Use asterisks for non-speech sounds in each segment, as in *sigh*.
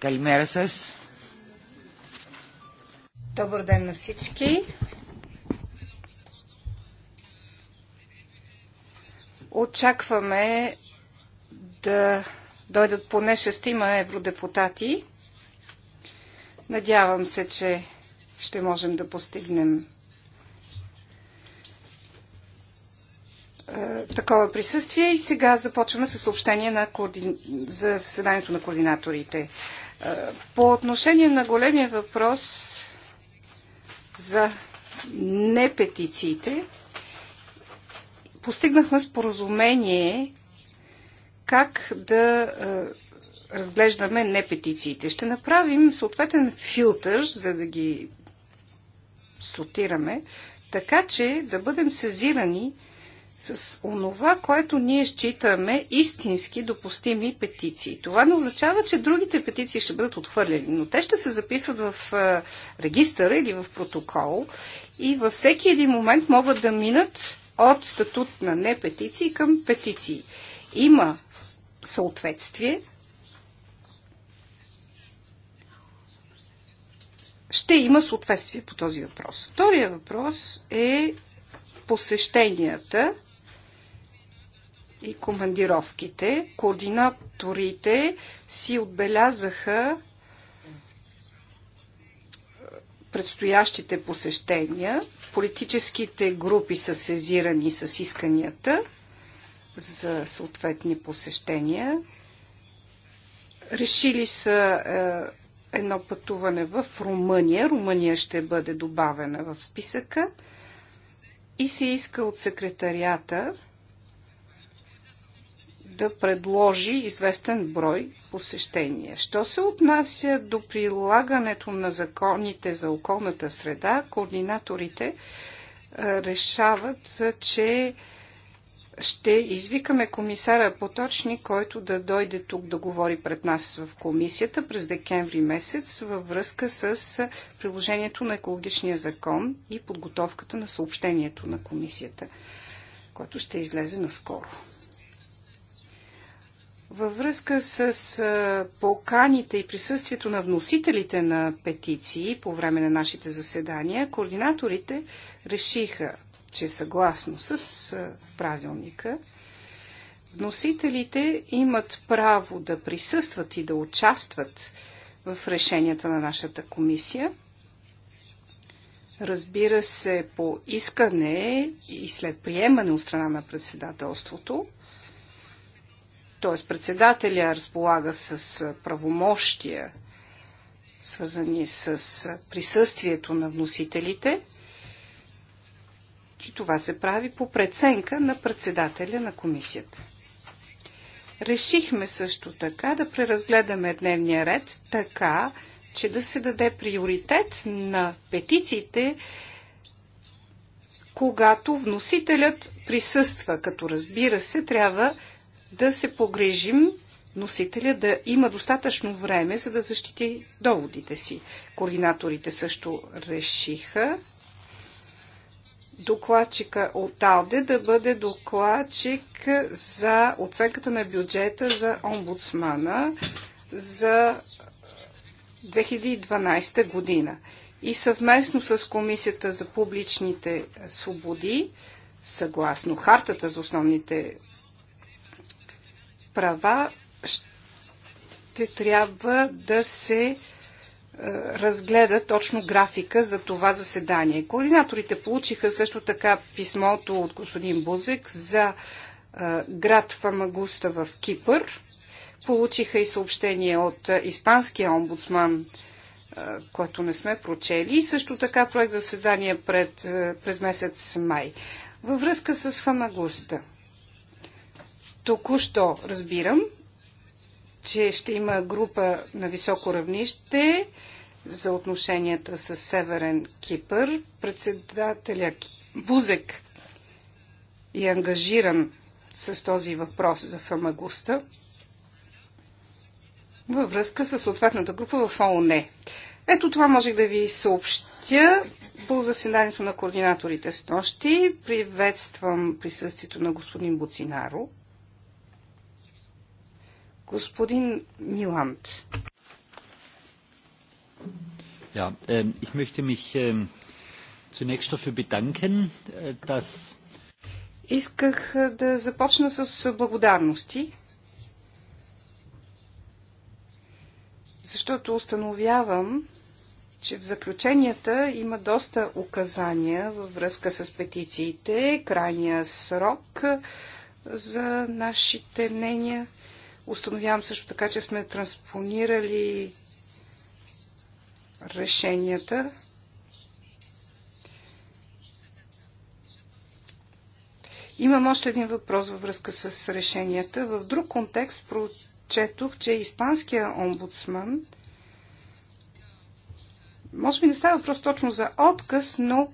Καλημέρα σας. Добър ден на всички. Очакваме да дойдат поне шестима евродепутати. Надявам се, че ще можем да постигнем е, такова присъствие и сега започваме с съобщение на за съседанието на координаторите. По отношение на големия въпрос за непетициите, постигнахме споразумение как да разглеждаме непетициите. Ще направим съответен филтър, за да ги сортираме, така че да бъдем сезирани с онова, което ние считаме истински допустими петиции. Това не означава, че другите петиции ще бъдат отхвърлени, но те ще се записват в регистъра или в протокол и във всеки един момент могат да минат от статут на не петиции към петиции. Има съответствие. Ще има съответствие по този въпрос. Втория въпрос е посещенията и командировките. Координаторите си отбелязаха е, предстоящите посещения. Политическите групи са сезирани с исканията за съответни посещения. Решили са е, едно пътуване в Румъния. Румъния ще бъде добавена в списъка. И се иска от секретарията да предложи известен брой посещения. Що се отнася до прилагането на законите за околната среда, координаторите е, решават, че ще извикаме комисара Поточни, който да дойде тук да говори пред нас в комисията през декември месец във връзка с приложението на екологичния закон и подготовката на съобщението на комисията, което ще излезе наскоро. Във връзка с поканите и присъствието на вносителите на петиции по време на нашите заседания, координаторите решиха, че съгласно с правилника, вносителите имат право да присъстват и да участват в решенията на нашата комисия. Разбира се, по искане и след приемане от страна на председателството – т.е. председателя разполага с правомощия, свързани с присъствието на вносителите, че това се прави по преценка на председателя на комисията. Решихме също така да преразгледаме дневния ред така, че да се даде приоритет на петициите, когато вносителят присъства, като разбира се, трябва да се погрежим носителя да има достатъчно време, за да защити доводите си. Координаторите също решиха докладчика от АЛДЕ да бъде докладчик за оценката на бюджета за омбудсмана за 2012 година. И съвместно с Комисията за публичните свободи, съгласно Хартата за основните права ще трябва да се е, разгледа точно графика за това заседание. Координаторите получиха също така писмото от господин Бузек за е, град Фамагуста в Кипър. Получиха и съобщение от е, испанския омбудсман, което не сме прочели, и също така проект заседание пред, през месец май. Във връзка с Фамагуста – Току-що разбирам, че ще има група на високо равнище за отношенията с Северен Кипър. Председателя Бузек е ангажиран с този въпрос за Фамагуста във връзка с съответната група в ООН. Ето това можех да ви съобщя по заседанието на координаторите с нощи. Приветствам присъствието на господин Буцинаро. Господин Миланд. Ja, ähm, ich möchte mich ähm, zunächst dafür bedanken, äh, dass Исках е, да започна с благодарности, защото установявам, че в заключенията има доста указания във връзка с петициите, крайния срок е, за нашите мнения – Установявам също така, че сме транспонирали решенията. Имам още един въпрос във връзка с решенията. В друг контекст прочетох, че испанския омбудсман може би не става въпрос точно за отказ, но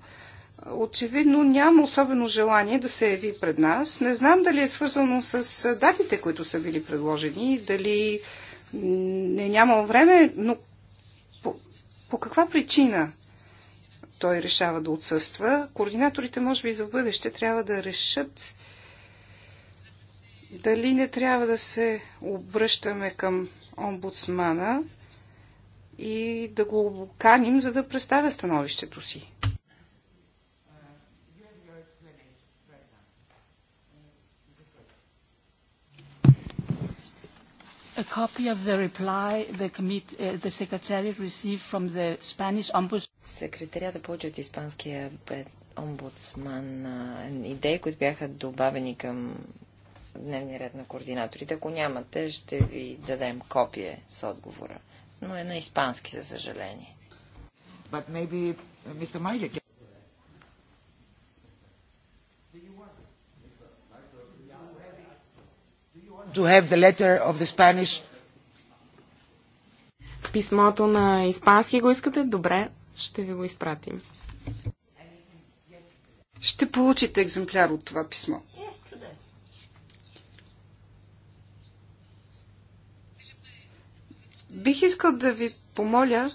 очевидно няма особено желание да се яви пред нас. Не знам дали е свързано с датите, които са били предложени, дали не е нямал време, но по, по каква причина той решава да отсъства? Координаторите, може би, за в бъдеще трябва да решат дали не трябва да се обръщаме към омбудсмана и да го каним, за да представя становището си. a copy of the reply the, committee, uh, the secretariat received from the Spanish ombudsman. Секретарията получи от испанския омбудсман идеи, които бяха добавени към дневния ред на координаторите. Ако нямате, ще ви дадем копие с отговора. Но е на испански, за съжаление. But maybe, uh, Mr. Meyer... to have the letter of the Spanish. Писмото на испански го искате? Добре, ще ви го изпратим. Ще получите екземпляр от това писмо. Е, Бих искал да ви помоля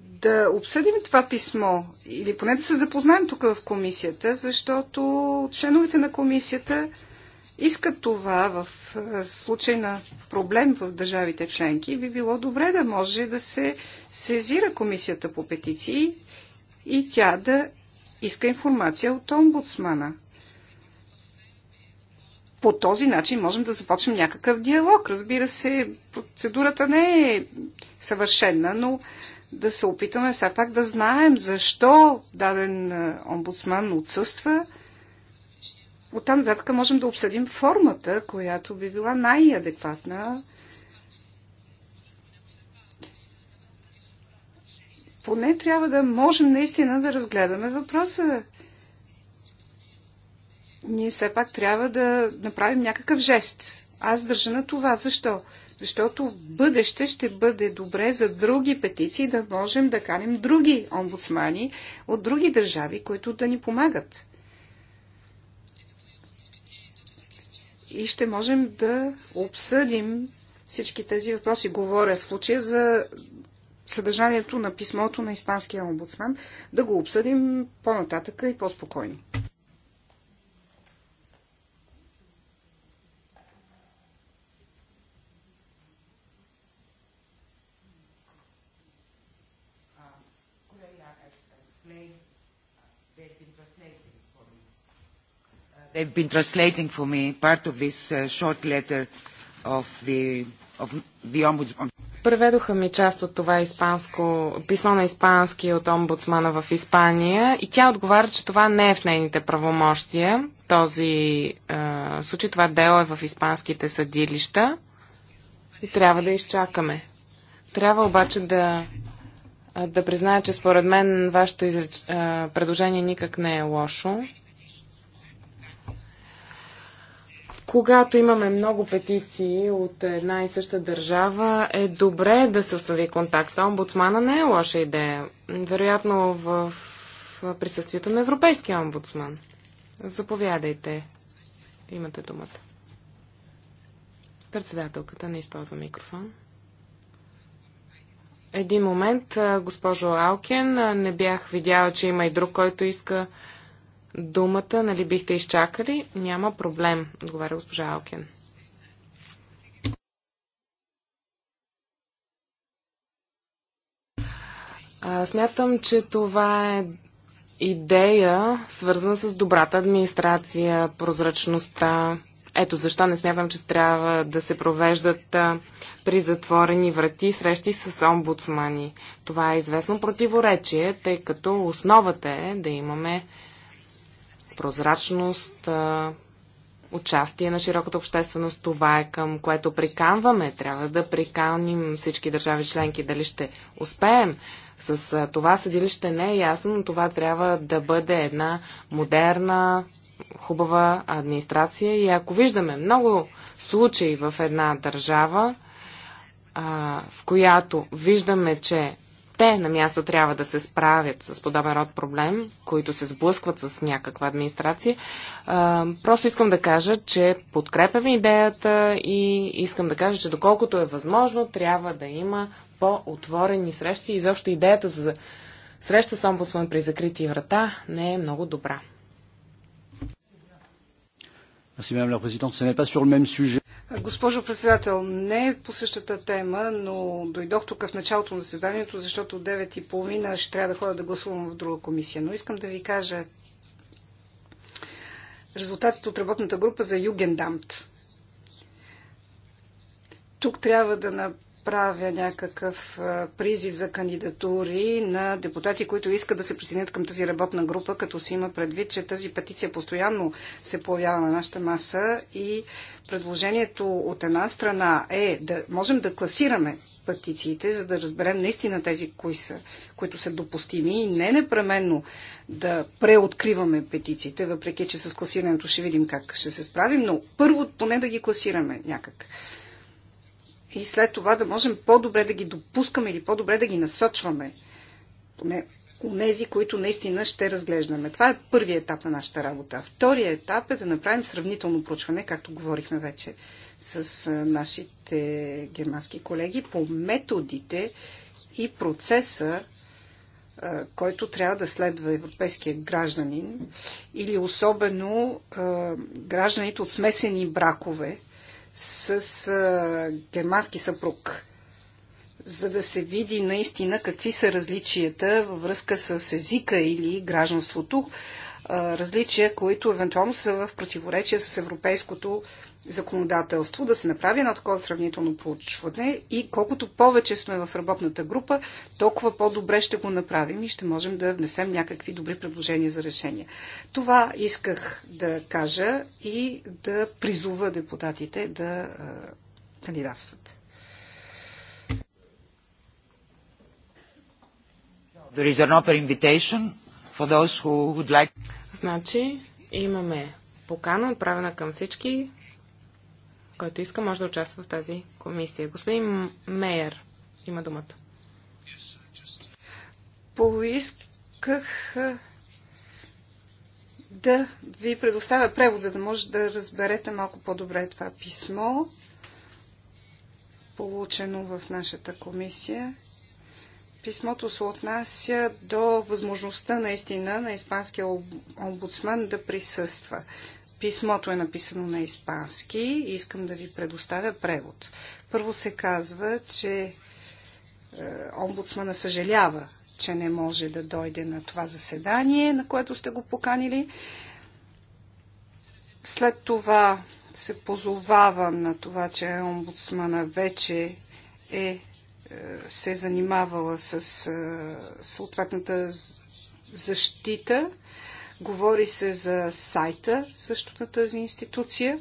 да обсъдим това писмо или поне да се запознаем тук в комисията, защото членовете на комисията искат това в е, случай на проблем в държавите членки, би било добре да може да се сезира комисията по петиции и тя да иска информация от омбудсмана. По този начин можем да започнем някакъв диалог. Разбира се, процедурата не е съвършена, но да се опитаме все пак да знаем защо даден е, омбудсман отсъства – Оттам нататък можем да обсъдим формата, която би била най-адекватна поне трябва да можем наистина да разгледаме въпроса. Ние все пак трябва да направим някакъв жест. Аз държа на това. Защо? Защото в бъдеще ще бъде добре за други петиции да можем да каним други омбудсмани от други държави, които да ни помагат. и ще можем да обсъдим всички тези въпроси. Говоря в случая за съдържанието на писмото на испанския омбудсман, да го обсъдим по-нататъка и по-спокойно. They've been translating for me part of this uh, short letter of the, of the ombudsman. Преведоха ми част от това испанско, писмо на испански от омбудсмана в Испания и тя отговаря, че това не е в нейните правомощия. Този е, случай, това дело е в испанските съдилища и трябва да изчакаме. Трябва обаче да, е, да призная, че според мен вашето изреч... Е, предложение никак не е лошо. Когато имаме много петиции от една и съща държава, е добре да се установи контакт. с Омбудсмана не е лоша идея. Вероятно в присъствието на Европейския омбудсман. Заповядайте. Имате думата. Председателката не използва микрофон. Един момент, госпожо Алкен, не бях видяла, че има и друг, който иска думата, нали бихте изчакали? Няма проблем, отговаря госпожа Алкен. А, смятам, че това е идея, свързана с добрата администрация, прозрачността. Ето защо не смятам, че трябва да се провеждат а, при затворени врати срещи с омбудсмани. Това е известно противоречие, тъй като основата е да имаме прозрачност, участие на широката общественост. Това е към което приканваме. Трябва да приканим всички държави членки дали ще успеем. С това съдилище не е ясно, но това трябва да бъде една модерна, хубава администрация. И ако виждаме много случаи в една държава, в която виждаме, че те на място трябва да се справят с подобен род проблем, които се сблъскват с някаква администрация. просто искам да кажа, че подкрепям идеята и искам да кажа, че доколкото е възможно, трябва да има по-отворени срещи. Изобщо идеята за среща с омбудсман при закрити врата не е много добра. Merci Madame la Présidente. Ce n'est pas sur le même sujet. Госпожо председател, не е по същата тема, но дойдох тук в началото на заседанието, защото от 9.30 ще трябва да ходя да гласувам в друга комисия. Но искам да ви кажа резултатите от работната група за Югендамт. Тук трябва да направим отправя някакъв призив за кандидатури на депутати, които искат да се присъединят към тази работна група, като си има предвид, че тази петиция постоянно се появява на нашата маса и предложението от една страна е да можем да класираме петициите, за да разберем наистина тези, кои са, които са допустими и не непременно да преоткриваме петициите, въпреки че с класирането ще видим как ще се справим, но първо поне да ги класираме някак и след това да можем по-добре да ги допускаме или по-добре да ги насочваме. Поне нези, които наистина ще разглеждаме. Това е първият етап на нашата работа. Вторият етап е да направим сравнително проучване, както говорихме вече с нашите германски колеги, по методите и процеса, който трябва да следва европейския гражданин или особено гражданите от смесени бракове, с а, германски съпруг, за да се види наистина какви са различията във връзка с езика или гражданството, различия, които евентуално са в противоречие с европейското законодателство, да се направи едно такова сравнително проучване и колкото повече сме в работната група, толкова по-добре ще го направим и ще можем да внесем някакви добри предложения за решения. Това исках да кажа и да призова депутатите да кандидатстват. There is an open invitation for those who would like. Значи, имаме покана, отправена към всички, който иска, може да участва в тази комисия. Господин Мейер има думата. Поисках да ви предоставя превод, за да може да разберете малко по-добре това писмо, получено в нашата комисия. Писмото се отнася до възможността наистина на испанския омбудсман да присъства. Писмото е написано на испански и искам да ви предоставя превод. Първо се казва, че е, омбудсмана съжалява, че не може да дойде на това заседание, на което сте го поканили. След това се позовава на това, че омбудсмана вече е се занимавала с съответната защита. Говори се за сайта също на тази институция.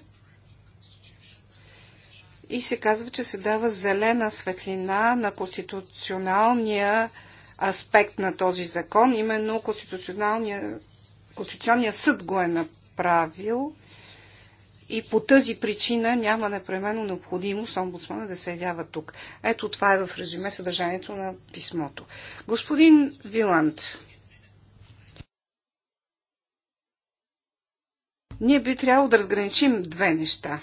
И се казва, че се дава зелена светлина на конституционалния аспект на този закон. Именно конституционалния, конституционния съд го е направил и по тази причина няма непременно необходимост омбудсмана да се явява тук. Ето това е в резюме съдържанието на писмото. Господин Виланд, ние би трябвало да разграничим две неща.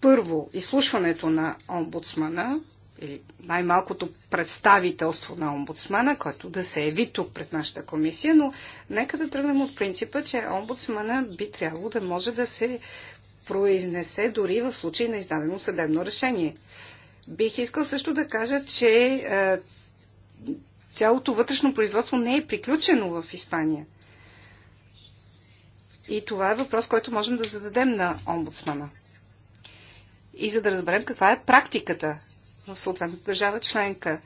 Първо, изслушването на омбудсмана или най-малкото представителство на омбудсмана, който да се яви тук пред нашата комисия, но нека да тръгнем от принципа, че омбудсмана би трябвало да може да се произнесе дори в случай на издадено съдебно решение. Бих искал също да кажа, че е, цялото вътрешно производство не е приключено в Испания. И това е въпрос, който можем да зададем на омбудсмана. И за да разберем каква е практиката в съответната държава членка.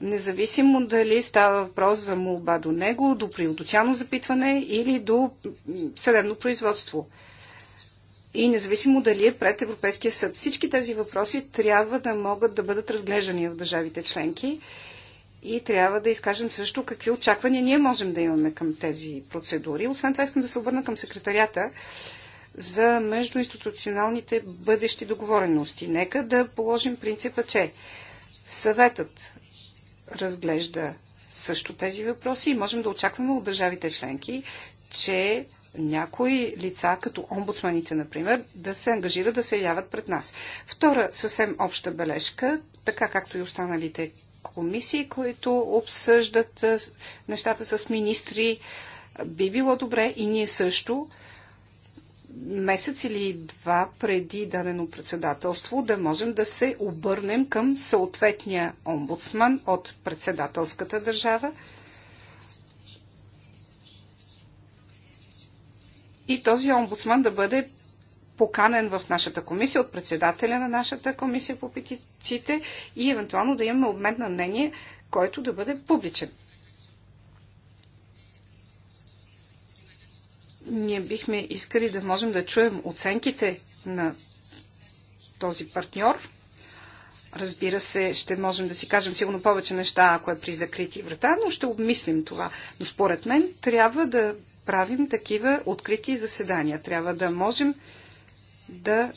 Независимо дали става въпрос за молба до него, до приодоциално запитване или до съдебно производство. И независимо дали е пред Европейския съд. Всички тези въпроси трябва да могат да бъдат разглеждани в държавите членки и трябва да изкажем също какви очаквания ние можем да имаме към тези процедури. Освен това искам да се обърна към секретарята за междуинституционалните бъдещи договорености. Нека да положим принципа, че съветът разглежда също тези въпроси и можем да очакваме от държавите членки, че някои лица, като омбудсманите, например, да се ангажират да се явят пред нас. Втора съвсем обща бележка, така както и останалите комисии, които обсъждат нещата с министри, би било добре и ние също месец или два преди дадено председателство да можем да се обърнем към съответния омбудсман от председателската държава и този омбудсман да бъде поканен в нашата комисия от председателя на нашата комисия по петициите и евентуално да имаме обмен на мнение, който да бъде публичен. Ние бихме искали да можем да чуем оценките на този партньор. Разбира се, ще можем да си кажем сигурно повече неща, ако е при закрити врата, но ще обмислим това. Но според мен трябва да правим такива открити заседания. Трябва да можем да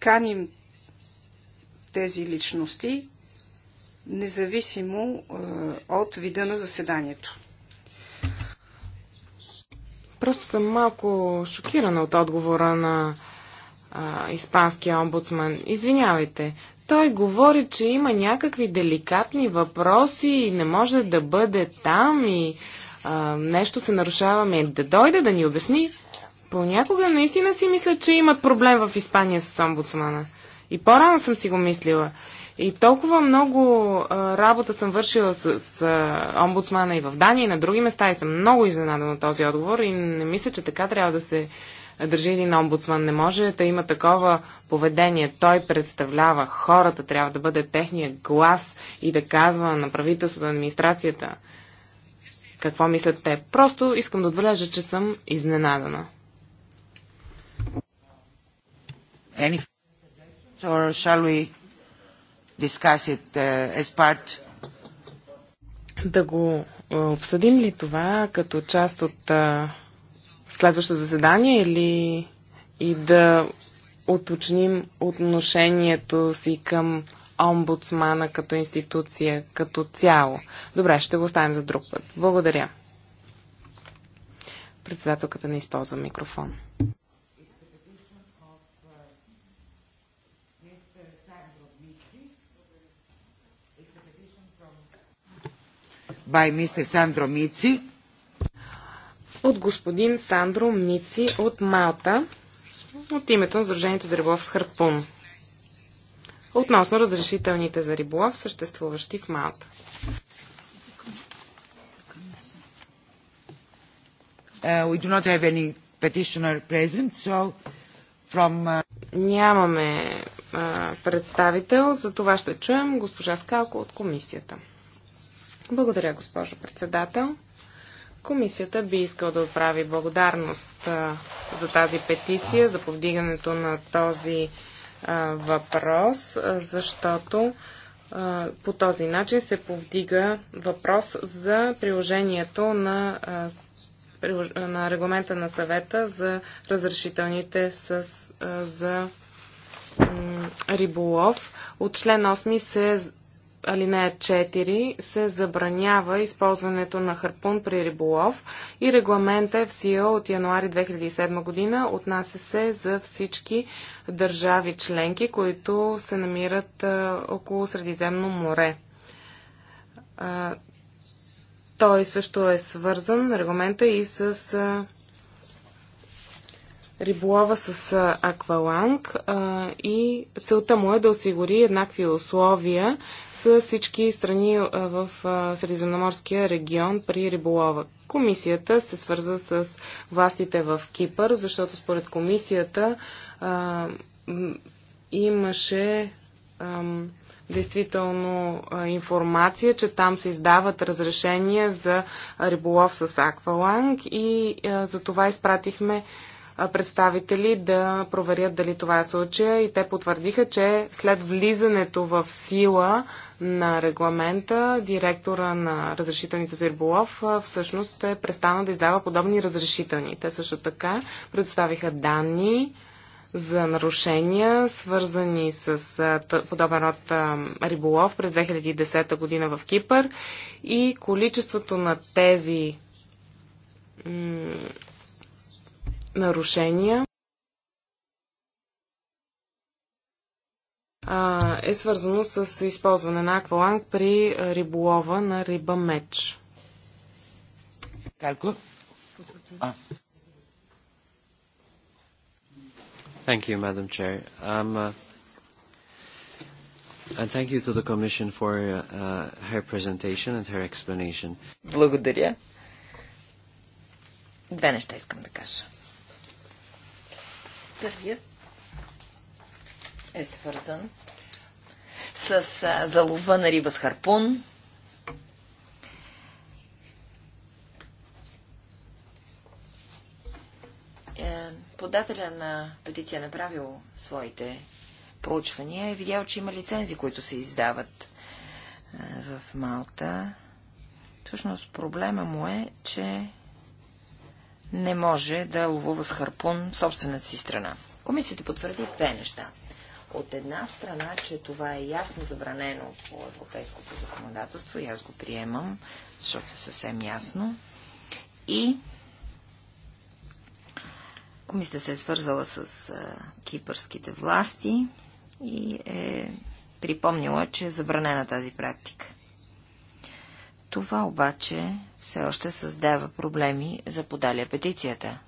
каним тези личности, независимо е, от вида на заседанието. Просто съм малко шокирана от отговора на а, испанския омбудсман. Извинявайте, той говори, че има някакви деликатни въпроси и не може да бъде там и а, нещо се нарушаваме. Ами, да дойде да ни обясни. Понякога наистина си мисля, че имат проблем в Испания с омбудсмана. И по-рано съм си го мислила. И толкова много а, работа съм вършила с, с а, омбудсмана и в Дания, и на други места, и съм много изненадана от този отговор и не мисля, че така трябва да се държи един омбудсман. Не може да има такова поведение. Той представлява хората, трябва да бъде техния глас и да казва на правителството, на администрацията какво мислят те. Просто искам да отбележа, че съм изненадана. Any or shall we discuss it uh, as part да го е, обсъдим ли това като част от а, е, следващото заседание или и да уточним отношението си към омбудсмана като институция, като цяло. Добре, ще го оставим за друг път. Благодаря. Председателката не използва микрофон. by Mr. Sandro От господин Сандро Мици от Малта, от името на Сдружението за риболов с Харпун. Относно разрешителните за риболов, съществуващи в Малта. Uh, we do not have any petitioner present, so from... Uh... Нямаме uh, представител, за това ще чуем госпожа Скалко от комисията. Благодаря, госпожо председател. Комисията би искала да отправи благодарност а, за тази петиция, за повдигането на този а, въпрос, а, защото по този начин се повдига въпрос за приложението на, на регламента на съвета за разрешителните с, за риболов. От член 8 се алинея 4 се забранява използването на харпун при риболов и регламента е в сила от януари 2007 година. Отнася се за всички държави членки, които се намират а, около Средиземно море. А, той също е свързан, регламента, и с а, риболова с акваланг а, и целта му е да осигури еднакви условия с всички страни а, в а, Средиземноморския регион при риболова. Комисията се свърза с властите в Кипър, защото според комисията а, имаше а, действително информация, че там се издават разрешения за риболов с акваланг и а, за това изпратихме представители да проверят дали това е случая и те потвърдиха, че след влизането в сила на регламента, директора на разрешителните за риболов всъщност е престана да издава подобни разрешителни. Те също така предоставиха данни за нарушения, свързани с подобен род риболов през 2010 година в Кипър и количеството на тези нарушения а, е свързано с използване на акваланг при риболова на риба меч. Калко? Thank you, Madam Chair. Um, uh, and thank you to the Commission for uh, uh her presentation and her explanation. Благодаря. Две неща искам да кажа. Първият е свързан с залова на риба с харпун. Е, подателя на петиция е направил своите проучвания е видял, че има лицензи, които се издават е, в Малта. Всъщност проблема му е, че не може да ловува с харпун собствената си страна. Комисията потвърди две неща. От една страна, че това е ясно забранено по европейското законодателство, и аз го приемам, защото е съвсем ясно. И комисията се е свързала с а, кипърските власти и е припомнила, че е забранена тази практика. Това обаче все още създава проблеми за подалия петицията.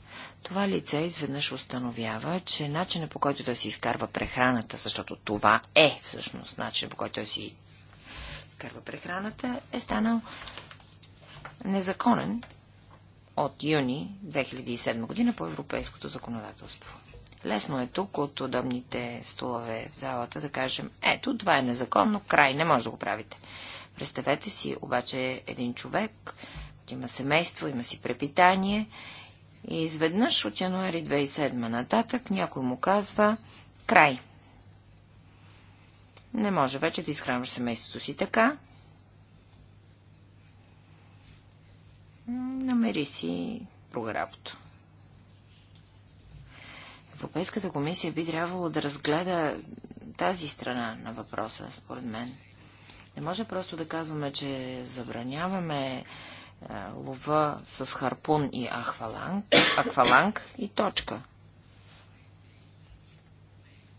Това лице изведнъж установява, че начинът по който той си изкарва прехраната, защото това е всъщност начинът по който той си изкарва прехраната, е станал незаконен от юни 2007 година по европейското законодателство. Лесно е тук от удобните столове в залата да кажем, ето, това е незаконно, край, не може да го правите. Представете си обаче един човек, има семейство, има си препитание и изведнъж от януари 2007 нататък някой му казва край. Не може вече да изхранваш семейството си така. Намери си друга работа. Европейската комисия би трябвало да разгледа тази страна на въпроса, според мен. Не може просто да казваме, че забраняваме е, лова с харпун и ахваланг, акваланг и точка.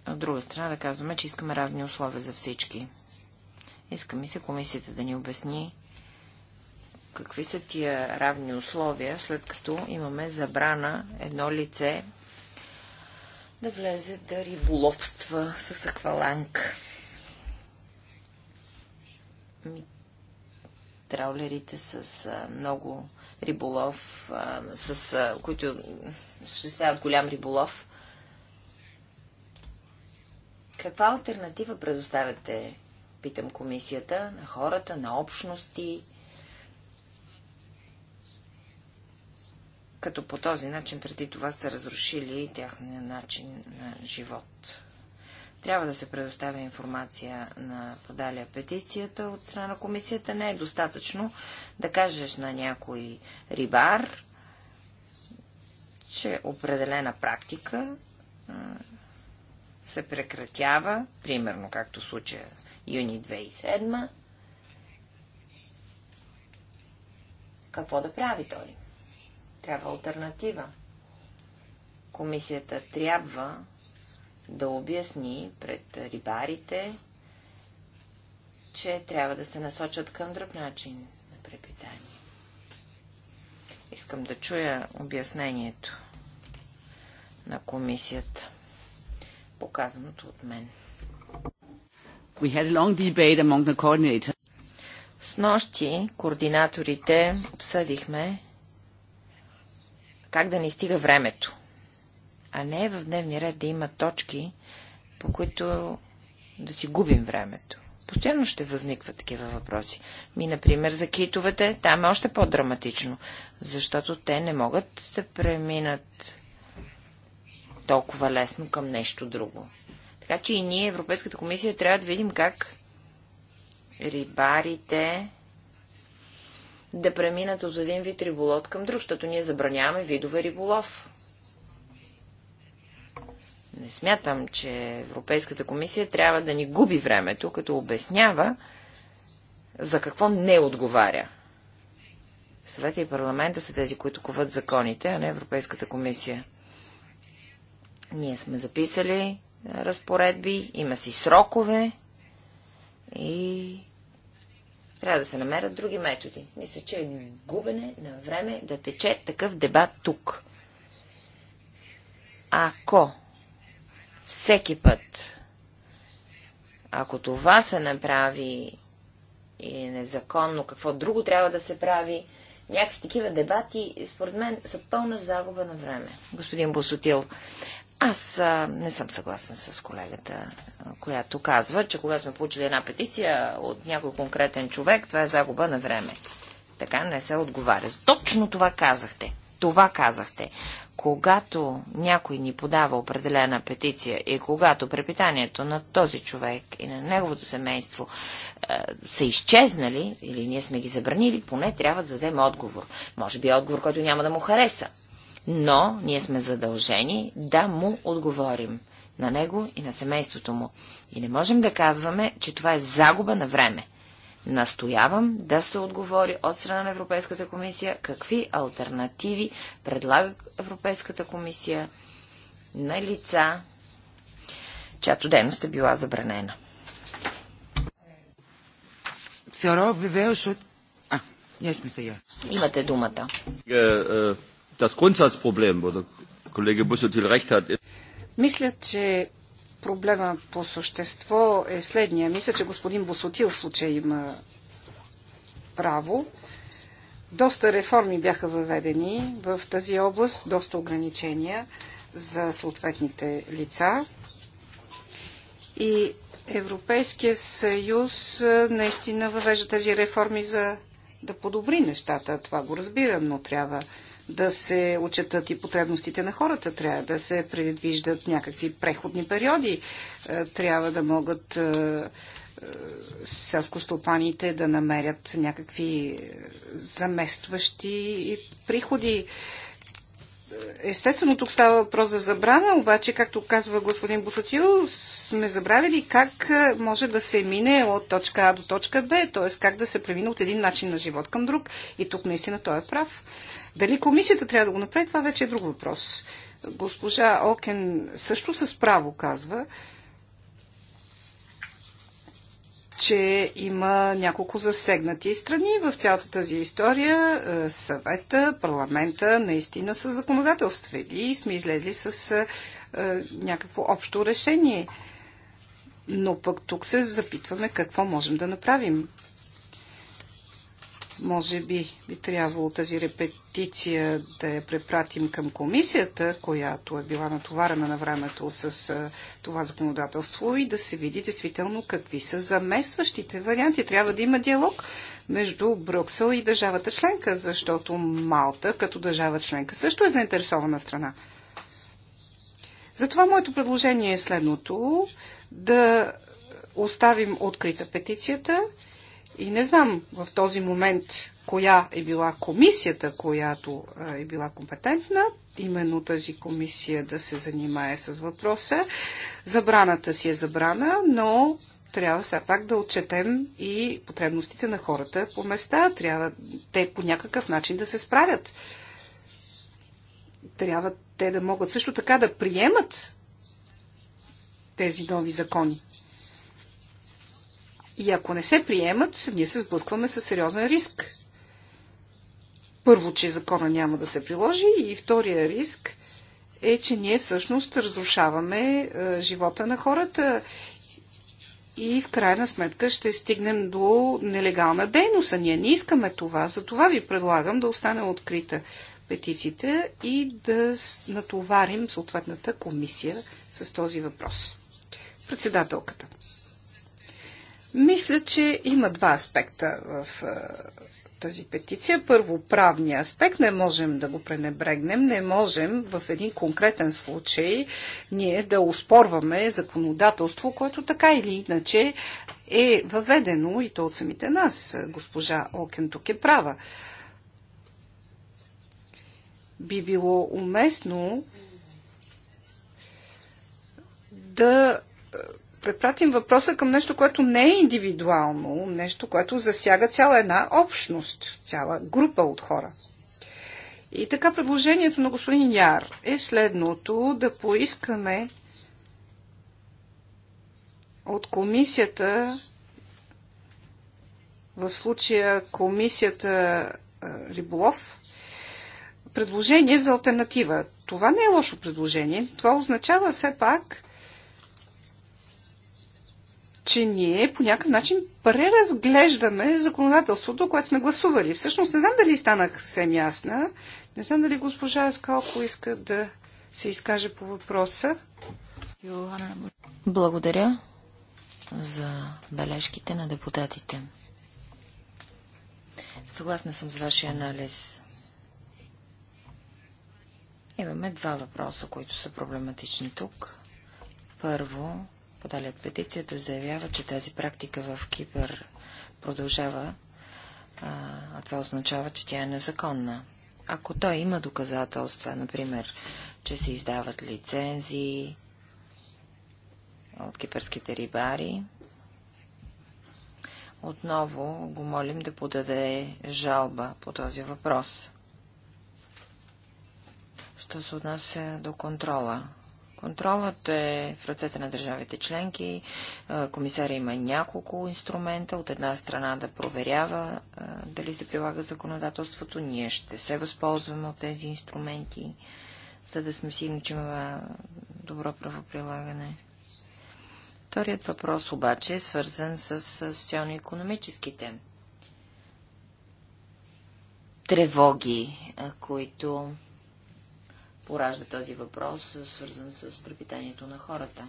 От друга страна да казваме, че искаме равни условия за всички. Иска ми се комисията да ни обясни какви са тия равни условия, след като имаме забрана едно лице да влезе да риболовства с акваланг траулерите с много риболов, с, които осъществяват голям риболов. Каква альтернатива предоставяте, питам комисията, на хората, на общности, като по този начин преди това са разрушили тяхния начин на живот? Трябва да се предоставя информация на подалия петицията от страна на комисията. Не е достатъчно да кажеш на някой рибар, че определена практика се прекратява, примерно както в случая юни 2007, какво да прави той? Трябва альтернатива. Комисията трябва да обясни пред рибарите, че трябва да се насочат към друг начин на препитание. Искам да чуя обяснението на комисията, показаното от мен. We had a long debate among the coordinators. С нощи координаторите обсъдихме как да ни стига времето а не е в дневния ред да има точки, по които да си губим времето. Постоянно ще възникват такива въпроси. Ми, например, за китовете, там е още по-драматично, защото те не могат да преминат толкова лесно към нещо друго. Така че и ние, Европейската комисия, трябва да видим как рибарите да преминат от един вид риболов към друг, защото ние забраняваме видове риболов. Не смятам, че Европейската комисия трябва да ни губи времето, като обяснява за какво не отговаря. Съвета и парламента са тези, които коват законите, а не Европейската комисия. Ние сме записали е, разпоредби, има си срокове и трябва да се намерят други методи. Мисля, че е губене на време да тече такъв дебат тук. Ако всеки път. Ако това се направи и е незаконно, какво друго трябва да се прави, някакви такива дебати, според мен, са пълна загуба на време. Господин Босотил, аз а, не съм съгласен с колегата, която казва, че когато сме получили една петиция от някой конкретен човек, това е загуба на време. Така не се отговаря. Точно това казахте. Това казахте когато някой ни подава определена петиция и когато препитанието на този човек и на неговото семейство е, са изчезнали или ние сме ги забранили, поне трябва да дадем отговор. Може би е отговор, който няма да му хареса. Но ние сме задължени да му отговорим на него и на семейството му. И не можем да казваме, че това е загуба на време. Настоявам да се отговори от страна на Европейската комисия какви альтернативи предлага Европейската комисия на лица, чиято дейност е била забранена. Имате думата. Das Grundsatzproblem, Kollege recht hat. Мисля, че Проблема по същество е следния. Мисля, че господин Босотил в случай има право. Доста реформи бяха въведени в тази област, доста ограничения за съответните лица. И Европейския съюз е, наистина въвежда тези реформи за да подобри нещата. Това го разбирам, но трябва да се отчетат и потребностите на хората, трябва да се предвиждат някакви преходни периоди, е, трябва да могат е, е, селскостопаните да намерят някакви заместващи приходи. Естествено, тук става въпрос за забрана, обаче, както казва господин Бусотил, сме забравили как може да се мине от точка А до точка Б, т.е. как да се премине от един начин на живот към друг. И тук наистина той е прав. Дали комисията трябва да го направи, това вече е друг въпрос. Госпожа Окен също с право казва, че има няколко засегнати страни в цялата тази история. Е, съвета, парламента наистина са законодателства и сме излезли с е, е, някакво общо решение. Но пък тук се запитваме какво можем да направим. Може би би трябвало тази репетиция да я препратим към комисията, която е била натоварена на времето с това законодателство и да се види действително какви са заместващите варианти. Трябва да има диалог между Брюксел и държавата членка, защото Малта като държава членка също е заинтересована страна. Затова моето предложение е следното да оставим открита петицията и не знам в този момент коя е била комисията, която е, е била компетентна, именно тази комисия да се занимае с въпроса. Забраната си е забрана, но трябва все пак да отчетем и потребностите на хората по места. Трябва те по някакъв начин да се справят. Трябва те да могат също така да приемат тези нови закони. И ако не се приемат, ние се сблъскваме с сериозен риск. Първо, че закона няма да се приложи и втория риск е, че ние всъщност разрушаваме е, живота на хората и в крайна сметка ще стигнем до нелегална дейност, а ние не искаме това. Затова ви предлагам да остане открита петицията и да натоварим съответната комисия с този въпрос. Председателката. Мисля, че има два аспекта в е, тази петиция. Първо, правния аспект не можем да го пренебрегнем, не можем в един конкретен случай ние да успорваме законодателство, което така или иначе е въведено и то от самите нас. Госпожа Окен тук е права. Би било уместно да е, препратим въпроса към нещо, което не е индивидуално, нещо, което засяга цяла една общност, цяла група от хора. И така предложението на господин Яр е следното да поискаме от комисията, в случая комисията Риболов, предложение за альтернатива. Това не е лошо предложение. Това означава все пак, че ние по някакъв начин преразглеждаме законодателството, което сме гласували. Всъщност не знам дали станах съвсем ясна. Не знам дали госпожа Скалко иска да се изкаже по въпроса. Благодаря за бележките на депутатите. Съгласна съм с вашия анализ. Имаме два въпроса, които са проблематични тук. Първо, подалят петицията, заявява, че тази практика в Кипър продължава, а, а това означава, че тя е незаконна. Ако той има доказателства, например, че се издават лицензии от кипърските рибари, отново го молим да подаде жалба по този въпрос. Що се отнася до контрола? Контролът е в ръцете на държавите членки. Комисаря има няколко инструмента. От една страна да проверява дали се прилага законодателството. Ние ще се възползваме от тези инструменти, за да сме сигурни, че има добро правоприлагане. Вторият въпрос обаче е свързан с социално-економическите тревоги, които поражда този въпрос, свързан с препитанието на хората.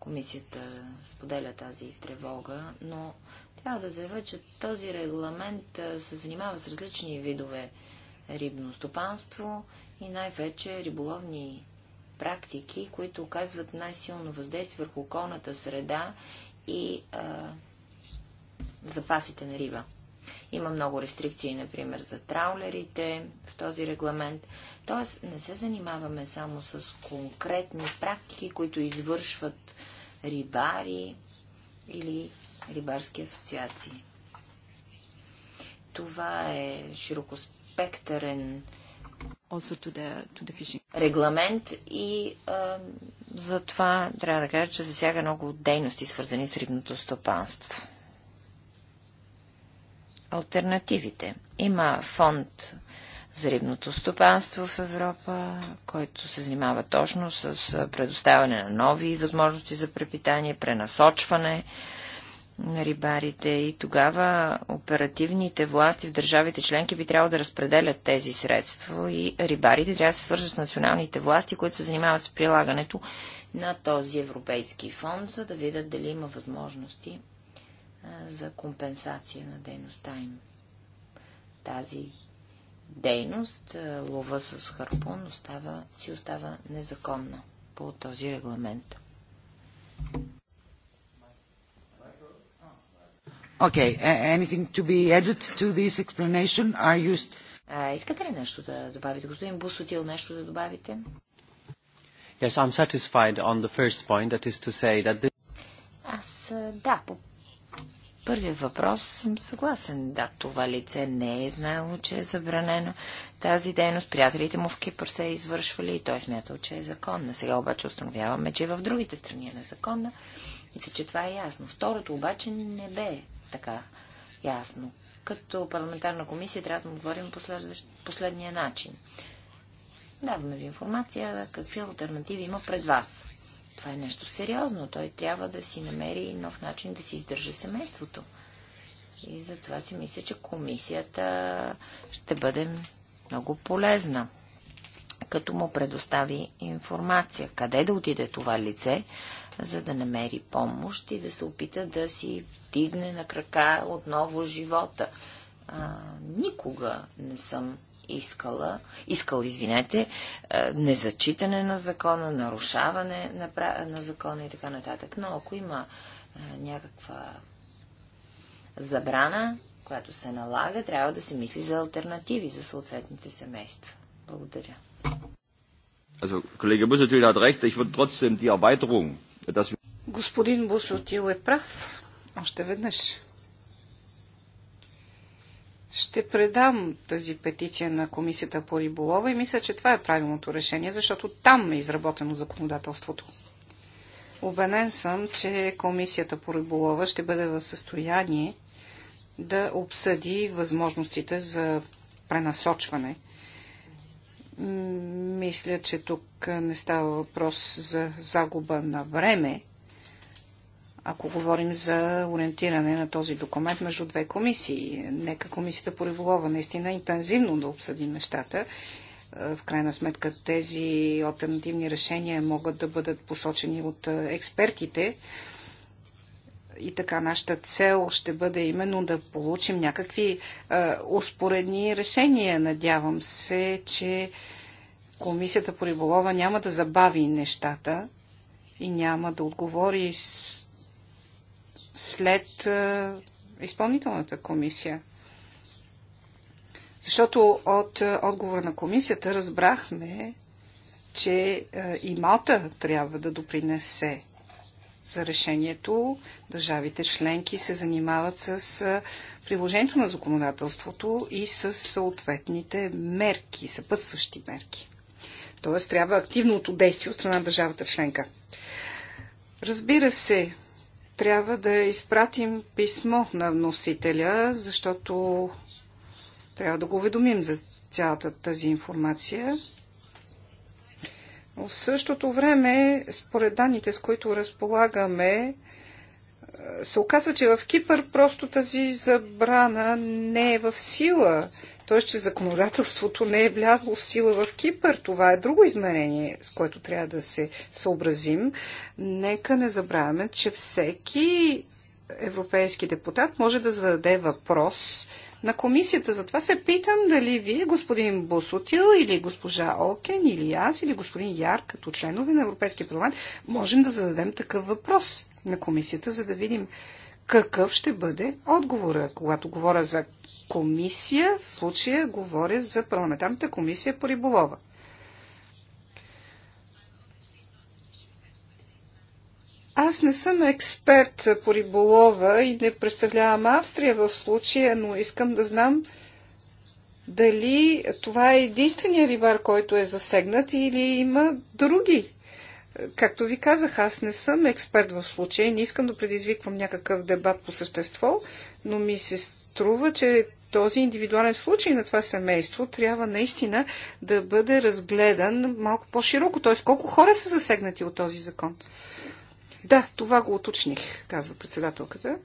Комисията споделя тази тревога, но трябва да заявя, че този регламент се занимава с различни видове рибно стопанство и най-вече риболовни практики, които оказват най-силно въздействие върху околната среда и а, запасите на риба. Има много рестрикции, например, за траулерите в този регламент. Тоест, не се занимаваме само с конкретни практики, които извършват рибари или рибарски асоциации. Това е широкоспектърен to the, to the регламент и а, затова трябва да кажа, че засяга много дейности, свързани с рибното стопанство альтернативите. Има фонд за рибното стопанство в Европа, който се занимава точно с предоставяне на нови възможности за препитание, пренасочване на рибарите и тогава оперативните власти в държавите членки би трябвало да разпределят тези средства и рибарите трябва да се свържат с националните власти, които се занимават с прилагането на този европейски фонд, за да видят дали има възможности за компенсация на дейността им. Тази дейност, лова с харпун, остава, си остава незаконна по този регламент. Okay, anything to be added to this explanation? Are you... А, искате ли нещо да добавите? Господин Бусотил, нещо да добавите? Yes, I'm satisfied on the first point, that is to say that this... Аз, да, по първия въпрос съм съгласен. Да, това лице не е знаело, че е забранено тази дейност. Приятелите му в Кипър се е извършвали и той е смятал, че е законна. Сега обаче установяваме, че е в другите страни е незаконна. Мисля, че това е ясно. Второто обаче не бе така ясно. Като парламентарна комисия трябва да му последващ... последния начин. Даваме ви информация какви альтернативи има пред вас. Това е нещо сериозно. Той трябва да си намери нов начин да си издържа семейството. И затова си мисля, че комисията ще бъде много полезна, като му предостави информация. Къде да отиде това лице, за да намери помощ и да се опита да си вдигне на крака отново живота. А, никога не съм искала, искал, извинете, е, незачитане на закона, нарушаване на, на закона и така нататък. Но ако има е, някаква забрана, която се налага, трябва да се мисли за альтернативи за съответните семейства. Благодаря. Also, колега Бусотил, да recht, ich würde trotzdem die Erweiterung, dass Господин Бусотил е прав. Още веднъж. Ще предам тази петиция на Комисията по риболова и мисля, че това е правилното решение, защото там е изработено законодателството. Обенен съм, че Комисията по риболова ще бъде в състояние да обсъди възможностите за пренасочване. Мисля, че тук не става въпрос за загуба на време, ако говорим за ориентиране на този документ между две комисии. Нека комисията по риболова наистина интензивно да обсъди нещата. Е, в крайна сметка тези альтернативни решения могат да бъдат посочени от е, експертите и така нашата цел ще бъде именно да получим някакви е, успоредни решения. Надявам се, че Комисията по риболова няма да забави нещата и няма да отговори с след е, изпълнителната комисия. Защото от е, отговора на комисията разбрахме, че имата е, и Малта трябва да допринесе за решението. Държавите членки се занимават с приложението на законодателството и с съответните мерки, съпътстващи мерки. Тоест трябва активното действие от страна на държавата членка. Разбира се, трябва да изпратим писмо на вносителя, защото трябва да го уведомим за цялата тази информация. Но в същото време, според данните, с които разполагаме, е, се оказва, че в Кипър просто тази забрана не е в сила т.е. че законодателството не е влязло в сила в Кипър. Това е друго измерение, с което трябва да се съобразим. Нека не забравяме, че всеки европейски депутат може да зададе въпрос на комисията. Затова се питам дали вие, господин Босотил или госпожа Окен, или аз, или господин Яр, като членове на Европейския парламент, можем да зададем такъв въпрос на комисията, за да видим какъв ще бъде отговора. Когато говоря за комисия, в случая говоря за парламентарната комисия по риболова. Аз не съм експерт по риболова и не представлявам Австрия в случая, но искам да знам дали това е единствения рибар, който е засегнат или има други. Както ви казах, аз не съм експерт в случая, не искам да предизвиквам някакъв дебат по същество, но ми се струва, че този индивидуален случай на това семейство трябва наистина да бъде разгледан малко по-широко. Т.е. колко хора са засегнати от този закон? Да, това го уточних, казва председателката.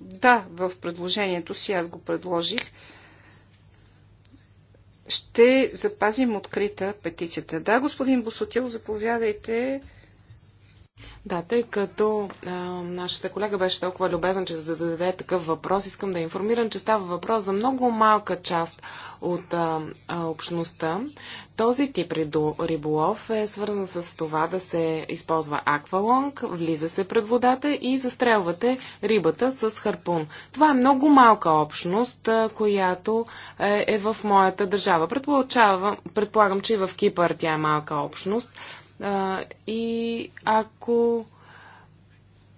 Да, в предложението си аз го предложих. Ще запазим открита петицията. Да, господин Босотил, заповядайте. Да, тъй като а, нашата колега беше толкова любезна, че за да даде такъв въпрос, искам да е информирам, че става въпрос за много малка част от а, а, общността. Този тип риболов е свързан с това да се използва аквалонг, влиза се пред водата и застрелвате рибата с харпун. Това е много малка общност, а, която е, е в моята държава. Предполагам, че и в Кипър тя е малка общност. А, и ако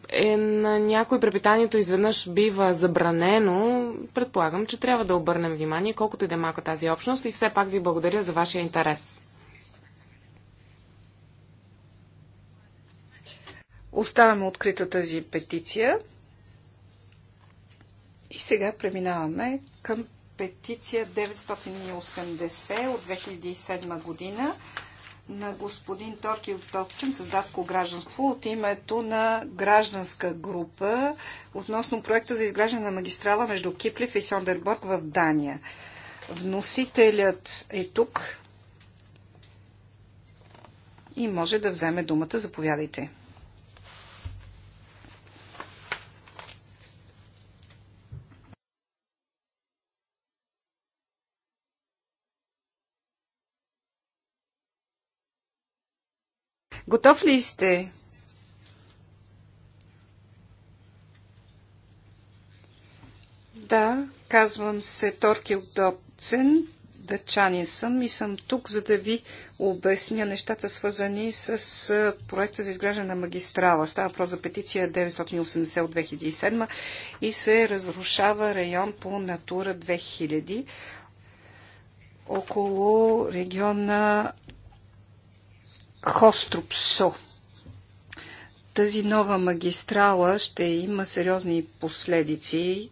е на някой препитанието изведнъж бива забранено, предполагам, че трябва да обърнем внимание, колкото и да е малка тази общност и все пак ви благодаря за вашия интерес. Оставяме открита тази петиция и сега преминаваме към петиция 980 от 2007 година на господин Торки от Тотсен с датско гражданство от името на гражданска група относно проекта за изграждане на магистрала между Киплив и Сондерборг в Дания. Вносителят е тук и може да вземе думата. Заповядайте. Готов ли сте? Да, казвам се Торкил Добцен, дъчанин съм и съм тук, за да ви обясня нещата свързани с проекта за изграждане на магистрала. Става въпрос за петиция 980 от 2007 и се разрушава район по Натура 2000 около региона Хострупсо. Тази нова магистрала ще има сериозни последици.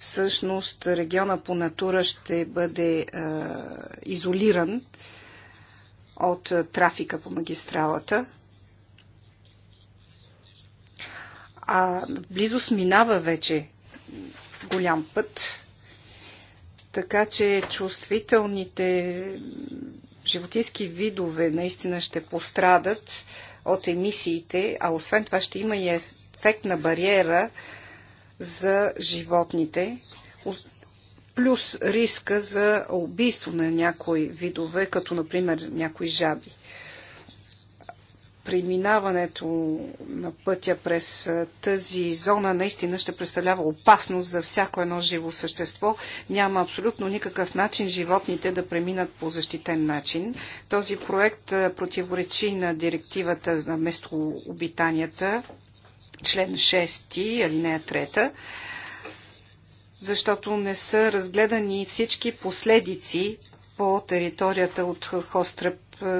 Всъщност региона по натура ще бъде е, изолиран от е, трафика по магистралата. А близо сминава вече голям път, така че чувствителните животински видове наистина ще пострадат от емисиите, а освен това ще има и ефект на бариера за животните, плюс риска за убийство на някои видове, като например някои жаби преминаването на пътя през тази зона наистина ще представлява опасност за всяко едно живо същество. Няма абсолютно никакъв начин животните да преминат по защитен начин. Този проект противоречи на директивата на местообитанията, член 6, алинея 3 защото не са разгледани всички последици по територията от Хостръп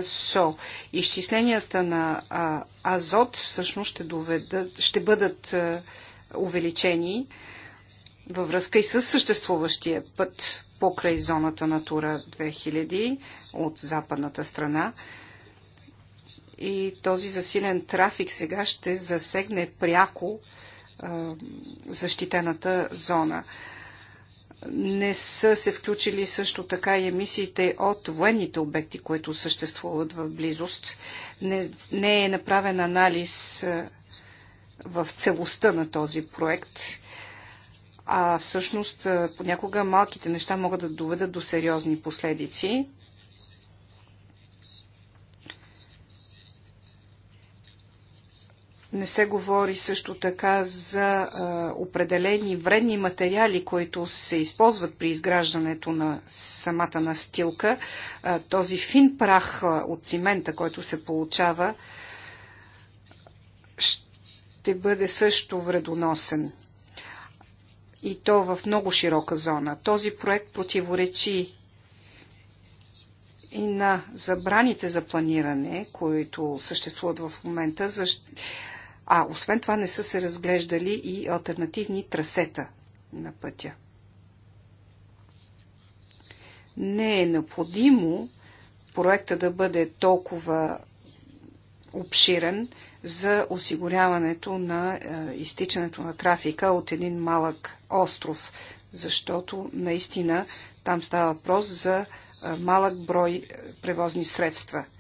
СО. Изчисленията на азот всъщност ще, доведат, ще бъдат увеличени във връзка и с съществуващия път покрай зоната Натура 2000 от западната страна. И този засилен трафик сега ще засегне пряко защитената зона не са се включили също така и емисиите от военните обекти, които съществуват в близост. Не, не е направен анализ в целостта на този проект. А всъщност понякога малките неща могат да доведат до сериозни последици. Не се говори също така за а, определени вредни материали, които се използват при изграждането на самата настилка. А, този фин прах а, от цимента, който се получава, ще бъде също вредоносен. И то в много широка зона. Този проект противоречи и на забраните за планиране, които съществуват в момента, защото а освен това не са се разглеждали и альтернативни трасета на пътя. Не е необходимо проекта да бъде толкова обширен за осигуряването на е, изтичането на трафика от един малък остров, защото наистина там става въпрос за е, малък брой е, превозни средства –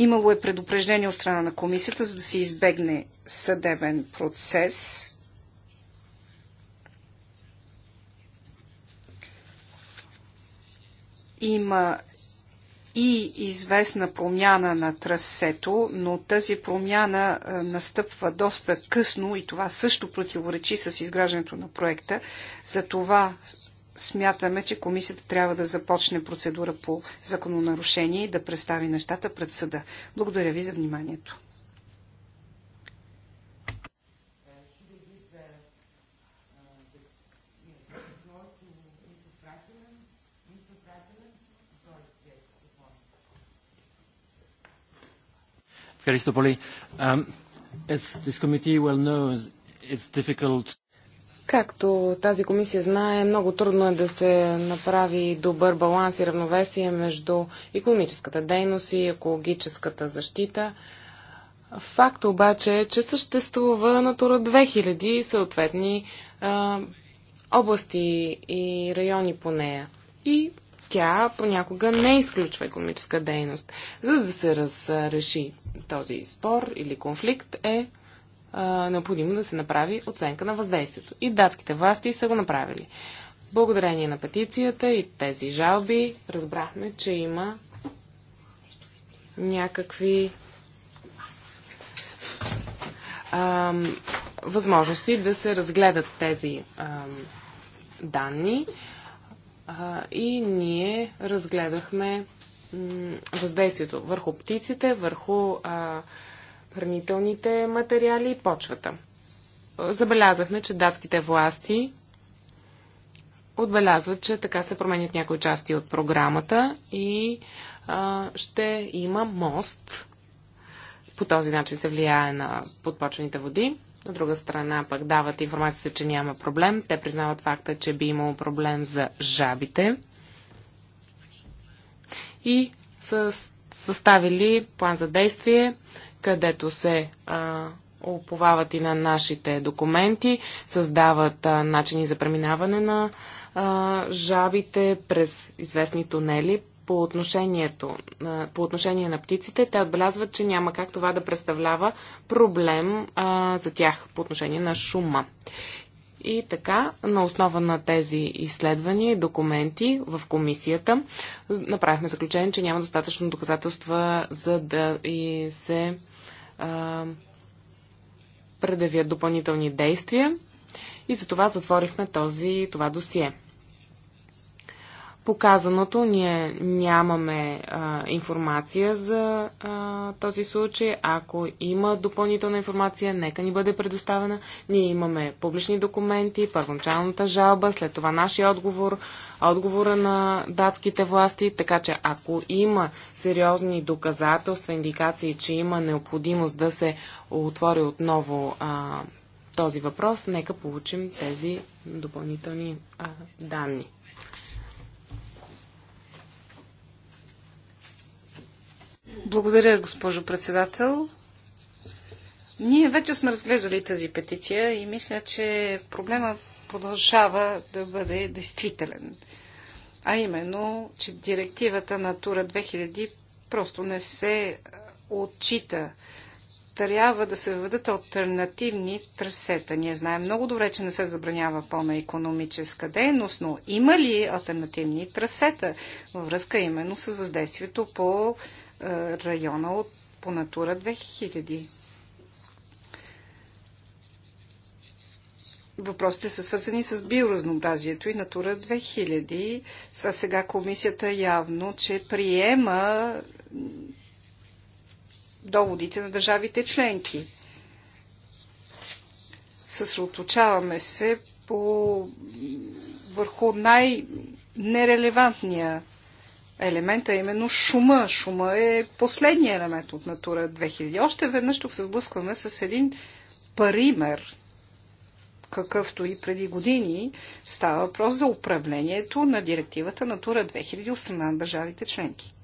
Имало е предупреждение от страна на комисията, за да се избегне съдебен процес. Има и известна промяна на трасето, но тази промяна настъпва доста късно и това също противоречи с изграждането на проекта. За това смятаме, че комисията трябва да започне процедура по закононарушение и да представи нещата пред съда. Благодаря ви за вниманието. Um, as this committee well knows, it's difficult Както тази комисия знае, много трудно е да се направи добър баланс и равновесие между економическата дейност и екологическата защита. Факт обаче е, че съществува Натура 2000 съответни а, области и райони по нея. И тя понякога не изключва економическа дейност. За да се разреши този спор или конфликт е а, необходимо да се направи оценка на въздействието. И датските власти са го направили. Благодарение на петицията и тези жалби разбрахме, че има някакви а, възможности да се разгледат тези а, данни а, и ние разгледахме м, въздействието върху птиците, върху а, хранителните материали и почвата. Забелязахме, че датските власти отбелязват, че така се променят някои части от програмата и а, ще има мост. По този начин се влияе на подпочвените води. От друга страна пък дават информацията, че няма проблем. Те признават факта, че би имало проблем за жабите. И са съставили план за действие където се а, оповават и на нашите документи, създават а, начини за преминаване на а, жабите през известни тунели. По, отношението, а, по отношение на птиците, те отбелязват, че няма как това да представлява проблем а, за тях по отношение на шума. И така, на основа на тези изследвания и документи в комисията, направихме заключение, че няма достатъчно доказателства за да и се предявят допълнителни действия и затова затворихме този, това досие показаното. Ние нямаме а, информация за а, този случай. Ако има допълнителна информация, нека ни бъде предоставена. Ние имаме публични документи, първоначалната жалба, след това нашия отговор, отговора на датските власти. Така че ако има сериозни доказателства, индикации, че има необходимост да се отвори отново а, този въпрос, нека получим тези допълнителни а, данни. Благодаря, госпожо председател. Ние вече сме разглеждали тази петиция и мисля, че проблема продължава да бъде действителен. А именно, че директивата на Тура 2000 просто не се отчита. Трябва да се въведат альтернативни трасета. Ние знаем много добре, че не се забранява пълна економическа дейност, но има ли альтернативни трасета във връзка именно с въздействието по района от по натура 2000. Въпросите са свързани с биоразнообразието и Натура 2000. Са сега комисията явно, че приема доводите на държавите членки. Съсредоточаваме се по върху най-нерелевантния елемент, а е именно шума. Шума е последния елемент от Натура 2000. Още веднъж тук се сблъскваме с един пример, какъвто и преди години става въпрос за управлението на директивата Натура 2000 от страна на държавите членки.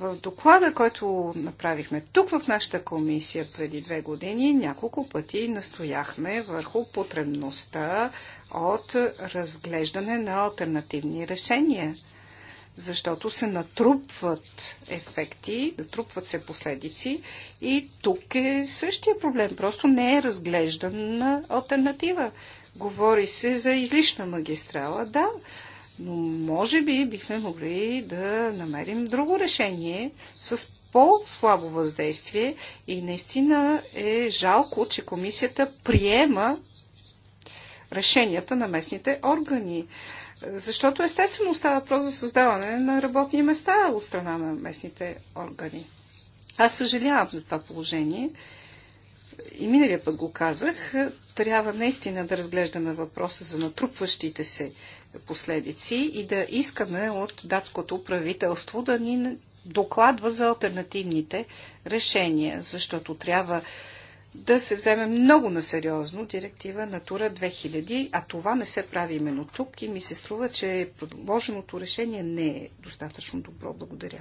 В доклада, който направихме тук в нашата комисия преди две години, няколко пъти настояхме върху потребността от разглеждане на альтернативни решения, защото се натрупват ефекти, натрупват се последици и тук е същия проблем. Просто не е разглеждана альтернатива. Говори се за излишна магистрала, да, но може би бихме могли да намерим друго решение с по-слабо въздействие и наистина е жалко, че комисията приема решенията на местните органи. Защото естествено става въпрос за създаване на работни места от страна на местните органи. Аз съжалявам за това положение и миналия път го казах, трябва наистина да разглеждаме въпроса за натрупващите се последици и да искаме от датското правителство да ни докладва за альтернативните решения, защото трябва да се вземе много на сериозно директива Натура 2000, а това не се прави именно тук и ми се струва, че предложеното решение не е достатъчно добро. Благодаря.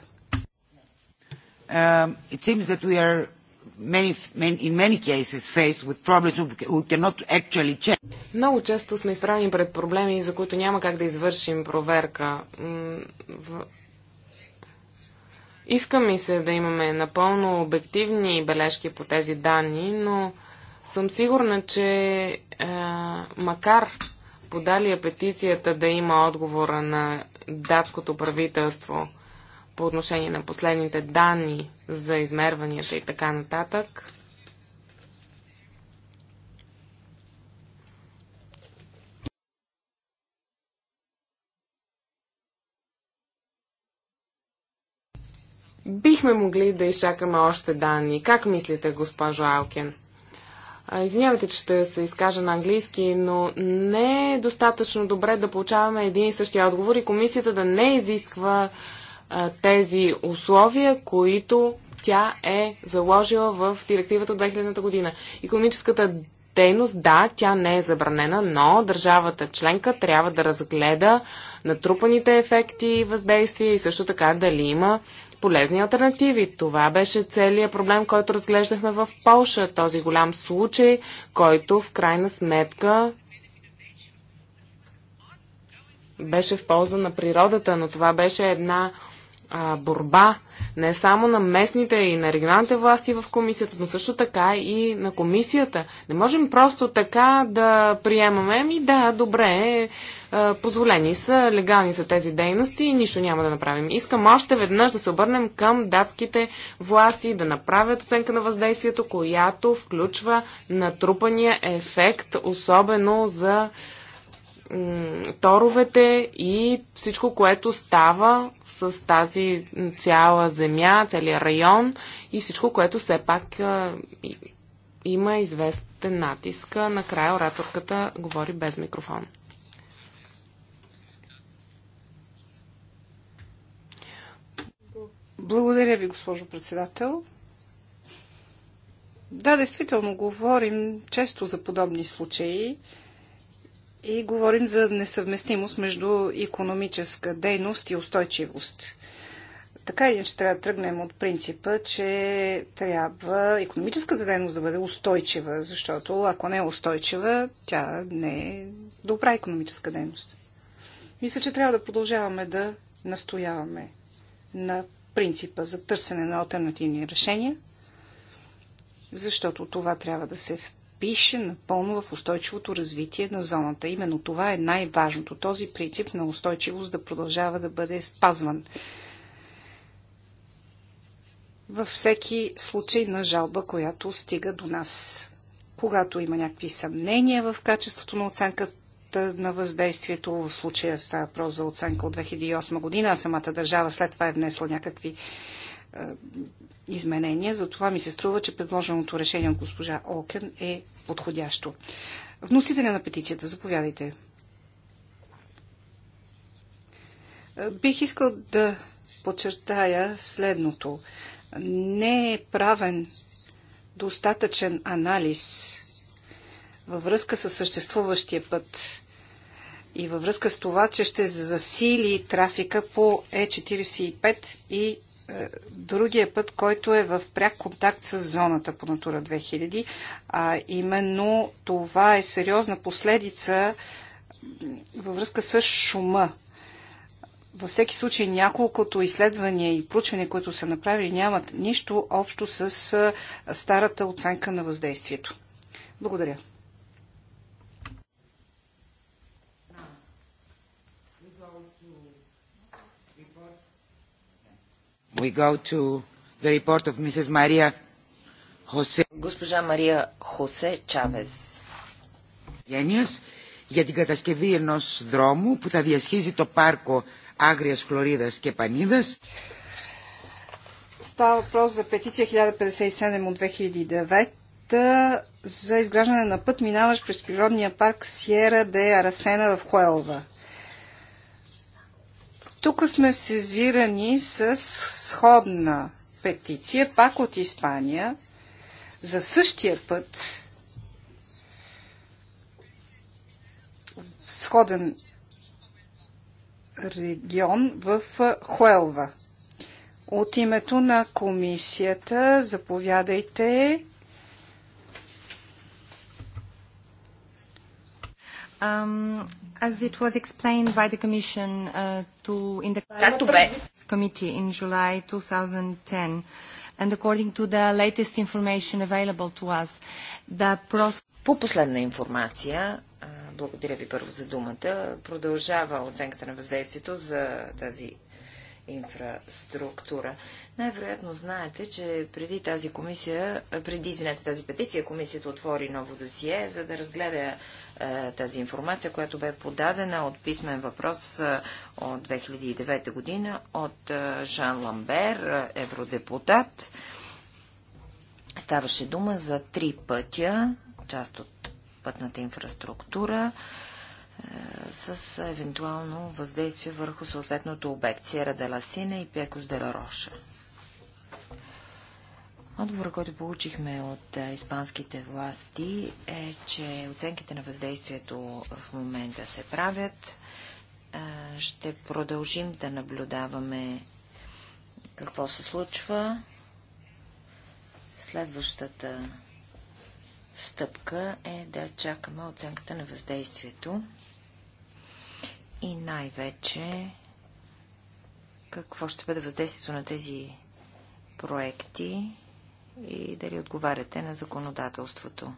Um, it seems that we are many, many, in many cases faced with problems we cannot actually check. Много често сме изправени пред проблеми, за които няма как да извършим проверка. Иска ми се да имаме напълно обективни бележки по тези данни, но съм сигурна, че е, макар подалия петицията да има отговора на датското правителство по отношение на последните данни за измерванията и така нататък, Бихме могли да изчакаме още данни. Как мислите, госпожо Алкен? Извинявайте, че ще се изкажа на английски, но не е достатъчно добре да получаваме един и същия отговор и комисията да не изисква а, тези условия, които тя е заложила в директивата от 2000 година. Економическата дейност, да, тя не е забранена, но държавата членка трябва да разгледа натрупаните ефекти и въздействия и също така дали има полезни альтернативи. Това беше целият проблем, който разглеждахме в Полша. Този голям случай, който в крайна сметка беше в полза на природата, но това беше една а, борба не само на местните и на регионалните власти в комисията, но също така и на комисията. Не можем просто така да приемаме, ми да, добре, е, е, позволени са, легални са тези дейности и нищо няма да направим. Искам още веднъж да се обърнем към датските власти да направят оценка на въздействието, която включва натрупания ефект, особено за торовете и всичко, което става с тази цяла земя, целият район и всичко, което все пак а, и, има известен натиск. Накрая ораторката говори без микрофон. Благодаря ви, госпожо председател. Да, действително говорим често за подобни случаи и говорим за несъвместимост между економическа дейност и устойчивост. Така или иначе трябва да тръгнем от принципа, че трябва економическата дейност да бъде устойчива, защото ако не е устойчива, тя не е добра економическа дейност. Мисля, че трябва да продължаваме да настояваме на принципа за търсене на альтернативни решения, защото това трябва да се впише напълно в устойчивото развитие на зоната. Именно това е най-важното. Този принцип на устойчивост да продължава да бъде спазван във всеки случай на жалба, която стига до нас. Когато има някакви съмнения в качеството на оценката на въздействието, в случая става въпрос за оценка от 2008 година, а самата държава след това е внесла някакви е, изменения. Затова ми се струва, че предложеното решение от госпожа Окен е подходящо. Вносителя на петицията, заповядайте. Е, бих искал да подчертая следното. Не е правен достатъчен анализ във връзка с съществуващия път и във връзка с това, че ще засили трафика по Е45 и е, другия път, който е в пряк контакт с зоната по Натура 2000, а именно това е сериозна последица във връзка с шума. Във всеки случай няколкото изследвания и проучвания, които са направили, нямат нищо общо с е, старата оценка на въздействието. Благодаря. We go to the report of Mrs. Maria Jose. Госпожа Мария Хосе Чавес. Γένειας για την κατασκευή ενός δρόμου που θα διασχίζει το πάρκο Άγριας Χλωρίδας και Πανίδας. Става въпрос за петиция 1057 от 2009 за изграждане на път, минаващ през природния парк Сиера де Арасена в Хуелва. Тук сме сезирани с сходна петиция, пак от Испания, за същия път, в сходен регион в Хуелва. От името на комисията заповядайте. Um, Uh, Както бе. По последна информация, благодаря ви първо за думата, продължава оценката на въздействието за тази инфраструктура. Най-вероятно знаете, че преди тази комисия, преди, извинете, тази петиция, комисията отвори ново досие, за да разгледа е, тази информация, която бе подадена от писмен въпрос е, от 2009 година от е, Жан Ламбер, евродепутат. Ставаше дума за три пътя, част от пътната инфраструктура, с евентуално въздействие върху съответното обект Сера де Ласина и Пекос де Ла Роша. Отговор, който получихме от испанските власти е, че оценките на въздействието в момента се правят. Ще продължим да наблюдаваме какво се случва. Следващата стъпка е да чакаме оценката на въздействието и най-вече какво ще бъде въздействието на тези проекти и дали отговаряте на законодателството.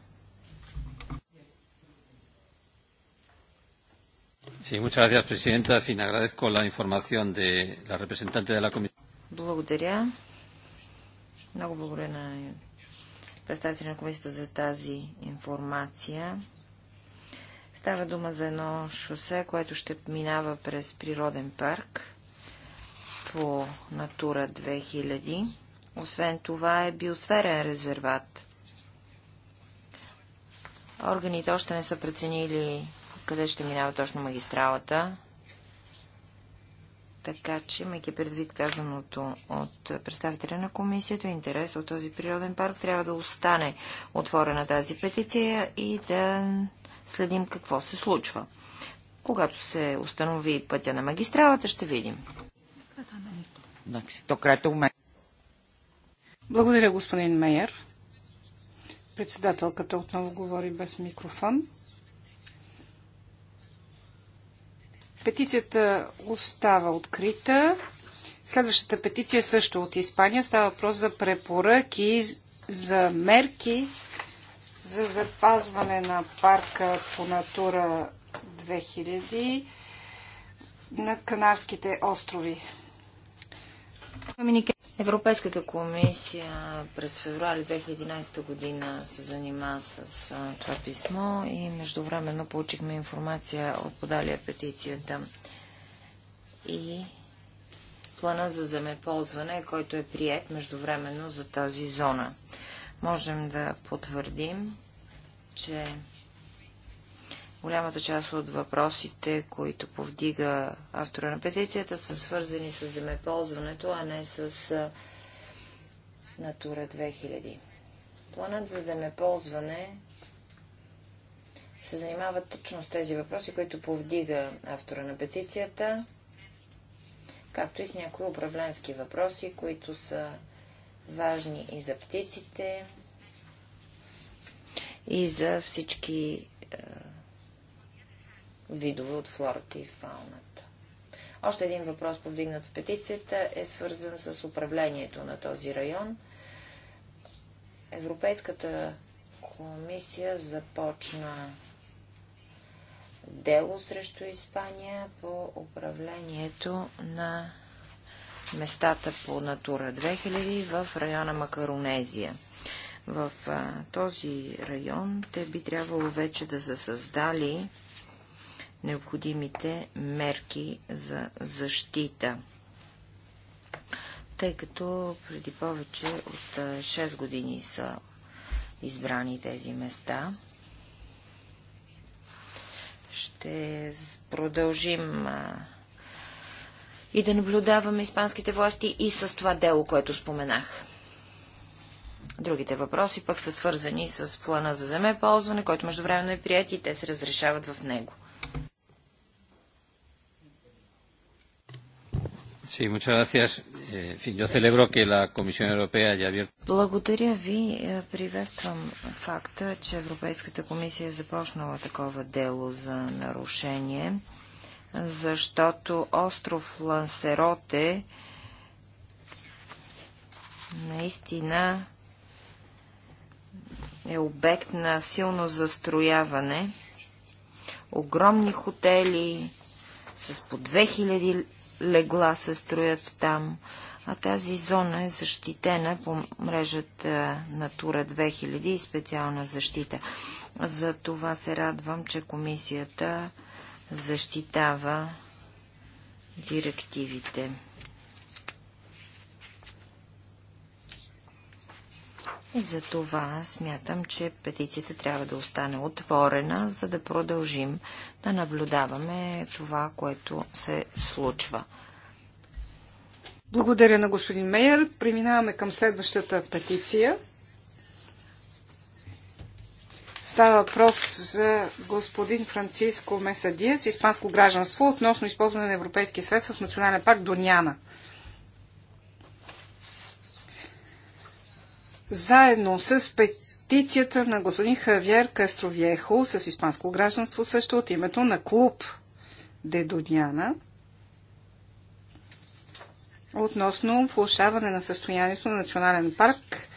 Благодаря. Много благодаря на представители на комисията за тази информация. Става дума за едно шосе, което ще минава през природен парк по Натура 2000. Освен това е биосферен резерват. Органите още не са преценили къде ще минава точно магистралата. Така че, имайки предвид казаното от представителя на комисията, интерес от този природен парк трябва да остане отворена тази петиция и да следим какво се случва. Когато се установи пътя на магистралата, ще видим. Значи, благодаря, господин Мейер. Председателката отново говори без микрофон. Петицията остава открита. Следващата петиция също от Испания. Става въпрос за препоръки, за мерки за запазване на парка по натура 2000 на Канарските острови. Европейската комисия през февруари 2011 година се занима с това писмо и междувременно получихме информация от подалия петицията и плана за земеползване, който е прият междувременно за тази зона. Можем да потвърдим, че Голямата част от въпросите, които повдига автора на петицията, са свързани с земеползването, а не с Натура 2000. Планът за земеползване се занимава точно с тези въпроси, които повдига автора на петицията, както и с някои управленски въпроси, които са важни и за птиците, и за всички е, видове от флората и фауната. Още един въпрос, повдигнат в петицията, е свързан с управлението на този район. Европейската комисия започна дело срещу Испания по управлението на местата по Натура 2000 в района Макаронезия. В а, този район те би трябвало вече да са създали необходимите мерки за защита. Тъй като преди повече от 6 години са избрани тези места, ще продължим и да наблюдаваме испанските власти и с това дело, което споменах. Другите въпроси пък са свързани с плана за земеползване, който междувременно е прият и те се разрешават в него. Sí, muchas gracias. Eh, en fin, yo celebro que la Comisión Europea abierto. Благодаря ви. Е, приветствам факта, че Европейската комисия е започнала такова дело за нарушение, защото остров Лансероте наистина е обект на силно застрояване. Огромни хотели с по 2000 легла се строят там. А тази зона е защитена по мрежата Натура 2000 и специална защита. За това се радвам, че комисията защитава директивите. И за това смятам, че петицията трябва да остане отворена, за да продължим да наблюдаваме това, което се случва. Благодаря на господин Мейер. Преминаваме към следващата петиция. Става въпрос за господин Франциско Месадиес, испанско гражданство относно използване на европейски средства в Национален парк Доняна. заедно с петицията на господин Хавьер Кастровьехо с испанско гражданство също от името на клуб Дедоняна относно влушаване на състоянието на национален парк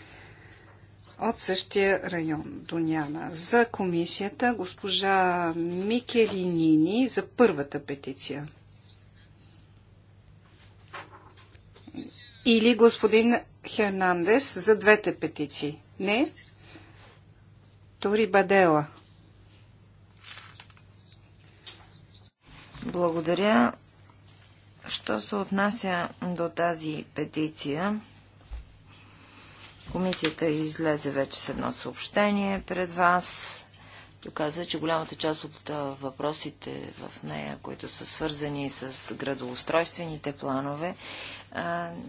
от същия район Доняна. За комисията госпожа Микелинини за първата петиция. Или господин Хернандес за двете петиции. Не. Тори Бадела. Благодаря. Що се отнася до тази петиция, комисията излезе вече с едно съобщение пред вас. Доказа, че голямата част от въпросите в нея, които са свързани с градоустройствените планове,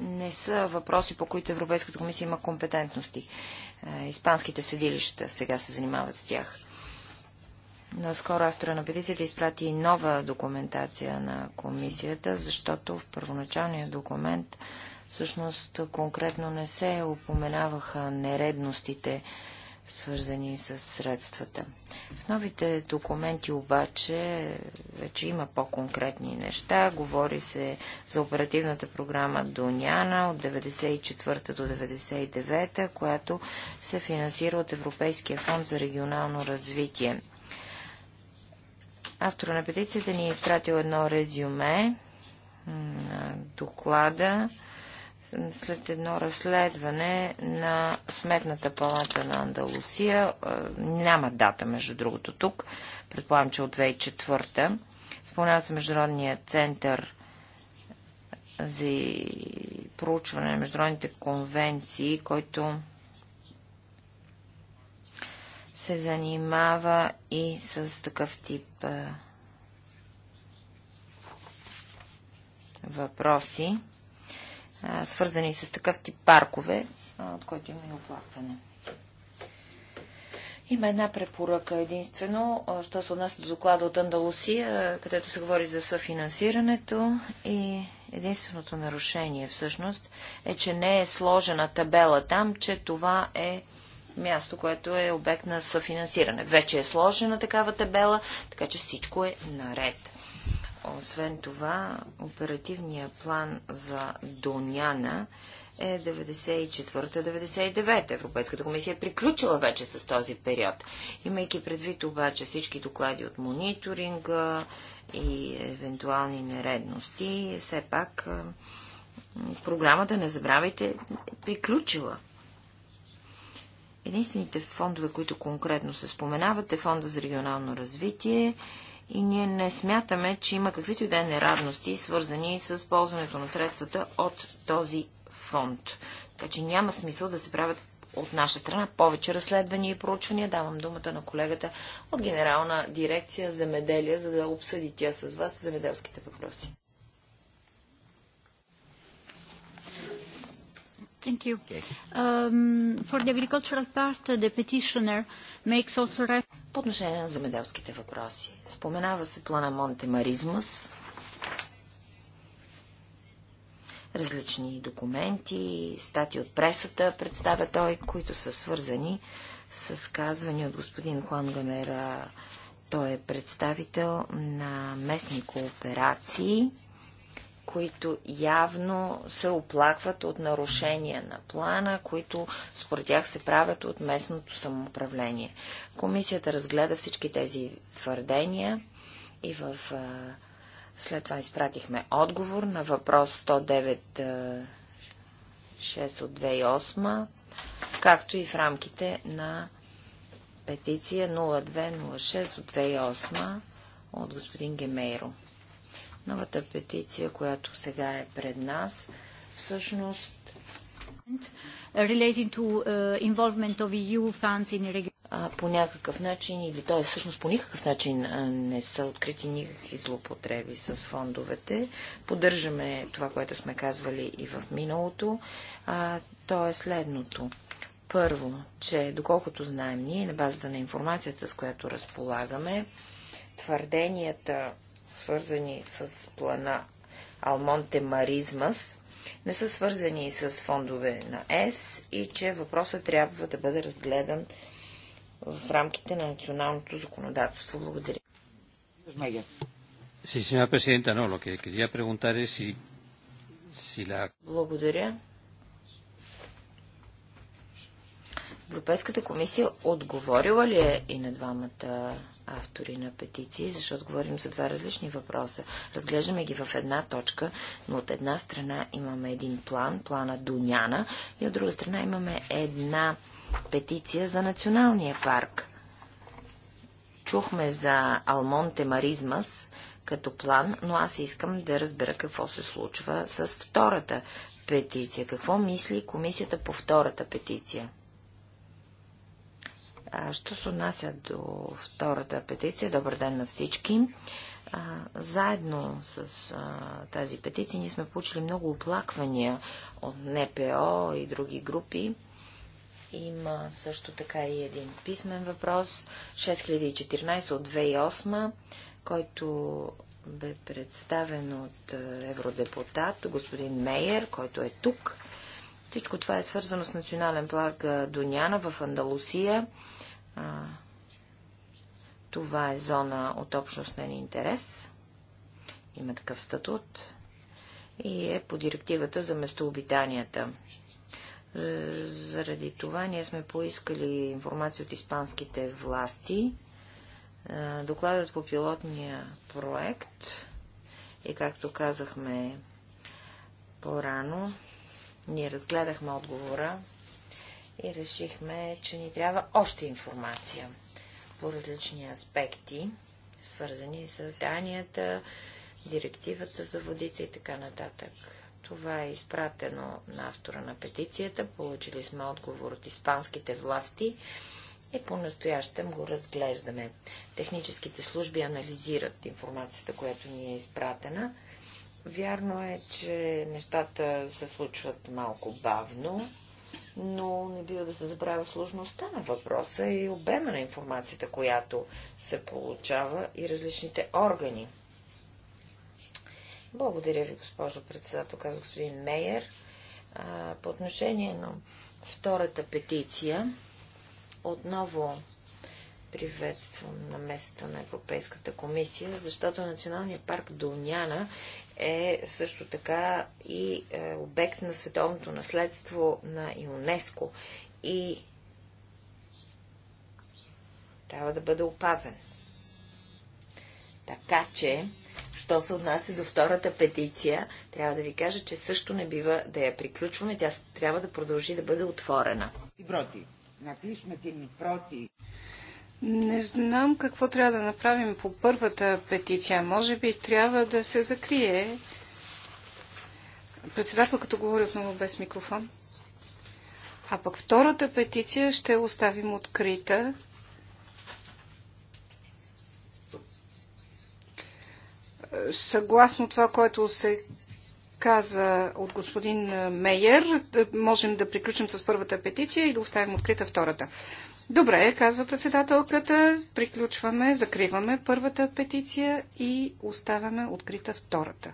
не са въпроси, по които Европейската комисия има компетентности. Испанските съдилища сега се занимават с тях. Наскоро автора на петицията изпрати и нова документация на комисията, защото в първоначалния документ всъщност конкретно не се упоменаваха нередностите свързани с средствата. В новите документи обаче вече има по-конкретни неща. Говори се за оперативната програма Доняна от 1994 до 1999, която се финансира от Европейския фонд за регионално развитие. Автора на петицията ни е изпратил едно резюме на доклада след едно разследване на Сметната палата на Андалусия. Няма дата, между другото, тук. Предполагам, че от 2004-та. Спомнява се Международния център за проучване на международните конвенции, който се занимава и с такъв тип въпроси свързани с такъв тип паркове, от който има и оплакване. Има една препоръка единствено, що се отнася до доклада от Андалусия, където се говори за съфинансирането и единственото нарушение всъщност е, че не е сложена табела там, че това е място, което е обект на съфинансиране. Вече е сложена такава табела, така че всичко е наред. Освен това, оперативният план за Доняна е 94-99. Европейската комисия е приключила вече с този период. Имайки предвид обаче всички доклади от мониторинга и евентуални нередности, все пак програмата, не забравяйте, е приключила. Единствените фондове, които конкретно се споменават, е фонда за регионално развитие и ние не смятаме, че има каквито и да е неравности, свързани с ползването на средствата от този фонд. Така че няма смисъл да се правят от наша страна повече разследвания и проучвания. Давам думата на колегата от Генерална дирекция Земеделие, за да обсъди тя с вас замеделските въпроси. Thank you. Um, for the agricultural part, uh, the petitioner uh, по отношение на земеделските въпроси. Споменава се плана Монте Маризмас, различни документи, стати от пресата представя той, които са свързани с казвани от господин Хуан Гамера. Той е представител на местни кооперации които явно се оплакват от нарушения на плана, които според тях се правят от местното самоуправление. Комисията разгледа всички тези твърдения и в... След това изпратихме отговор на въпрос 109 6 от 2008, както и в рамките на петиция 0206 от 2008 от господин Гемейро. Новата петиция, която сега е пред нас, всъщност relating to uh, involvement of EU funds in а, по някакъв начин, или т.е. всъщност по никакъв начин не са открити никакви злоупотреби с фондовете. Поддържаме това, което сме казвали и в миналото. А, то е следното. Първо, че доколкото знаем ние, на базата на информацията, с която разполагаме, твърденията свързани с плана Алмонте Маризмас, не са свързани и с фондове на ЕС и че въпросът трябва да бъде разгледан в рамките на националното законодателство. Благодаря. Благодаря. Европейската комисия отговорила ли е и на двамата автори на петиции, защото говорим за два различни въпроса. Разглеждаме ги в една точка, но от една страна имаме един план, плана Дуняна, и от друга страна имаме една петиция за националния парк. Чухме за Алмонте Маризмас като план, но аз искам да разбера какво се случва с втората петиция. Какво мисли комисията по втората петиция? що се отнася до втората петиция, добър ден на всички. заедно с тази петиция ние сме получили много оплаквания от НПО и други групи. Има също така и един писмен въпрос, 6014 от 2008, който бе представен от евродепутат господин Мейер, който е тук. Всичко това е свързано с национален парк Доняна в Андалусия а, това е зона от общностен интерес. Има такъв статут и е по директивата за местообитанията. Е, заради това ние сме поискали информация от испанските власти. Е, докладът по пилотния проект и е, както казахме по-рано, ние разгледахме отговора и решихме, че ни трябва още информация по различни аспекти, свързани с данията, директивата за водите и така нататък. Това е изпратено на автора на петицията. Получили сме отговор от испанските власти и по-настоящем го разглеждаме. Техническите служби анализират информацията, която ни е изпратена. Вярно е, че нещата се случват малко бавно но не бива да се забравя сложността на въпроса и обема на информацията, която се получава и различните органи. Благодаря ви, госпожо председател, каза господин Мейер. по отношение на втората петиция, отново приветствам на местата на Европейската комисия, защото Националният парк Доняна е също така и е, обект на световното наследство на ЮНЕСКО и трябва да бъде опазен. Така че, що се отнася до втората петиция, трябва да ви кажа, че също не бива да я приключваме. Тя трябва да продължи да бъде отворена. Проти. Наклишме ти проти. Не знам какво трябва да направим по първата петиция. Може би трябва да се закрие. Председател, като говори отново без микрофон. А пък втората петиция ще оставим открита. Съгласно това, което се каза от господин Мейер, можем да приключим с първата петиция и да оставим открита втората. Добре, казва председателката. Приключваме, закриваме първата петиция и оставяме открита втората.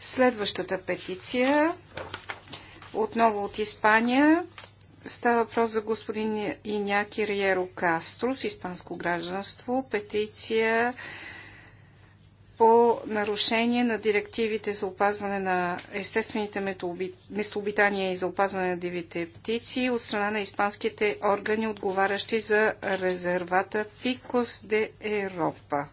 Следващата петиция, отново от Испания, става въпрос за господин Иняки Риеро Кастро с испанско гражданство. Петиция по нарушение на директивите за опазване на естествените местообитания и за опазване на дивите птици от страна на испанските органи, отговарящи за резервата Пикос де Европа.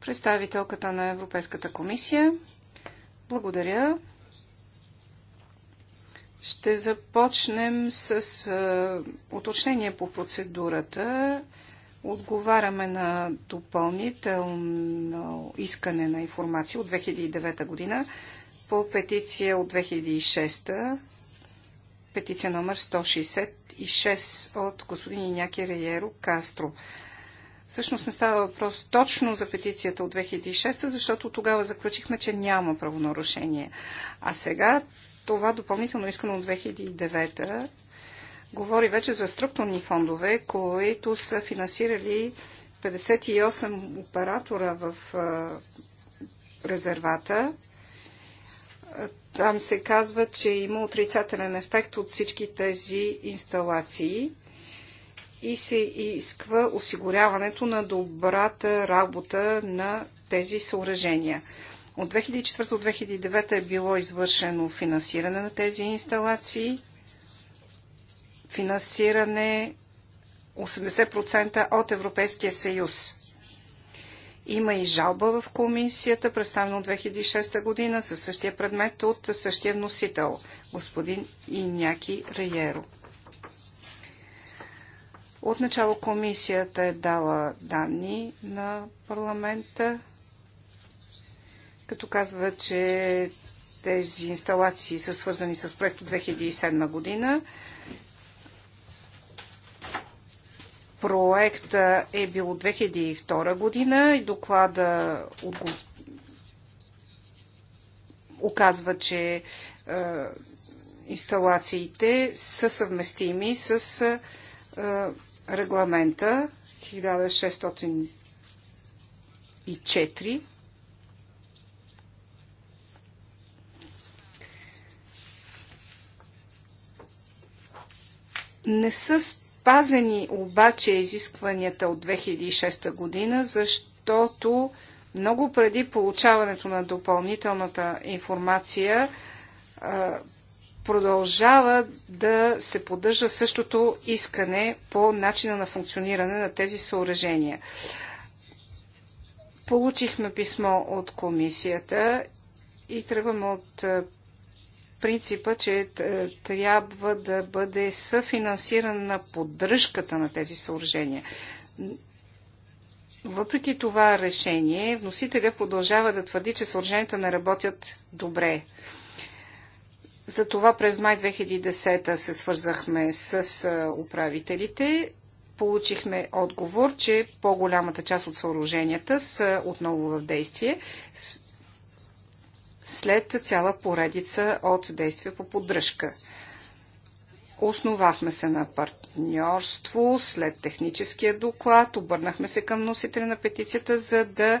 Представителката на Европейската комисия. Благодаря. Ще започнем с уточнение по процедурата. Отговаряме на допълнително искане на информация от 2009 година по петиция от 2006, петиция номер 166 от господин Иняки Рейеро Кастро. Всъщност не става въпрос точно за петицията от 2006, защото тогава заключихме, че няма правонарушение. А сега това допълнително искане от 2009 говори вече за структурни фондове, които са финансирали 58 оператора в резервата. Там се казва, че има отрицателен ефект от всички тези инсталации и се изисква осигуряването на добрата работа на тези съоръжения. От 2004-2009 е било извършено финансиране на тези инсталации финансиране 80% от Европейския съюз. Има и жалба в комисията, представена от 2006 година, със същия предмет от същия носител, господин Иняки Рейеро. Отначало комисията е дала данни на парламента, като казва, че тези инсталации са свързани с проект от 2007 година. проекта е бил от 2002 година и доклада оказва, че инсталациите са съвместими с 1600 регламента 1604 не са спазени обаче изискванията от 2006 година, защото много преди получаването на допълнителната информация продължава да се поддържа същото искане по начина на функциониране на тези съоръжения. Получихме писмо от комисията и тръгваме от принципа, че е, трябва да бъде съфинансирана поддръжката на тези съоръжения. Въпреки това решение, вносителя продължава да твърди, че съоръженията не работят добре. Затова през май 2010 се свързахме с е, управителите. Получихме отговор, че по-голямата част от съоръженията са отново в действие след цяла поредица от действия по поддръжка. Основахме се на партньорство след техническия доклад, обърнахме се към носителя на петицията, за да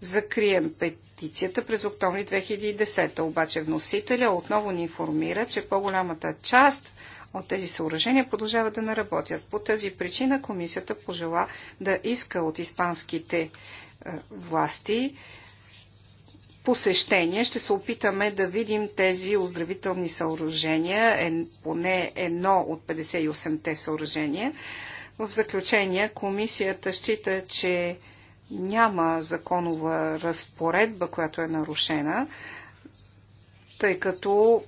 закрием петицията през октомври 2010. Обаче вносителя отново ни информира, че по-голямата част от тези съоръжения продължават да не работят. По тази причина комисията пожела да иска от испанските е, власти посещение ще се опитаме да видим тези оздравителни съоръжения, поне едно от 58-те съоръжения. В заключение, комисията счита, че няма законова разпоредба, която е нарушена, тъй като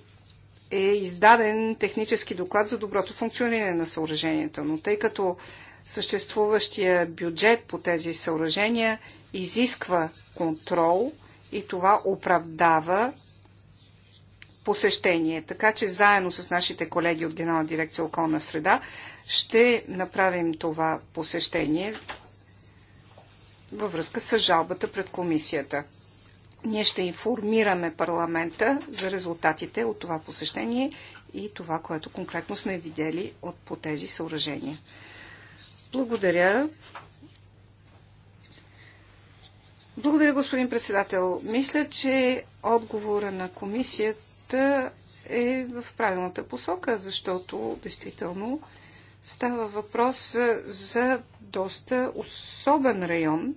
е издаден технически доклад за доброто функциониране на съоръженията. Но тъй като съществуващия бюджет по тези съоръжения изисква контрол – и това оправдава посещение. Така че заедно с нашите колеги от Генерална дирекция околна среда ще направим това посещение във връзка с жалбата пред комисията. Ние ще информираме парламента за резултатите от това посещение и това, което конкретно сме видели от, по тези съоръжения. Благодаря. Благодаря, господин председател. Мисля, че отговора на комисията е в правилната посока, защото действително става въпрос за доста особен район.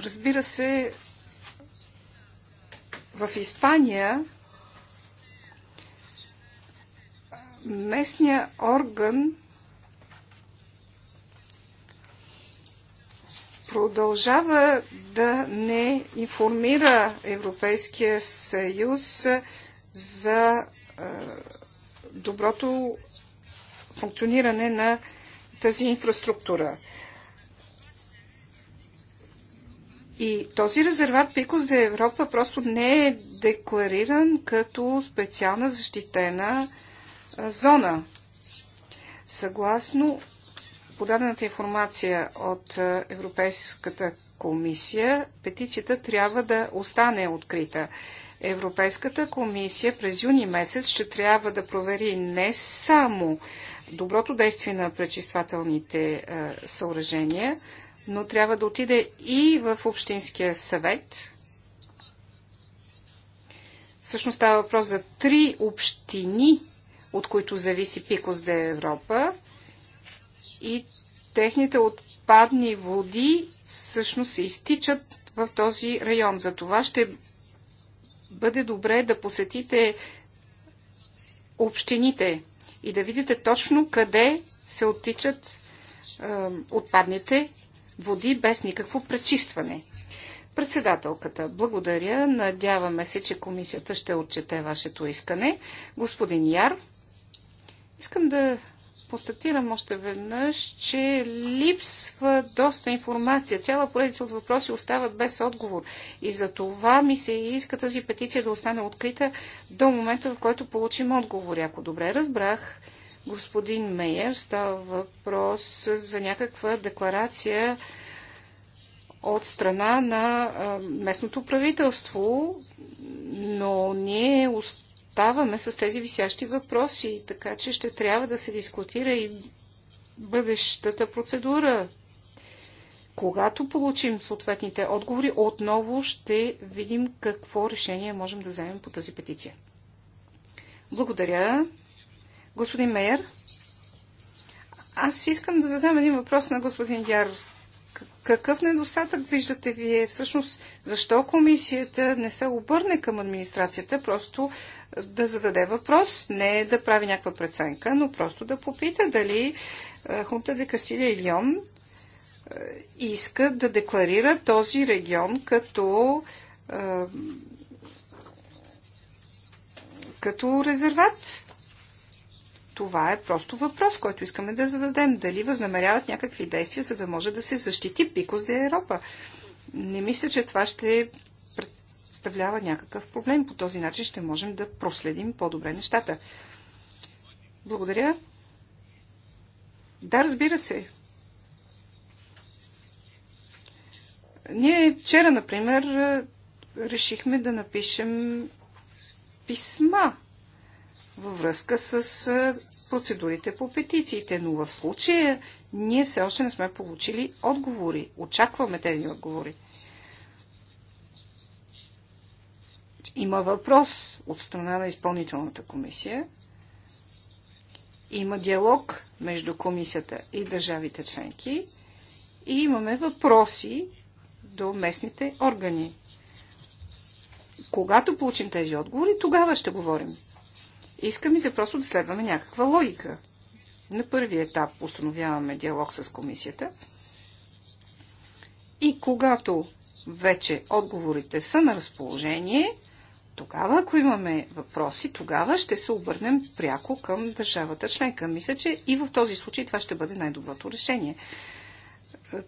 Разбира се, в Испания местният орган продължава да не информира Европейския съюз за доброто функциониране на тази инфраструктура. И този резерват Пикос за Европа просто не е деклариран като специална защитена зона. Съгласно подадената информация от е, Европейската комисия, петицията трябва да остане открита. Европейската комисия през юни месец ще трябва да провери не само доброто действие на пречиствателните е, съоръжения, но трябва да отиде и в Общинския съвет. Всъщност става въпрос за три общини, от които зависи Пикос де Европа и техните отпадни води всъщност се изтичат в този район. За това ще бъде добре да посетите общините и да видите точно къде се оттичат е, отпадните води без никакво пречистване. Председателката, благодаря. Надяваме се, че комисията ще отчете вашето искане. Господин Яр, искам да констатирам още веднъж, че липсва доста информация. Цяла поредица от въпроси остават без отговор. И за това ми се иска тази петиция да остане открита до момента, в който получим отговор. Ако добре разбрах, господин Мейер, става въпрос за някаква декларация от страна на местното правителство, но ние оставаме оставаме с тези висящи въпроси, така че ще трябва да се дискутира и бъдещата процедура. Когато получим съответните отговори, отново ще видим какво решение можем да вземем по тази петиция. Благодаря. Господин Мейер, аз искам да задам един въпрос на господин Яр какъв недостатък виждате вие? Всъщност, защо комисията не се обърне към администрацията, просто да зададе въпрос, не да прави някаква преценка, но просто да попита дали е, Хунта де Кастилия и Лион е, искат да декларира този регион като е, като резерват. Това е просто въпрос, който искаме да зададем. Дали възнамеряват някакви действия, за да може да се защити Пикос де Европа? Не мисля, че това ще представлява някакъв проблем. По този начин ще можем да проследим по-добре нещата. Благодаря. Да, разбира се. Ние вчера, например, решихме да напишем писма във връзка с процедурите по петициите, но в случая ние все още не сме получили отговори. Очакваме тези отговори. Има въпрос от страна на изпълнителната комисия. Има диалог между комисията и държавите членки. И имаме въпроси до местните органи. Когато получим тези отговори, тогава ще говорим. Искаме се просто да следваме някаква логика. На първи етап установяваме диалог с комисията и когато вече отговорите са на разположение, тогава, ако имаме въпроси, тогава ще се обърнем пряко към държавата членка. Мисля, че и в този случай това ще бъде най-доброто решение.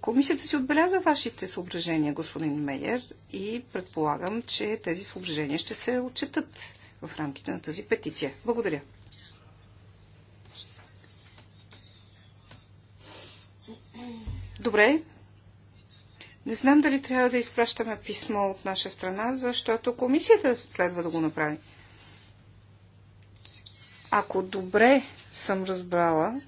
Комисията си отбеляза вашите съображения, господин Мейер, и предполагам, че тези съображения ще се отчетат в рамките на тази петиция. Благодаря. Добре. Не знам дали трябва да изпращаме писмо от наша страна, защото комисията следва да го направи. Ако добре съм разбрала,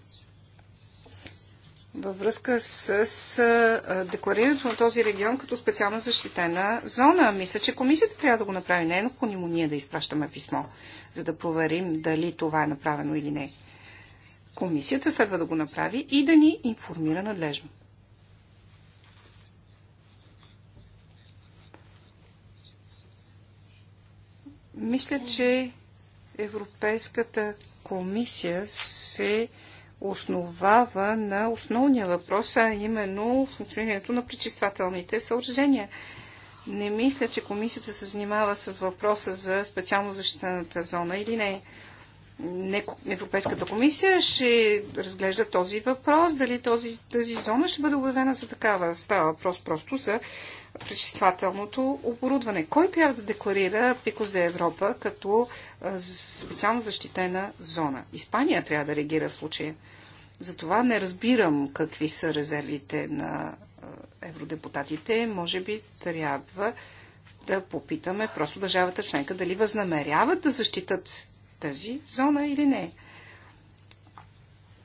във връзка с, с декларирането на този регион като специална защитена зона. Мисля, че комисията трябва да го направи. Не е необходимо ние да изпращаме писмо, за да проверим дали това е направено или не. Комисията следва да го направи и да ни информира надлежно. Мисля, че Европейската комисия се основава на основния въпрос, а именно функционирането на пречиствателните съоръжения. Не мисля, че комисията се занимава с въпроса за специално защитената зона или не. Европейската комисия ще разглежда този въпрос, дали този, тази зона ще бъде обявена за такава. Става въпрос просто за пречиствателното оборудване. Кой трябва да декларира Пикос де Европа като специално защитена зона. Испания трябва да реагира в случая. Затова не разбирам какви са резервите на евродепутатите. Може би трябва да попитаме просто държавата членка дали възнамеряват да защитат тази зона или не.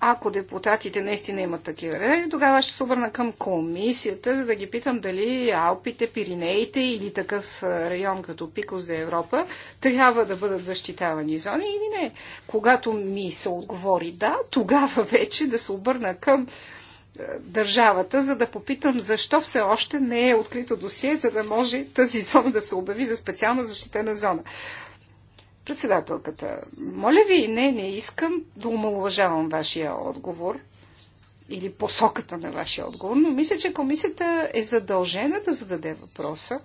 Ако депутатите наистина имат такива резерви, тогава ще се обърна към комисията, за да ги питам дали Алпите, Пиринеите или такъв район като Пикос за Европа трябва да бъдат защитавани зони или не. Когато ми се отговори да, тогава *laughs* вече да се обърна към държавата, за да попитам защо все още не е открито досие, за да може тази *laughs* зона да се обяви за специална защитена зона. Председателката, моля ви, не, не искам да омалуважавам вашия отговор или посоката на вашия отговор, но мисля, че комисията е задължена да зададе въпроса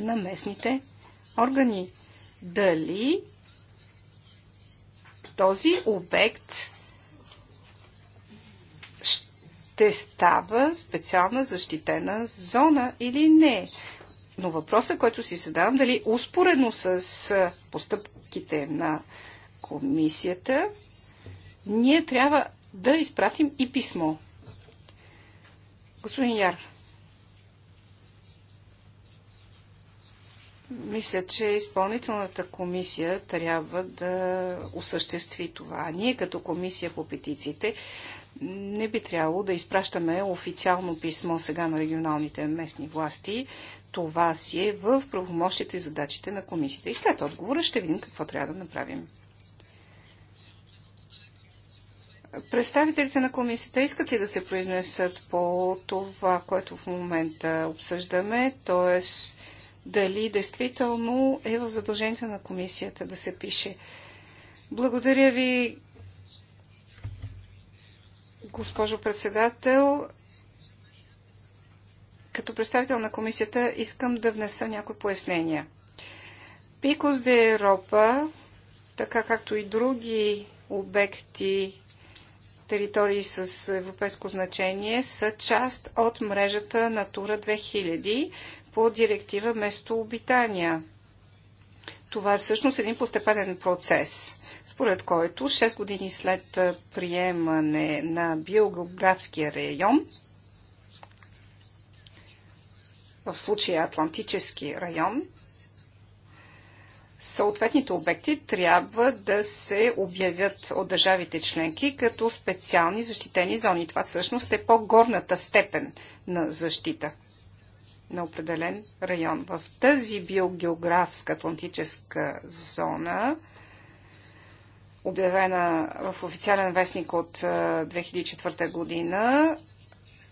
на местните органи. Дали този обект ще става специална защитена зона или не. Но въпросът, който си задавам, дали успоредно с постъп, препоръките на комисията, ние трябва да изпратим и писмо. Господин Яр, мисля, че изпълнителната комисия трябва да осъществи това. Ние като комисия по петициите не би трябвало да изпращаме официално писмо сега на регионалните местни власти, това си е в правомощите и задачите на комисията. И след отговора ще видим какво трябва да направим. Представителите на комисията искат ли да се произнесат по това, което в момента обсъждаме, т.е. дали действително е в задължението на комисията да се пише. Благодаря ви, госпожо председател. Като представител на комисията искам да внеса някои пояснения. Пикос де Европа, така както и други обекти, територии с европейско значение, са част от мрежата Натура 2000 по директива Местообитания. Това е всъщност един постепенен процес, според който 6 години след приемане на биогеографския район, в случая Атлантически район, съответните обекти трябва да се обявят от държавите членки като специални защитени зони. Това всъщност е по-горната степен на защита на определен район. В тази биогеографска атлантическа зона, обявена в официален вестник от 2004 година,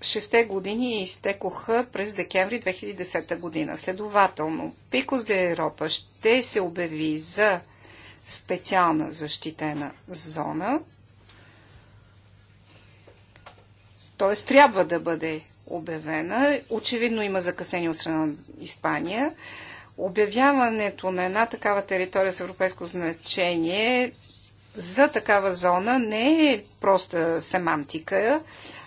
шесте години изтекоха през декември 2010 година. Следователно, Пикос де Европа ще се обяви за специална защитена зона, т.е. трябва да бъде обявена. Очевидно има закъснение от страна на Испания. Обявяването на една такава територия с европейско значение за такава зона не е просто семантика,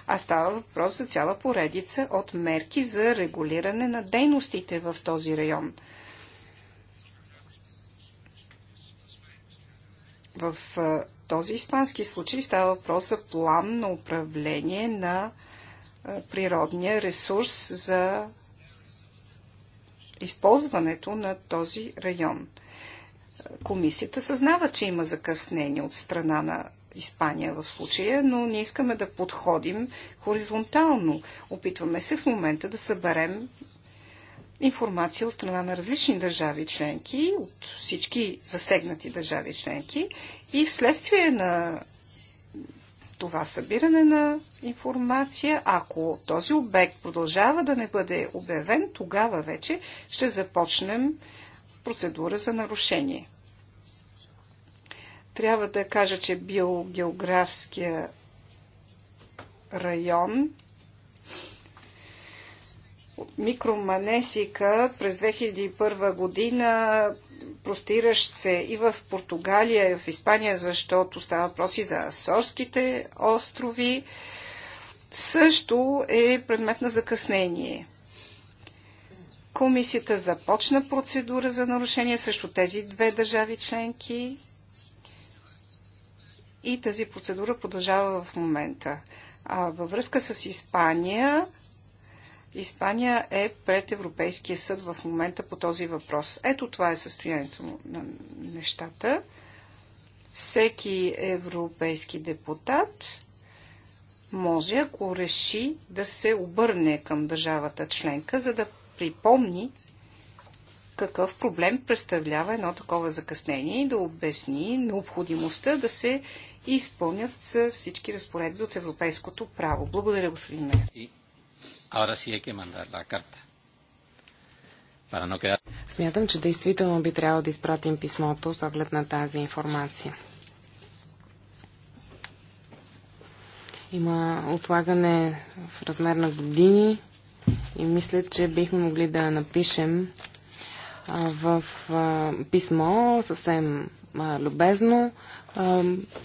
а става въпрос за цяла поредица от мерки за регулиране на дейностите в този район. В този испански случай става въпрос за план на управление на природния ресурс за използването на този район. Комисията съзнава, че има закъснение от страна на Испания в случая, но ние искаме да подходим хоризонтално. Опитваме се в момента да съберем информация от страна на различни държави членки, от всички засегнати държави членки и вследствие на това събиране на информация, ако този обект продължава да не бъде обявен, тогава вече ще започнем процедура за нарушение. Трябва да кажа, че биогеографския район микроманесика през 2001 година простиращ се и в Португалия, и в Испания, защото става въпроси за Асорските острови, също е предмет на закъснение. Комисията започна процедура за нарушение срещу тези две държави членки и тази процедура продължава в момента. А във връзка с Испания, Испания е пред Европейския съд в момента по този въпрос. Ето това е състоянието на нещата. Всеки европейски депутат може, ако реши, да се обърне към държавата членка, за да припомни какъв проблем представлява едно такова закъснение и да обясни необходимостта да се изпълнят всички разпоредби от европейското право. Благодаря, господин Мер. Смятам, че действително би трябвало да изпратим писмото с оглед на тази информация. Има отлагане в размер на години и мисля, че бихме могли да напишем в писмо съвсем любезно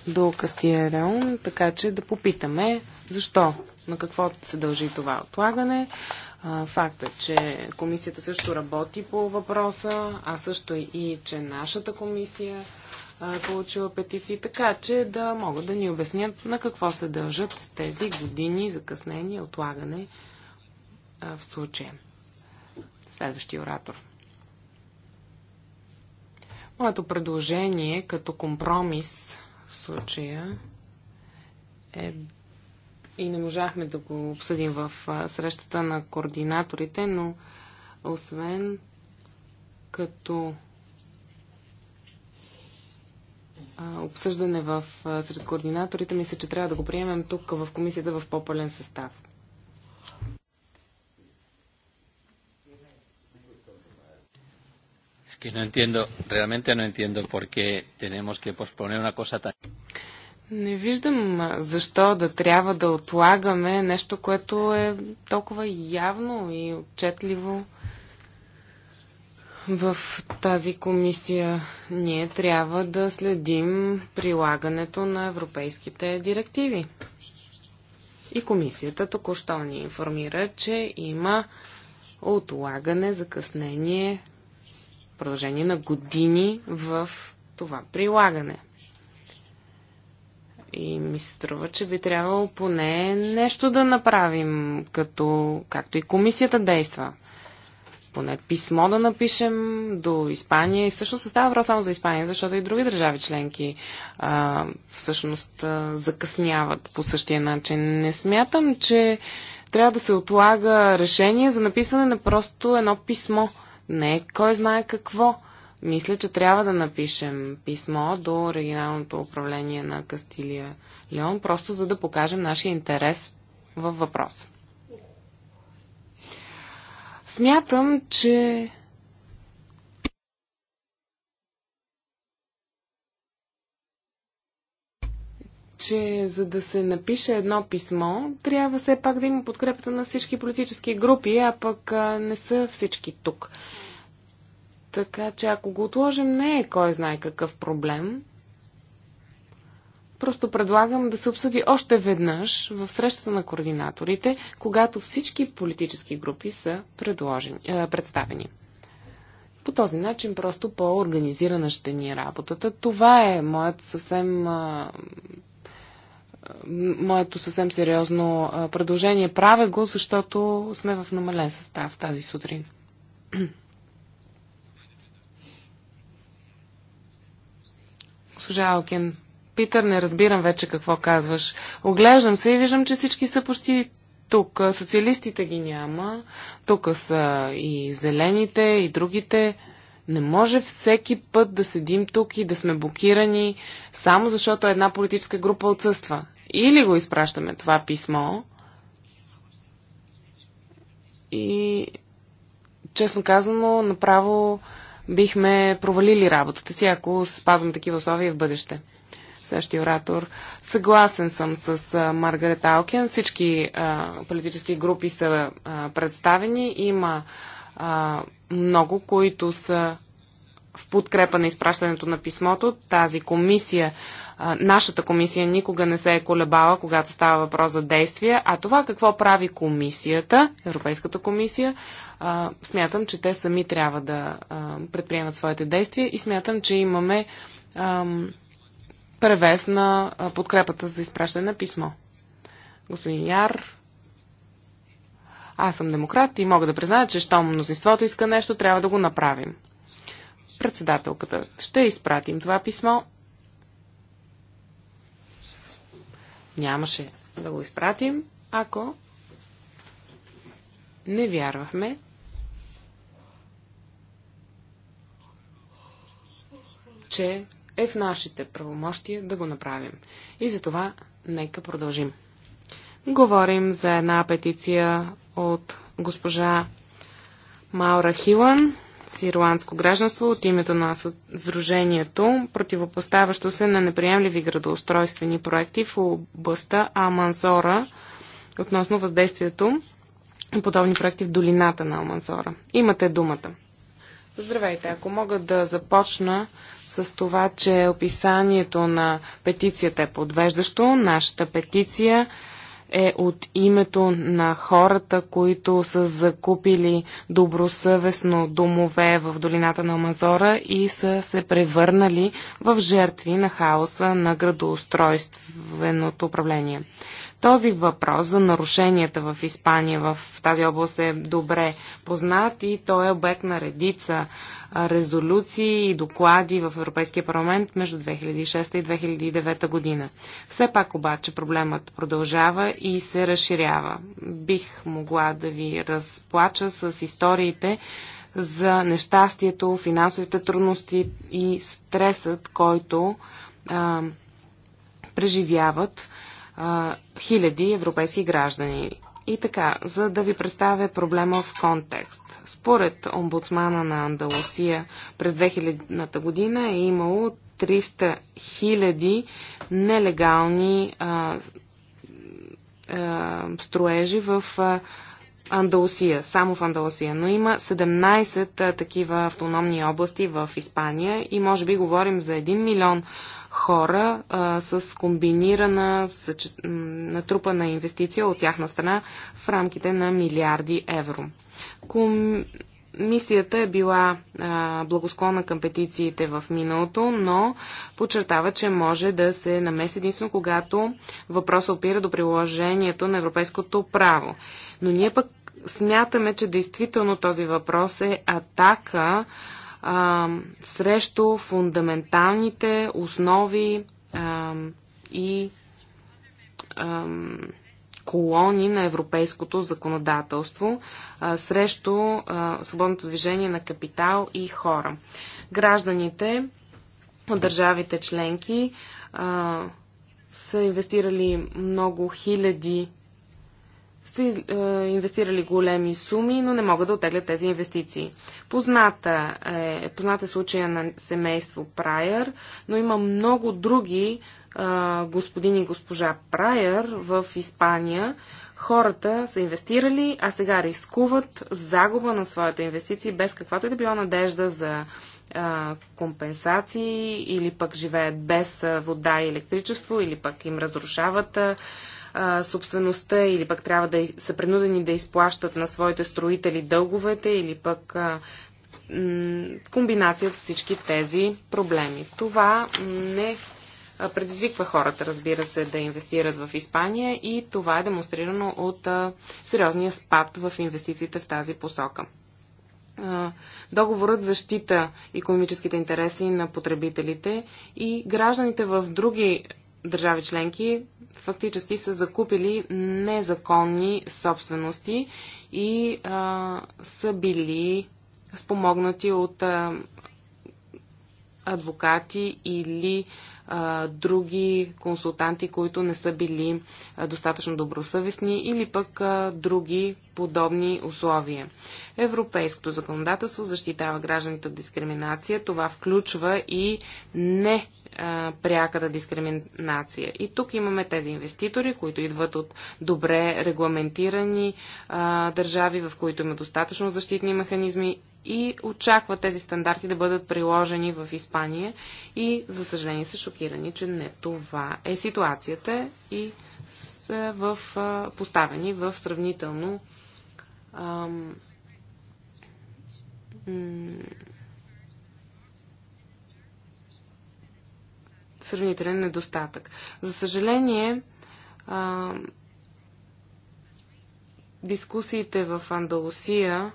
до Кастия Реон, така че да попитаме защо, на какво се дължи това отлагане. Факта, е, че комисията също работи по въпроса, а също е и, че нашата комисия е получила петиции, така че да могат да ни обяснят на какво се дължат тези години закъснение, отлагане в случая. Следващия оратор. Моето предложение като компромис в случая е и не можахме да го обсъдим в срещата на координаторите, но освен като обсъждане в, сред координаторите, мисля, че трябва да го приемем тук в комисията в по-пълен състав. que no entiendo, realmente no entiendo por qué tenemos que posponer una cosa tan... Не виждам защо да трябва да отлагаме нещо, което е толкова явно и отчетливо в тази комисия. Ние трябва да следим прилагането на европейските директиви. И комисията току-що ни информира, че има отлагане, закъснение продължение на години в това прилагане. И ми се струва, че би трябвало поне нещо да направим, като, както и комисията действа. Поне писмо да напишем до Испания. И всъщност става въпрос само за Испания, защото и други държави членки а, всъщност а, закъсняват по същия начин. Не смятам, че трябва да се отлага решение за написане на просто едно писмо не кой знае какво. Мисля, че трябва да напишем писмо до регионалното управление на Кастилия Леон, просто за да покажем нашия интерес във въпроса. Смятам, че че за да се напише едно писмо, трябва все пак да има подкрепата на всички политически групи, а пък не са всички тук. Така че ако го отложим, не е кой знае какъв проблем. Просто предлагам да се обсъди още веднъж в срещата на координаторите, когато всички политически групи са е, представени. По този начин просто по-организирана ще ни е работата. Това е моят съвсем моето съвсем сериозно предложение. Правя го, защото сме в намален състав тази сутрин. *clears throat* Служа Алкин, Питър, не разбирам вече какво казваш. Оглеждам се и виждам, че всички са почти тук. Социалистите ги няма. Тук са и зелените, и другите. Не може всеки път да седим тук и да сме блокирани, само защото една политическа група отсъства. Или го изпращаме това писмо и, честно казано, направо бихме провалили работата си, ако спазвам такива условия в бъдеще. Същия оратор. Съгласен съм с Маргарет Алкен. Всички а, политически групи са а, представени. Има а, много, които са в подкрепа на изпращането на писмото. Тази комисия, нашата комисия никога не се е колебала, когато става въпрос за действия, а това какво прави комисията, Европейската комисия, смятам, че те сами трябва да предприемат своите действия и смятам, че имаме превес на подкрепата за изпращане на писмо. Господин Яр, аз съм демократ и мога да призная, че щом мнозинството иска нещо, трябва да го направим. Председателката, ще изпратим това писмо. Нямаше да го изпратим, ако не вярвахме, че е в нашите правомощия да го направим. И за това нека продължим. Говорим за една петиция от госпожа Маура Хилан с ирландско гражданство от името на Сдружението, противопоставащо се на неприемливи градоустройствени проекти в областта Амансора относно въздействието на подобни проекти в долината на Амансора. Имате думата. Здравейте, ако мога да започна с това, че описанието на петицията е подвеждащо. Нашата петиция е от името на хората, които са закупили добросъвестно домове в долината на Амазора и са се превърнали в жертви на хаоса на градоустройственото управление. Този въпрос за нарушенията в Испания в тази област е добре познат и той е обект на редица резолюции и доклади в Европейския парламент между 2006 и 2009 година. Все пак обаче проблемът продължава и се разширява. Бих могла да ви разплача с историите за нещастието, финансовите трудности и стресът, който а, преживяват а, хиляди европейски граждани. И така, за да ви представя проблема в контекст. Според омбудсмана на Андалусия през 2000 година е имало 300 хиляди нелегални а, а, строежи в а, Андалусия, само в Андалусия, но има 17 а, такива автономни области в Испания и може би говорим за 1 милион хора а, с комбинирана съч... натрупана инвестиция от тяхна страна в рамките на милиарди евро. Ком... Мисията е била а, благосклонна към петициите в миналото, но подчертава, че може да се намеси единствено когато въпросът опира до приложението на европейското право. Но ние пък смятаме, че действително този въпрос е атака а, срещу фундаменталните основи а, и а, колони на европейското законодателство а, срещу а, свободното движение на капитал и хора. Гражданите от държавите членки а, са инвестирали много хиляди са е, инвестирали големи суми, но не могат да отеглят тези инвестиции. Позната е, позната е случая на семейство Прайер, но има много други а, господин и госпожа Прайер в Испания. Хората са инвестирали, а сега рискуват загуба на своята инвестиции без каквато и е да била надежда за а, компенсации или пък живеят без вода и електричество или пък им разрушават а, собствеността или пък трябва да са принудени да изплащат на своите строители дълговете или пък комбинация от всички тези проблеми. Това не предизвиква хората, разбира се, да инвестират в Испания и това е демонстрирано от сериозния спад в инвестициите в тази посока. договорът защита економическите интереси на потребителите и гражданите в други държави членки фактически са закупили незаконни собствености и а, са били спомогнати от а, адвокати или а, други консултанти, които не са били а, достатъчно добросъвестни или пък а, други подобни условия. Европейското законодателство защитава гражданите от дискриминация. Това включва и не пряката дискриминация. И тук имаме тези инвеститори, които идват от добре регламентирани а, държави, в които има достатъчно защитни механизми и очакват тези стандарти да бъдат приложени в Испания и, за съжаление, са шокирани, че не това е ситуацията и са в, а, поставени в сравнително ам, сравнителен недостатък. За съжаление, а, дискусиите в Андалусия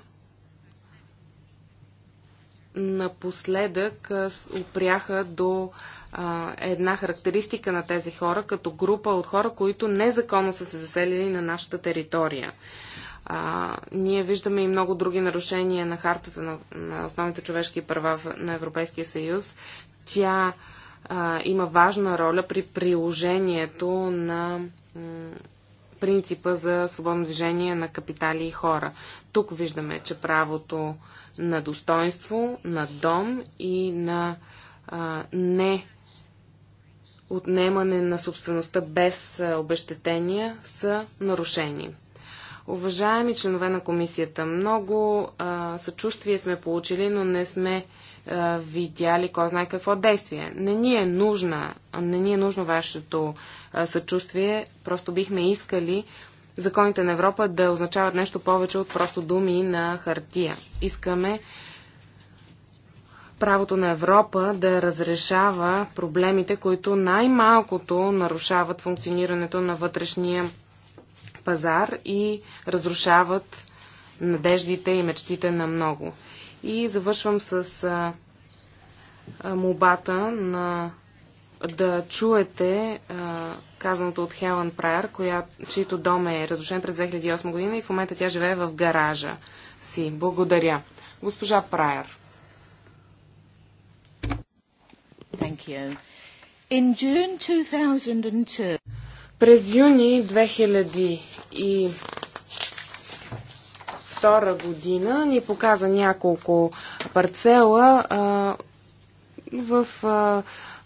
напоследък опряха до а, една характеристика на тези хора като група от хора, които незаконно са се заселили на нашата територия. А, ние виждаме и много други нарушения на хартата на, на основните човешки права на Европейския съюз. Тя а, има важна роля при приложението на принципа за свободно движение на капитали и хора. Тук виждаме, че правото на достоинство, на дом и на а, не отнемане на собствеността без обещетения са нарушени. Уважаеми членове на комисията, много а, съчувствие сме получили, но не сме видяли кой знае какво действие. Не ни е, нужна, не ни е нужно вашето съчувствие, просто бихме искали законите на Европа да означават нещо повече от просто думи на хартия. Искаме правото на Европа да разрешава проблемите, които най-малкото нарушават функционирането на вътрешния пазар и разрушават надеждите и мечтите на много. И завършвам с а, мобата на да чуете а, казаното от Хелън Прайер, чийто дом е разрушен през 2008 година и в момента тя живее в гаража си. Благодаря. Госпожа Прайер. Thank you. In June 2002... През юни втора година ни показа няколко парцела а, в а,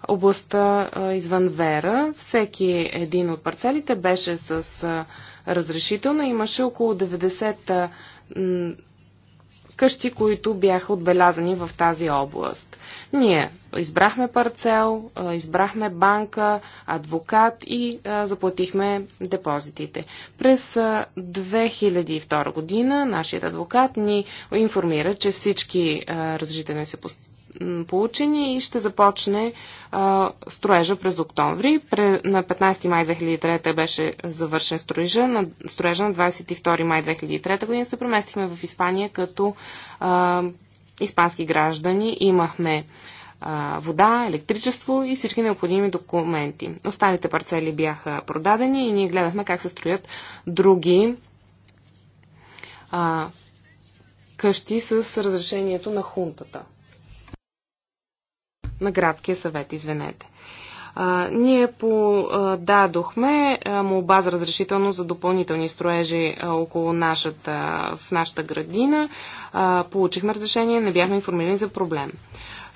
областта а, извън Вера. Всеки един от парцелите беше с разрешително. Имаше около 90 къщи, които бяха отбелязани в тази област. Ние избрахме парцел, избрахме банка, адвокат и заплатихме депозитите. През 2002 година нашият адвокат ни информира, че всички разрешителни се получени и ще започне а, строежа през октомври. Пре, на 15 май 2003 беше завършен строежа, на, строежа на 22 май 2003 година се преместихме в Испания като а, испански граждани. Имахме вода, електричество и всички необходими документи. Останалите парцели бяха продадени и ние гледахме как се строят други а, къщи с разрешението на хунтата на градския съвет, извинете. А, ние подадохме молба за разрешително за допълнителни строежи а, около нашата, в нашата градина. А, получихме разрешение, не бяхме информирани за проблем.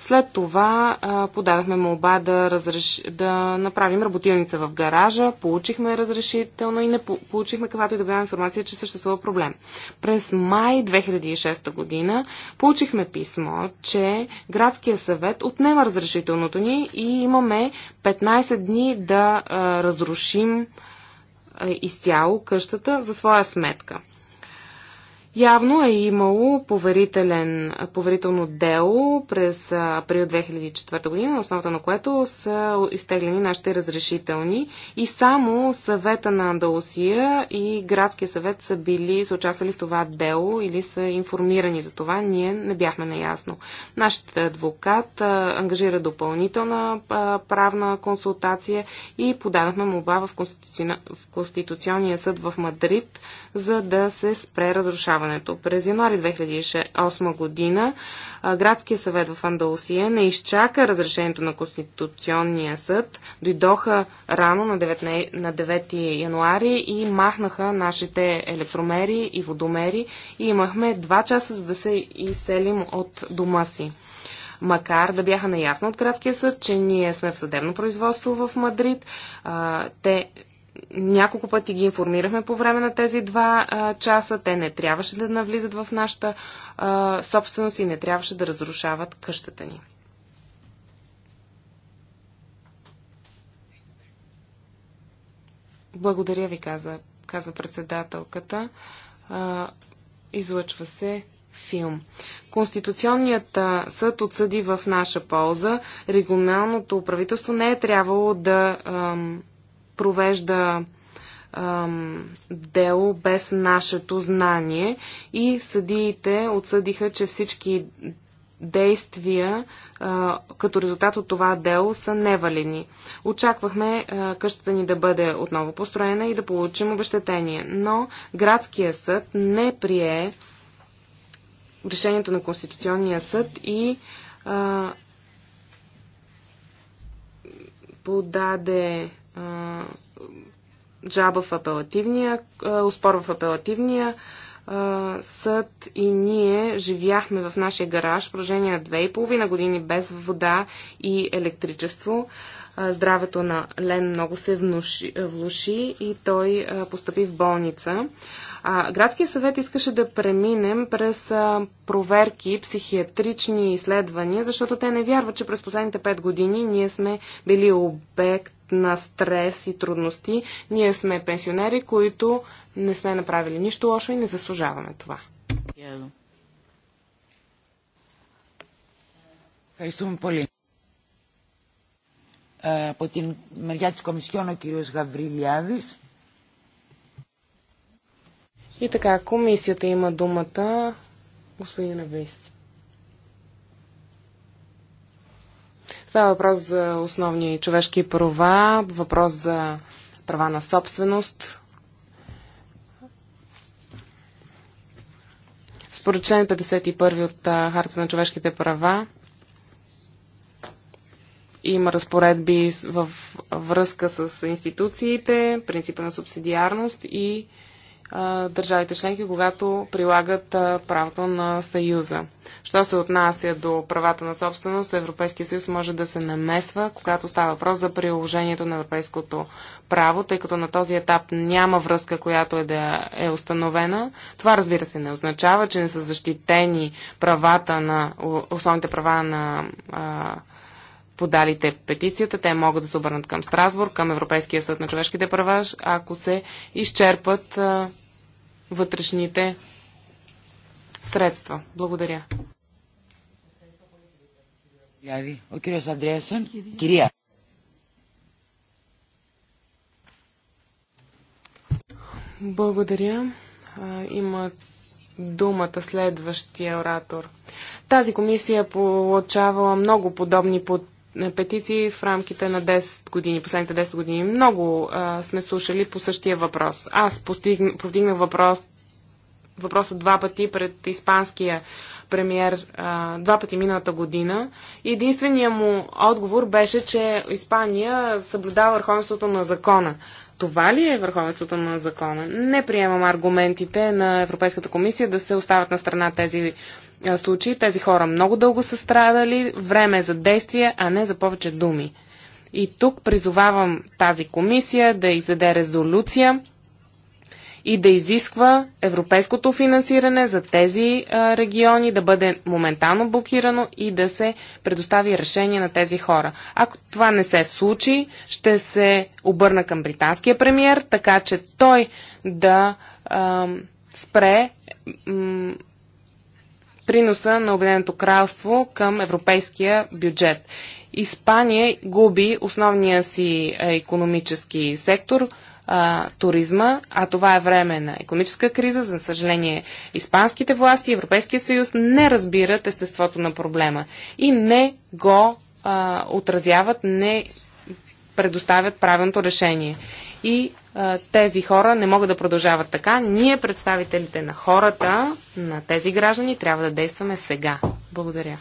След това подадахме молба да, разреш... да направим работилница в гаража, получихме разрешително и не получихме каквато и да била информация, че съществува проблем. През май 2006 година получихме писмо, че градския съвет отнема разрешителното ни и имаме 15 дни да разрушим изцяло къщата за своя сметка. Явно е имало поверителен, поверително дело през април 2004 година, на основата на което са изтеглени нашите разрешителни и само съвета на Андалусия и градския съвет са били, са участвали в това дело или са информирани за това. Ние не бяхме наясно. Нашият адвокат ангажира допълнителна правна консултация и подадахме молба в, Конституци... в Конституционния съд в Мадрид за да се спре разрушаването. През януари 2008 година Градския съвет в Андалусия не изчака разрешението на Конституционния съд. Дойдоха рано на 9, януари и махнаха нашите електромери и водомери и имахме 2 часа, за да се изселим от дома си макар да бяха наясно от градския съд, че ние сме в съдебно производство в Мадрид. те няколко пъти ги информирахме по време на тези два а, часа. Те не трябваше да навлизат в нашата а, собственост и не трябваше да разрушават къщата ни. Благодаря ви, каза, казва председателката. А, излъчва се филм. Конституционният съд отсъди в наша полза. Регионалното правителство не е трябвало да. А, провежда дело без нашето знание и съдиите отсъдиха, че всички действия а, като резултат от това дело са невалени. Очаквахме а, къщата ни да бъде отново построена и да получим обещетение, но градския съд не прие решението на Конституционния съд и а, подаде джаба в апелативния, успор в апелативния съд и ние живяхме в нашия гараж в продължение на две и половина години без вода и електричество. Здравето на Лен много се внуши, влуши и той постъпи в болница. А, градския съвет искаше да преминем през а, проверки, психиатрични изследвания, защото те не вярват, че през последните 5 години ние сме били обект на стрес и трудности. Ние сме пенсионери, които не сме направили нищо лошо и не заслужаваме това. Ευχαριστούμε πολύ. Από την μεριά της Κομισιόν ο κύριος Γαβριλιάδης. И така, комисията има думата. Господин Авис. Става въпрос за основни човешки права, въпрос за права на собственост. Според член 51 от Харта на човешките права има разпоредби в връзка с институциите, принципа на субсидиарност и държавите членки, когато прилагат правото на Съюза. Що се отнася до правата на собственост, Европейския съюз може да се намесва, когато става въпрос за приложението на европейското право, тъй като на този етап няма връзка, която е да е установена. Това, разбира се, не означава, че не са защитени правата на, основните права на а, подалите петицията. Те могат да се обърнат към Страсбург, към Европейския съд на човешките права, ако се изчерпат а, вътрешните средства. Благодаря. Кирия. Благодаря. Има думата следващия оратор. Тази комисия получавала много подобни под петиции в рамките на 10 години, последните 10 години. Много а, сме слушали по същия въпрос. Аз повдигнах въпрос, въпроса два пъти пред испанския премьер а, два пъти миналата година. И единственият му отговор беше, че Испания съблюдава върховенството на закона. Това ли е върховенството на закона? Не приемам аргументите на Европейската комисия да се остават на страна тези случаи тези хора много дълго са страдали, време е за действие, а не за повече думи. И тук призовавам тази комисия да изведе резолюция и да изисква европейското финансиране за тези а, региони да бъде моментално блокирано и да се предостави решение на тези хора. Ако това не се случи, ще се обърна към британския премьер, така че той да а, спре приноса на Обединеното кралство към европейския бюджет. Испания губи основния си економически сектор туризма, а това е време на економическа криза. За съжаление, испанските власти и Европейския съюз не разбират естеството на проблема и не го а, отразяват, не предоставят правилното решение. И тези хора не могат да продължават така. Ние, представителите на хората, на тези граждани, трябва да действаме сега. Благодаря.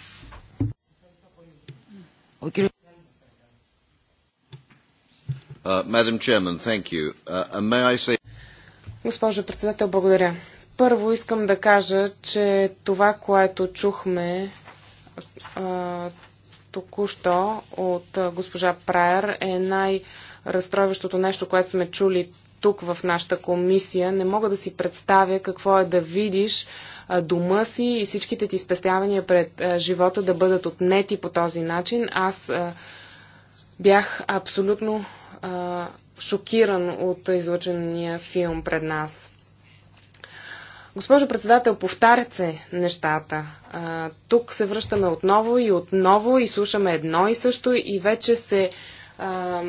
Uh, uh, Госпожо председател, благодаря. Първо искам да кажа, че това, което чухме току-що от госпожа Прайер е най- разстройващото нещо, което сме чули тук в нашата комисия. Не мога да си представя какво е да видиш дома си и всичките ти спестявания пред живота да бъдат отнети по този начин. Аз бях абсолютно шокиран от излъчения филм пред нас. Госпожо председател, повтарят се нещата. А, тук се връщаме отново и отново и слушаме едно и също и вече се а,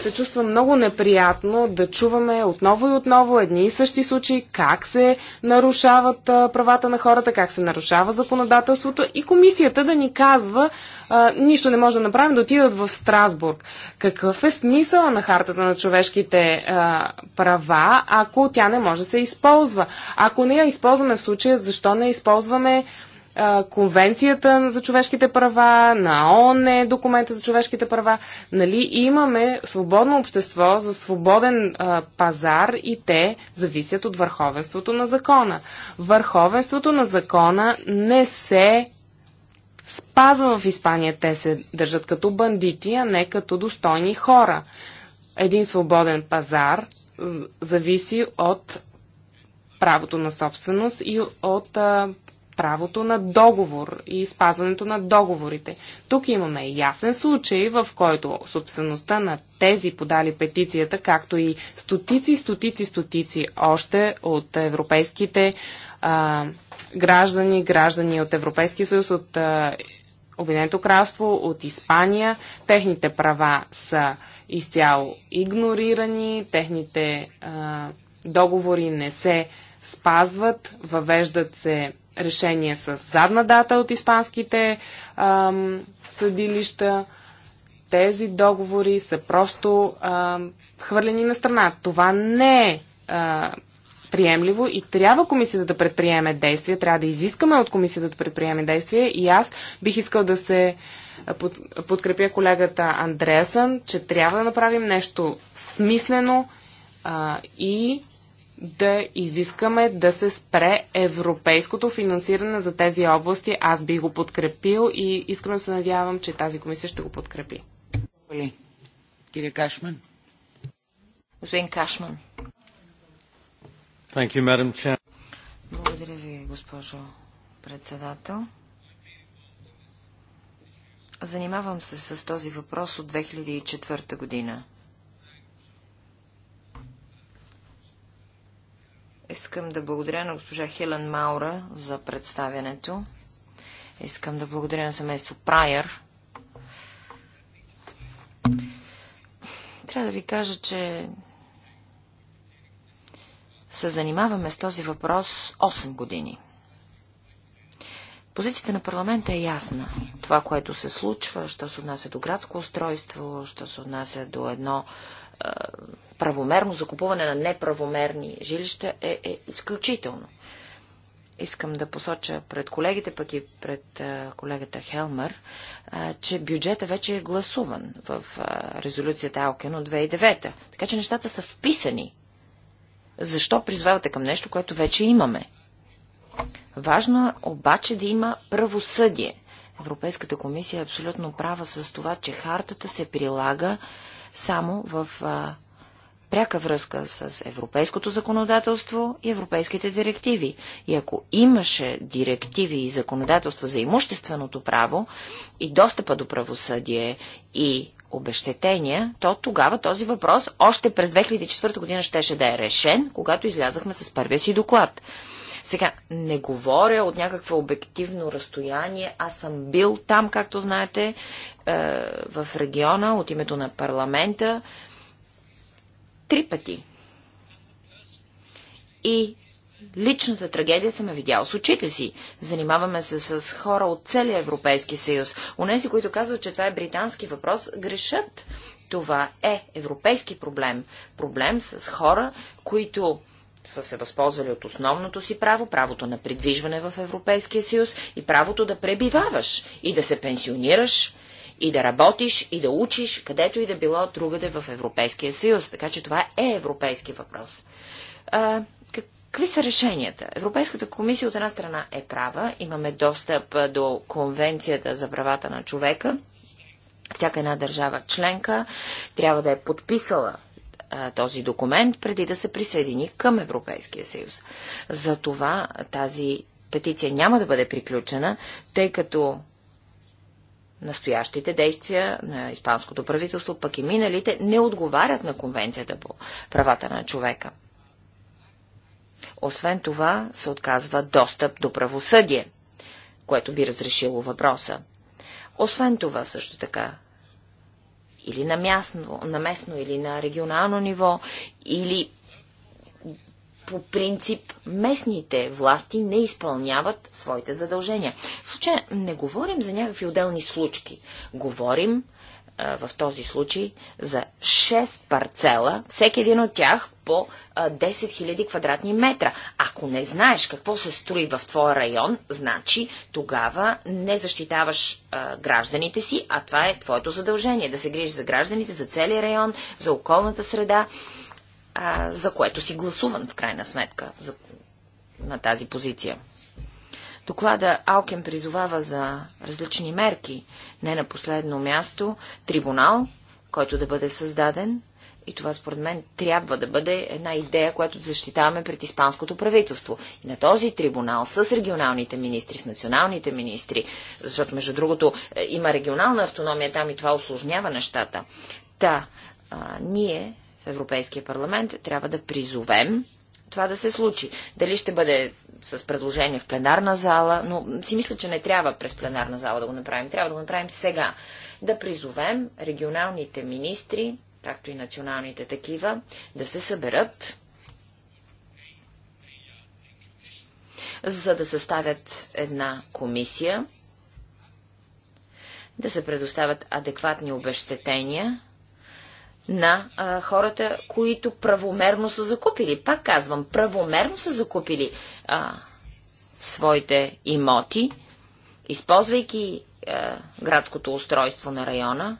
се чувства много неприятно да чуваме отново и отново едни и същи случаи, как се нарушават правата на хората, как се нарушава законодателството и комисията да ни казва а, нищо не може да направим, да отидат в Страсбург. Какъв е смисъл на хартата на човешките а, права, ако тя не може да се използва? Ако не я използваме в случая, защо не използваме а, Конвенцията за човешките права, на ООН е документа за човешките права. Нали, имаме свободно общество за свободен а, пазар и те зависят от върховенството на закона. Върховенството на закона не се спазва в Испания. Те се държат като бандити, а не като достойни хора. Един свободен пазар зависи от правото на собственост и от а, правото на договор и спазването на договорите. Тук имаме ясен случай, в който собствеността на тези подали петицията, както и стотици, стотици, стотици още от европейските а, граждани, граждани от Европейския съюз, от а, Обединеното кралство, от Испания. Техните права са изцяло игнорирани, техните а, договори не се спазват, въвеждат се решение с задна дата от испанските ам, съдилища. Тези договори са просто ам, хвърлени на страна. Това не е а, приемливо и трябва комисията да предприеме действия, трябва да изискаме от комисията да предприеме действия и аз бих искал да се под, подкрепя колегата Андреасън, че трябва да направим нещо смислено а, и да изискаме да се спре европейското финансиране за тези области. Аз би го подкрепил и искрено се надявам, че тази комисия ще го подкрепи. Кире Кашман. Господин Кашман. Thank you, Madam Chair. Благодаря ви, госпожо председател. Занимавам се с този въпрос от 2004 година. Искам да благодаря на госпожа Хелен Маура за представянето. Искам да благодаря на семейство Прайер. Трябва да ви кажа, че се занимаваме с този въпрос 8 години. Позицията на парламента е ясна. Това, което се случва, що се отнася до градско устройство, що се отнася до едно правомерно закупуване на неправомерни жилища е, е изключително. Искам да посоча пред колегите, пък и пред колегата Хелмър, че бюджета вече е гласуван в резолюцията Алкен от 2009. Така че нещата са вписани. Защо призвавате към нещо, което вече имаме? Важно е обаче да има правосъдие. Европейската комисия е абсолютно права с това, че хартата се прилага само в а, пряка връзка с европейското законодателство и европейските директиви. И ако имаше директиви и законодателства за имущественото право и достъпа до правосъдие и обещетения, то тогава този въпрос още през 2004 година щеше да е решен, когато излязахме с първия си доклад. Сега, не говоря от някакво обективно разстояние. Аз съм бил там, както знаете, е, в региона от името на парламента три пъти. И личната трагедия съм я е видял с очите си. Занимаваме се с хора от целия Европейски съюз. Унеси, които казват, че това е британски въпрос, грешат. Това е европейски проблем. Проблем с хора, които са се възползвали от основното си право, правото на придвижване в Европейския съюз и правото да пребиваваш и да се пенсионираш и да работиш и да учиш, където и да било другаде в Европейския съюз. Така че това е европейски въпрос. А, Какви са решенията? Европейската комисия от една страна е права. Имаме достъп до Конвенцията за правата на човека. Всяка една държава членка трябва да е подписала този документ, преди да се присъедини към Европейския съюз. Затова тази петиция няма да бъде приключена, тъй като настоящите действия на испанското правителство, пък и миналите, не отговарят на Конвенцията по правата на човека. Освен това, се отказва достъп до правосъдие, което би разрешило въпроса. Освен това, също така, или на, мясно, на местно, или на регионално ниво, или по принцип местните власти не изпълняват своите задължения. В случая не говорим за някакви отделни случки. Говорим в този случай за 6 парцела, всеки един от тях по 10 000 квадратни метра. Ако не знаеш какво се строи в твоя район, значи тогава не защитаваш гражданите си, а това е твоето задължение да се грижиш за гражданите, за целия район, за околната среда, за което си гласуван в крайна сметка на тази позиция. Доклада Алкен призовава за различни мерки, не на последно място трибунал, който да бъде създаден и това според мен трябва да бъде една идея, която защитаваме пред испанското правителство. И на този трибунал с регионалните министри, с националните министри, защото между другото е, има регионална автономия там и това осложнява нещата. Та, а, ние в Европейския парламент трябва да призовем това да се случи. Дали ще бъде с предложение в пленарна зала, но си мисля, че не трябва през пленарна зала да го направим. Трябва да го направим сега. Да призовем регионалните министри както и националните такива, да се съберат, за да съставят една комисия, да се предоставят адекватни обещетения на а, хората, които правомерно са закупили. Пак казвам, правомерно са закупили а, своите имоти, използвайки а, градското устройство на района,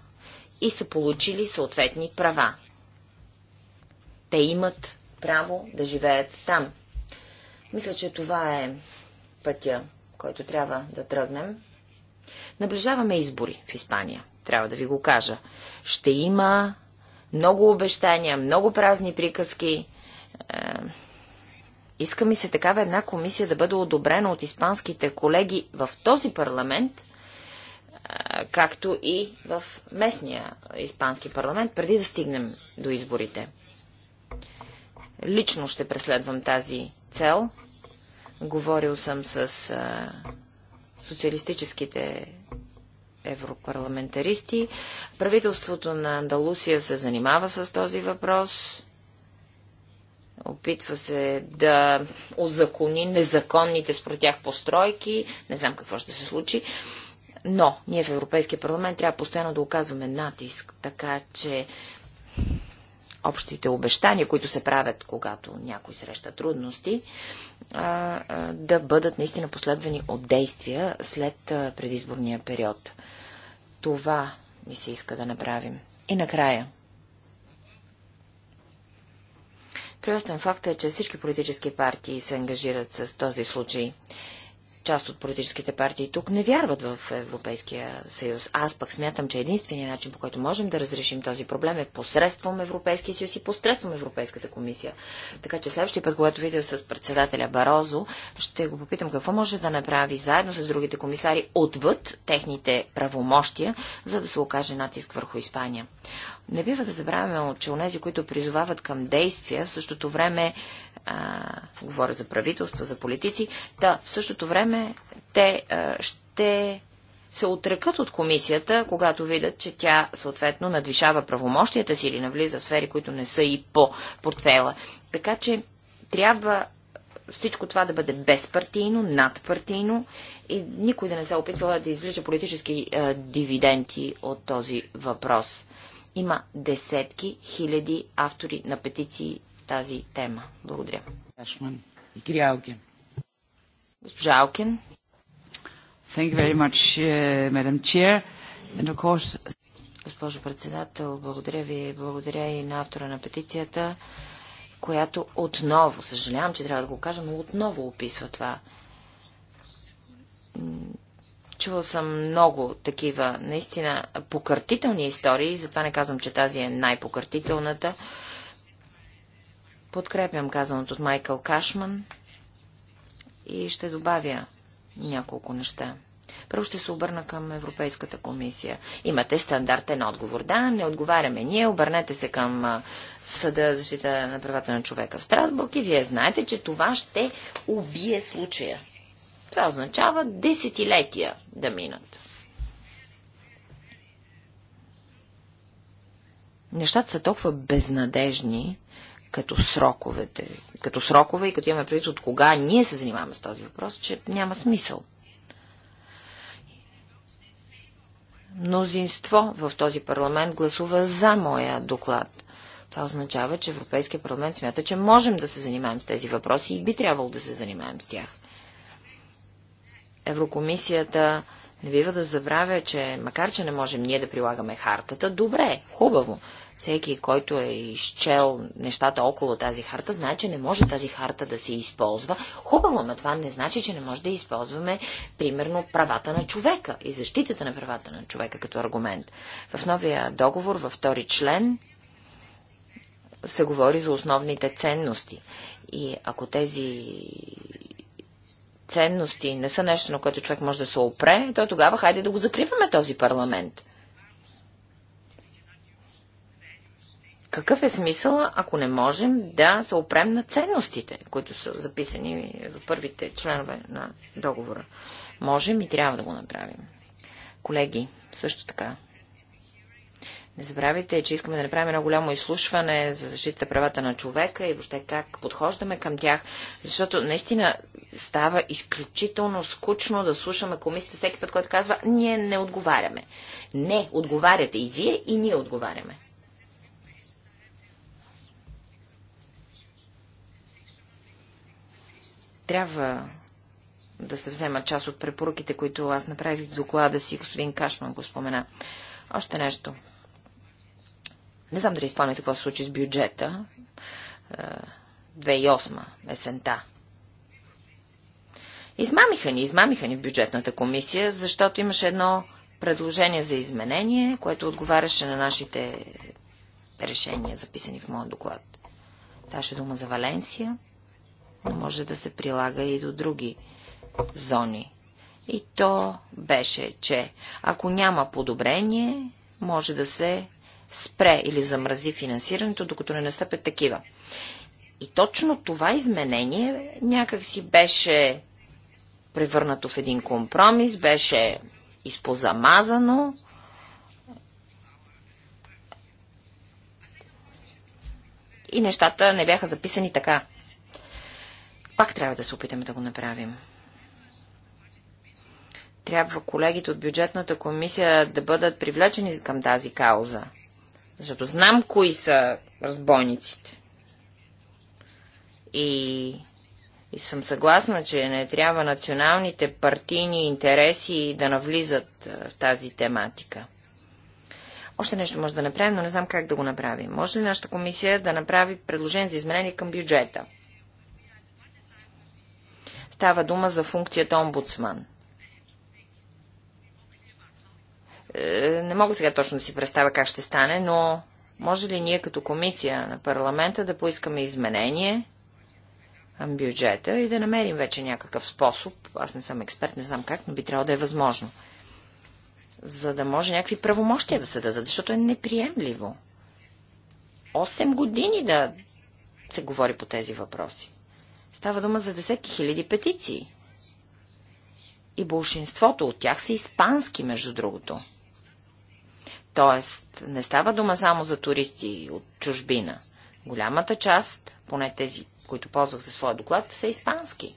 и са получили съответни права. Те имат право да живеят там. Мисля, че това е пътя, който трябва да тръгнем. Наближаваме избори в Испания. Трябва да ви го кажа. Ще има много обещания, много празни приказки. Е, иска ми се такава една комисия да бъде одобрена от испанските колеги в този парламент, както и в местния испански парламент, преди да стигнем до изборите. Лично ще преследвам тази цел. Говорил съм с социалистическите европарламентаристи. Правителството на Андалусия се занимава с този въпрос. Опитва се да озакони незаконните според тях постройки. Не знам какво ще се случи. Но ние в Европейския парламент трябва постоянно да оказваме натиск, така че общите обещания, които се правят, когато някой среща трудности, да бъдат наистина последвани от действия след предизборния период. Това ми се иска да направим. И накрая. Приветствен факт е, че всички политически партии се ангажират с този случай част от политическите партии тук не вярват в Европейския съюз. Аз пък смятам, че единствения начин, по който можем да разрешим този проблем е посредством Европейския съюз и посредством Европейската комисия. Така че следващия път, когато видя с председателя Барозо, ще го попитам какво може да направи заедно с другите комисари отвъд техните правомощия, за да се окаже натиск върху Испания. Не бива да забравяме, че онези, които призовават към действия, в същото време, а, говоря за правителства, за политици, да, в същото време те а, ще се отрекат от комисията, когато видят, че тя съответно надвишава правомощията си или навлиза в сфери, които не са и по портфела. Така че трябва всичко това да бъде безпартийно, надпартийно и никой да не се опитва да извлича политически а, дивиденти от този въпрос. Има десетки хиляди автори на петиции тази тема. Благодаря. Госпожа Алкин. Thank you very much, uh, Madam Chair. And of course... Госпожо председател, благодаря ви. Благодаря и на автора на петицията, която отново, съжалявам, че трябва да го кажа, но отново описва това. Чувал съм много такива, наистина, покъртителни истории, затова не казвам, че тази е най-покъртителната. Подкрепям казаното от Майкъл Кашман и ще добавя няколко неща. Първо ще се обърна към Европейската комисия. Имате стандартен отговор. Да, не отговаряме ние. Обърнете се към Съда защита на правата на човека в Страсбург и вие знаете, че това ще убие случая. Това означава десетилетия да минат. Нещата са толкова безнадежни, като сроковете, като срокове и като имаме предвид от кога ние се занимаваме с този въпрос, че няма смисъл. Мнозинство в този парламент гласува за моя доклад. Това означава, че Европейския парламент смята, че можем да се занимаем с тези въпроси и би трябвало да се занимаем с тях. Еврокомисията не бива да забравя, че макар, че не можем ние да прилагаме хартата, добре, хубаво. Всеки, който е изчел нещата около тази харта, знае, че не може тази харта да се използва. Хубаво, но това не значи, че не може да използваме, примерно, правата на човека и защитата на правата на човека като аргумент. В новия договор, във втори член, се говори за основните ценности. И ако тези ценности не са нещо, на което човек може да се опре, то тогава хайде да го закриваме този парламент. Какъв е смисъл, ако не можем да се опрем на ценностите, които са записани в първите членове на договора? Можем и трябва да го направим. Колеги, също така, не забравяйте, че искаме да направим едно голямо изслушване за защита правата на човека и въобще как подхождаме към тях, защото наистина става изключително скучно да слушаме комисията всеки път, който казва, ние не отговаряме. Не, отговаряте и вие, и ние отговаряме. Трябва да се взема част от препоръките, които аз направих в доклада си, господин Кашман го спомена. Още нещо. Не знам дали спомняте какво се случи с бюджета. 2008 е, есента. Измамиха ни, измамиха ни в бюджетната комисия, защото имаше едно предложение за изменение, което отговаряше на нашите решения, записани в моят доклад. Таше дума за Валенсия, но може да се прилага и до други зони. И то беше, че ако няма подобрение, може да се спре или замрази финансирането, докато не настъпят такива. И точно това изменение някак си беше превърнато в един компромис, беше изпозамазано. И нещата не бяха записани така. Пак трябва да се опитаме да го направим трябва колегите от бюджетната комисия да бъдат привлечени към тази кауза. Защото знам кои са разбойниците. И, и съм съгласна, че не трябва националните партийни интереси да навлизат в тази тематика. Още нещо може да направим, но не знам как да го направим. Може ли нашата комисия да направи предложение за изменение към бюджета? Става дума за функцията омбудсман – Е, не мога сега точно да си представя как ще стане, но може ли ние като комисия на парламента да поискаме изменение на бюджета и да намерим вече някакъв способ? Аз не съм експерт, не знам как, но би трябвало да е възможно. За да може някакви правомощия да се дадат, защото е неприемливо. Осем години да се говори по тези въпроси. Става дума за десетки хиляди петиции. И большинството от тях са испански, между другото. Тоест, не става дума само за туристи от чужбина. Голямата част, поне тези, които ползвах за своя доклад, са испански.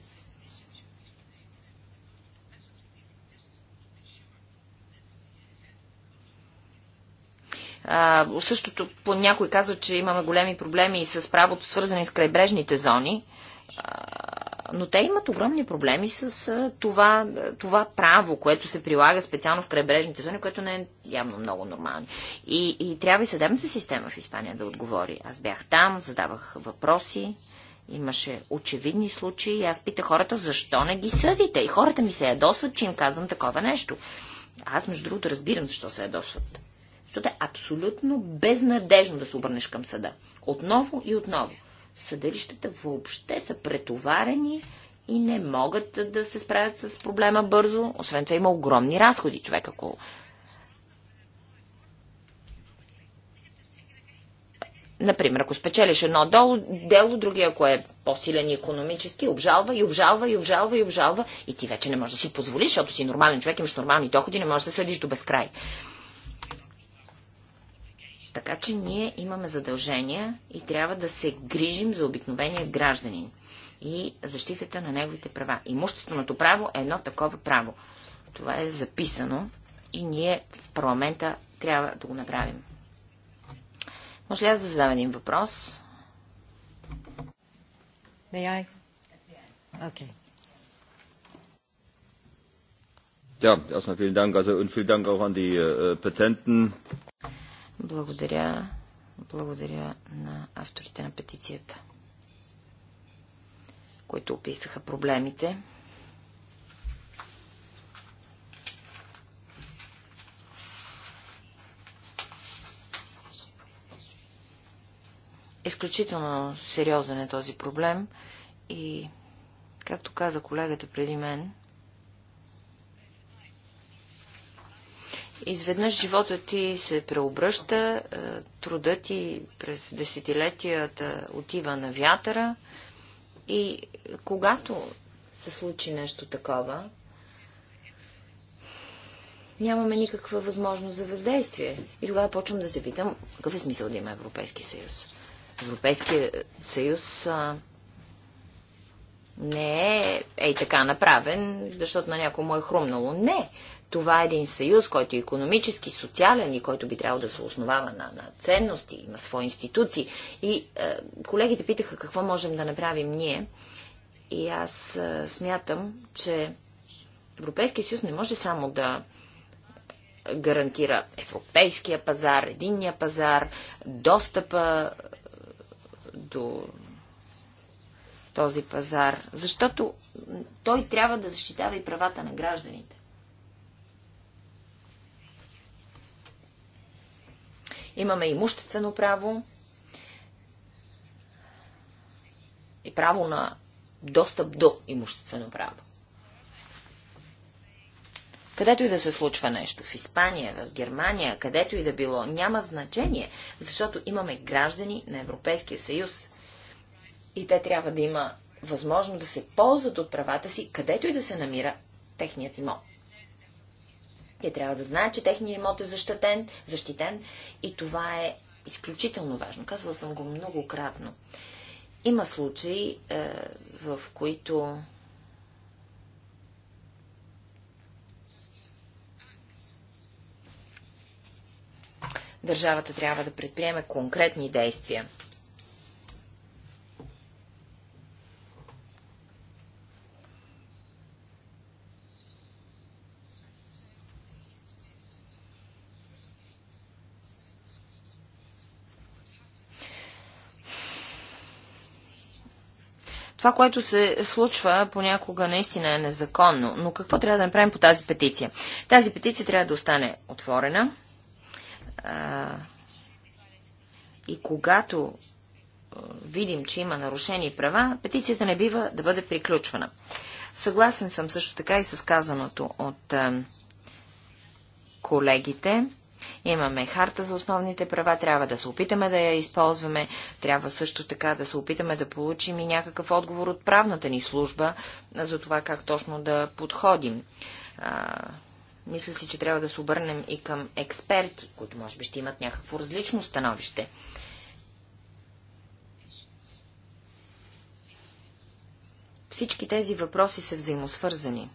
А, същото по някой казва, че имаме големи проблеми и с правото, свързани с крайбрежните зони. А, но те имат огромни проблеми с това, това право, което се прилага специално в крайбрежните зони, което не е явно много нормално. И, и трябва и съдебната система в Испания да отговори. Аз бях там, задавах въпроси, имаше очевидни случаи и аз питах хората, защо не ги съдите? И хората ми се ядосват, че им казвам такова нещо. Аз, между другото, разбирам защо се ядосват. Защото е абсолютно безнадежно да се обърнеш към съда. Отново и отново съдилищата въобще са претоварени и не могат да се справят с проблема бързо. Освен това има огромни разходи. Човек, ако Например, ако спечелиш едно долу, дело, другия, ако е по-силен економически, обжалва и обжалва и обжалва и обжалва и ти вече не можеш да си позволиш, защото си нормален човек, имаш нормални доходи, не можеш да съдиш до безкрай. Така че ние имаме задължения и трябва да се грижим за обикновения гражданин и защитата на неговите права. Имущественото право е едно такова право. Това е записано и ние в парламента трябва да го направим. Може ли аз да задам един въпрос? May I? Okay. Ja, erstmal vielen Dank, also und vielen Dank auch an die äh, Patenten. Благодаря. Благодаря на авторите на петицията, които описаха проблемите. Изключително сериозен е този проблем и, както каза колегата преди мен, изведнъж живота ти се преобръща, е, труда ти през десетилетията отива на вятъра и когато се случи нещо такова, нямаме никаква възможност за въздействие. И тогава почвам да се питам, какъв е смисъл да има Европейски съюз? Европейския съюз а, не е ей така направен, защото на някой му е хрумнало. Не! Това е един съюз, който е економически, социален и който би трябвало да се основава на, на ценности, има свои институции. И е, колегите питаха какво можем да направим ние. И аз е, смятам, че Европейския съюз не може само да гарантира европейския пазар, единния пазар, достъпа е, до този пазар, защото той трябва да защитава и правата на гражданите. Имаме имуществено право и право на достъп до имуществено право. Където и да се случва нещо, в Испания, в Германия, където и да било, няма значение, защото имаме граждани на Европейския съюз. И те трябва да има възможно да се ползват от правата си, където и да се намира техният имот. Те трябва да знаят, че техният имот е защитен, защитен и това е изключително важно. Казвала съм го многократно. Има случаи, е, в които държавата трябва да предприеме конкретни действия. Това, което се случва, понякога наистина е незаконно. Но какво трябва да направим по тази петиция? Тази петиция трябва да остане отворена. и когато видим, че има нарушени права, петицията не бива да бъде приключвана. Съгласен съм също така и с казаното от колегите. Имаме харта за основните права, трябва да се опитаме да я използваме, трябва също така да се опитаме да получим и някакъв отговор от правната ни служба за това как точно да подходим. А, мисля си, че трябва да се обърнем и към експерти, които може би ще имат някакво различно становище. Всички тези въпроси са взаимосвързани.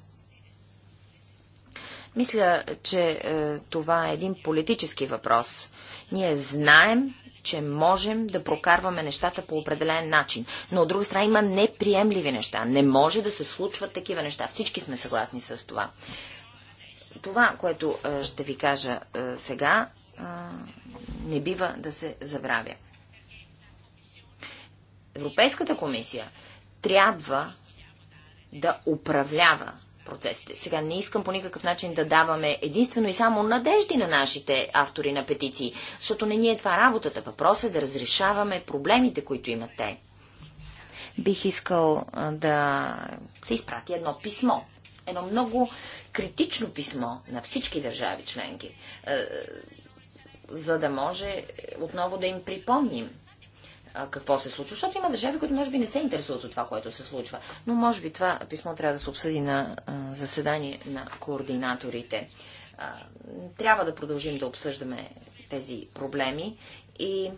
Мисля, че е, това е един политически въпрос. Ние знаем, че можем да прокарваме нещата по определен начин. Но от друга страна има неприемливи неща. Не може да се случват такива неща. Всички сме съгласни с това. Това, което е, ще ви кажа е, сега, е, не бива да се забравя. Европейската комисия трябва да управлява процесите. Сега не искам по никакъв начин да даваме единствено и само надежди на нашите автори на петиции, защото не ни е това работата. Въпрос е да разрешаваме проблемите, които имат те. Бих искал да се изпрати едно писмо. Едно много критично писмо на всички държави членки, за да може отново да им припомним какво се случва, защото има държави, които може би не се интересуват от това, което се случва. Но може би това писмо трябва да се обсъди на заседание на координаторите. Трябва да продължим да обсъждаме тези проблеми и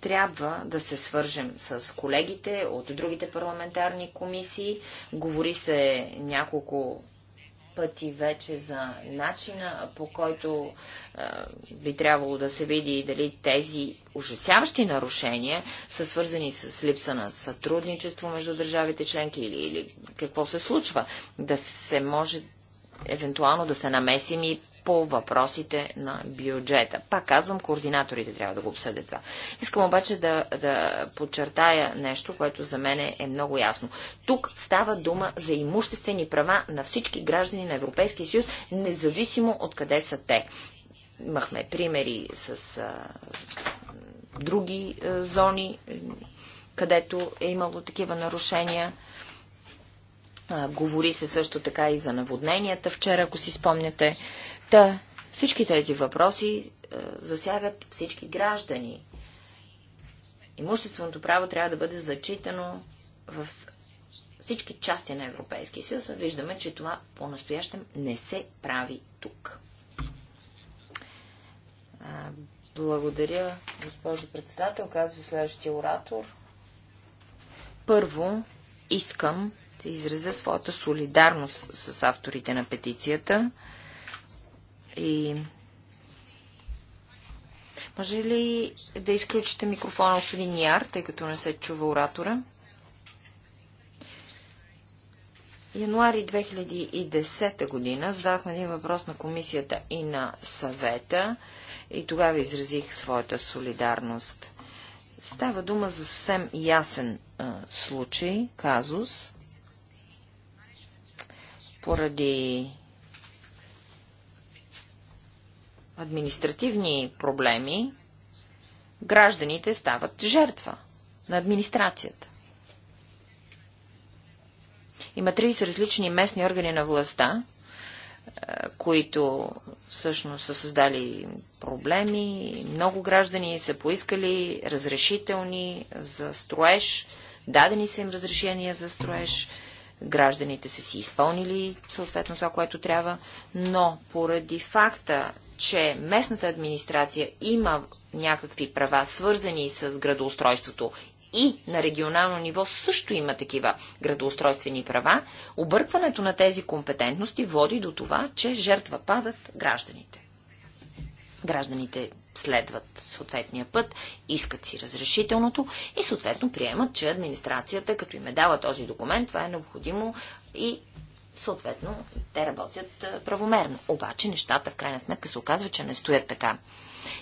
трябва да се свържем с колегите от другите парламентарни комисии. Говори се няколко пъти вече за начина, по който би трябвало да се види дали тези ужасяващи нарушения са свързани с липса на сътрудничество между държавите членки или, или какво се случва. Да се може евентуално да се намесим и по въпросите на бюджета. Пак казвам, координаторите трябва да го обсъдят това. Искам обаче да, да подчертая нещо, което за мен е много ясно. Тук става дума за имуществени права на всички граждани на Европейския съюз, независимо от къде са те. Имахме примери с а, други а, зони, където е имало такива нарушения. А, говори се също така и за наводненията вчера, ако си спомняте. Та, всички тези въпроси е, засягат всички граждани. Имущественото право трябва да бъде зачитано в всички части на Европейския съюз, а виждаме, че това по-настоящем не се прави тук. Благодаря, госпожо председател, казва следващия оратор. Първо, искам да изразя своята солидарност с авторите на петицията. И може ли да изключите микрофона, господин Яр, тъй като не се чува оратора? Януари 2010 година задахме един въпрос на комисията и на съвета и тогава изразих своята солидарност. Става дума за съвсем ясен а, случай, казус, поради административни проблеми, гражданите стават жертва на администрацията. Има 30 различни местни органи на властта, е, които всъщност са създали проблеми. Много граждани са поискали разрешителни за строеж, дадени са им разрешения за строеж, гражданите са си изпълнили съответно това, което трябва, но поради факта, че местната администрация има някакви права, свързани с градоустройството и на регионално ниво също има такива градоустройствени права, объркването на тези компетентности води до това, че жертва падат гражданите. Гражданите следват съответния път, искат си разрешителното и съответно приемат, че администрацията, като им е дала този документ, това е необходимо и Съответно, те работят правомерно. Обаче нещата в крайна сметка се оказва, че не стоят така.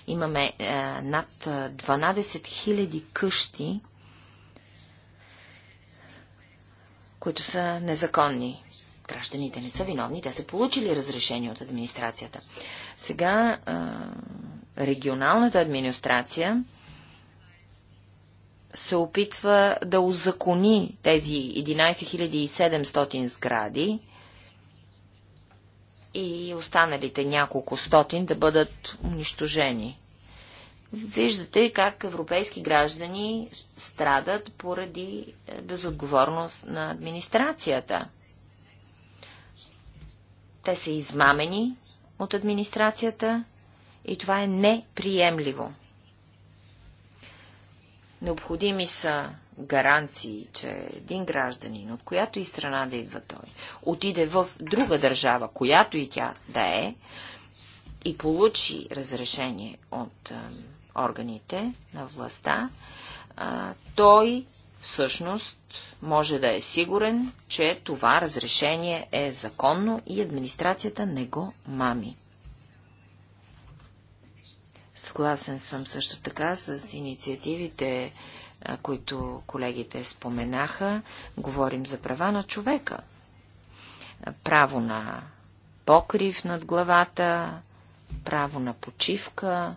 Имаме е, над 12 000 къщи, които са незаконни. Гражданите не са виновни, те са получили разрешение от администрацията. Сега е, регионалната администрация се опитва да узакони тези 11 700 сгради и останалите няколко стотин да бъдат унищожени. Виждате как европейски граждани страдат поради е, безотговорност на администрацията. Те са измамени от администрацията и това е неприемливо. Необходими са гаранции, че един гражданин, от която и страна да идва той, отиде в друга държава, която и тя да е, и получи разрешение от органите на властта, той всъщност може да е сигурен, че това разрешение е законно и администрацията не го мами. Съгласен съм също така с инициативите, които колегите споменаха. Говорим за права на човека. Право на покрив над главата, право на почивка,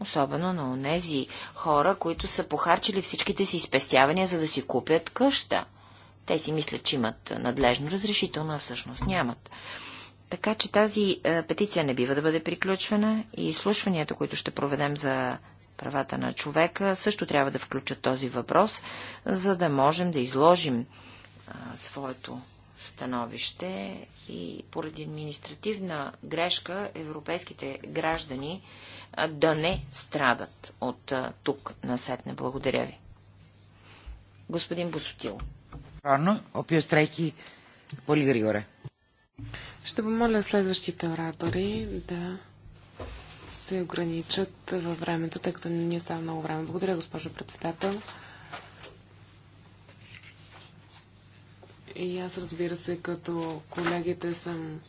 особено на онези хора, които са похарчили всичките си изпестявания, за да си купят къща. Те си мислят, че имат надлежно разрешително, а всъщност нямат. Така че тази е, петиция не бива да бъде приключвана и изслушванията, които ще проведем за правата на човека, също трябва да включат този въпрос, за да можем да изложим своето становище и поради административна грешка европейските граждани да не страдат от тук на сетне. Благодаря ви. Господин Босотил. Рано, опио страйки, ще помоля следващите оратори да се ограничат във времето, тъй като не ни остава много време. Благодаря, госпожо председател. И аз, разбира се, като колегите съм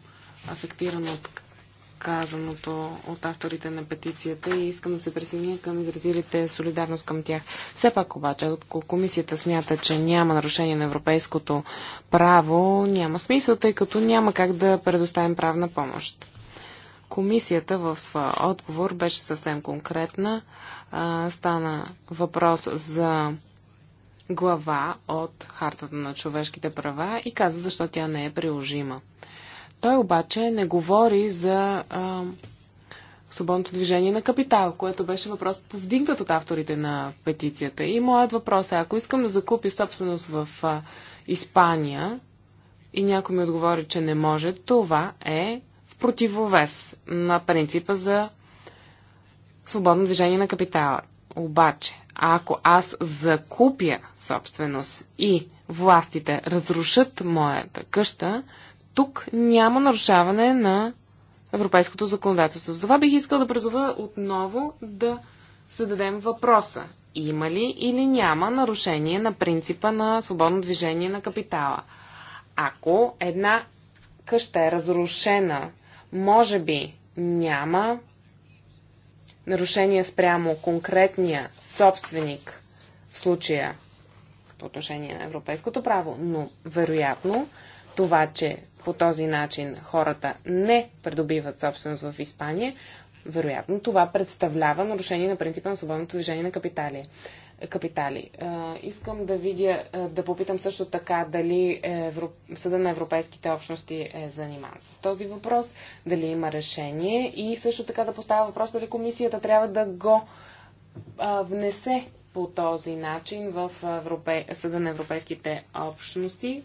афектирана от казаното от авторите на петицията и искам да се присъединя към изразилите солидарност към тях. Все пак обаче, ако комисията смята, че няма нарушение на европейското право, няма смисъл, тъй като няма как да предоставим правна помощ. Комисията в своя отговор беше съвсем конкретна. А, стана въпрос за глава от Хартата на човешките права и каза защо тя не е приложима. Той обаче не говори за а, свободното движение на капитал, което беше въпрос повдигнат от авторите на петицията. И моят въпрос е, ако искам да закупи собственост в а, Испания и някой ми отговори, че не може, това е в противовес на принципа за свободно движение на капитала. Обаче, ако аз закупя собственост и властите разрушат моята къща, тук няма нарушаване на европейското законодателство. За това бих искал да призова отново да зададем въпроса. Има ли или няма нарушение на принципа на свободно движение на капитала? Ако една къща е разрушена, може би няма нарушение спрямо конкретния собственик в случая по отношение на европейското право, но вероятно това, че по този начин хората не придобиват собственост в Испания, вероятно това представлява нарушение на принципа на свободното движение на капитали. капитали. Искам да видя, да попитам също така дали Евро... Съда на европейските общности е заниман с този въпрос, дали има решение и също така да поставя въпрос дали комисията трябва да го внесе по този начин в Европе... Съда на Европейските общности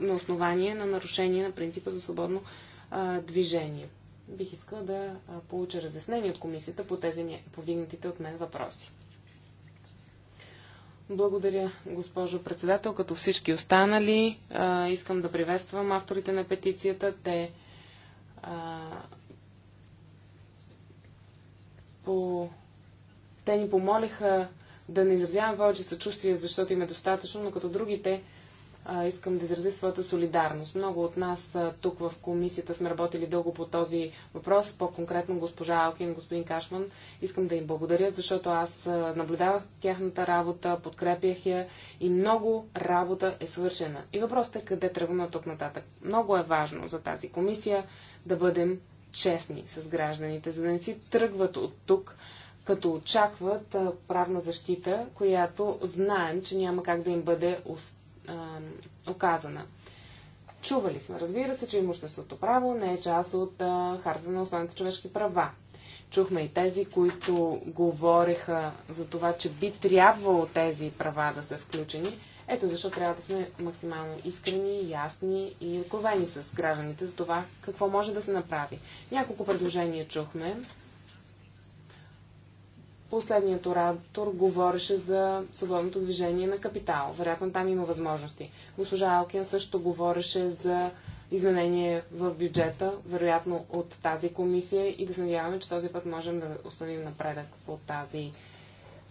на основание на нарушение на принципа за свободно а, движение. Бих искала да получа разяснение от комисията по тези повдигнатите от мен въпроси. Благодаря, госпожо председател. Като всички останали, а, искам да приветствам авторите на петицията. Те а, по... Те ни помолиха да не изразявам повече съчувствие, защото им е достатъчно, но като другите а, искам да изразя своята солидарност. Много от нас а, тук в комисията сме работили дълго по този въпрос, по-конкретно госпожа Алкин, господин Кашман. Искам да им благодаря, защото аз а, наблюдавах тяхната работа, подкрепях я и много работа е свършена. И въпросът е къде тръгваме от тук нататък. Много е важно за тази комисия да бъдем честни с гражданите, за да не си тръгват от тук като очакват правна защита, която знаем, че няма как да им бъде оказана. Чували сме, разбира се, че имуществото право не е част от харта на основните човешки права. Чухме и тези, които говореха за това, че би трябвало тези права да са включени. Ето защо трябва да сме максимално искрени, ясни и откровени с гражданите за това какво може да се направи. Няколко предложения чухме Последният оратор говореше за свободното движение на капитал. Вероятно там има възможности. Госпожа Алкин също говореше за изменение в бюджета, вероятно от тази комисия и да се надяваме, че този път можем да установим напредък по тази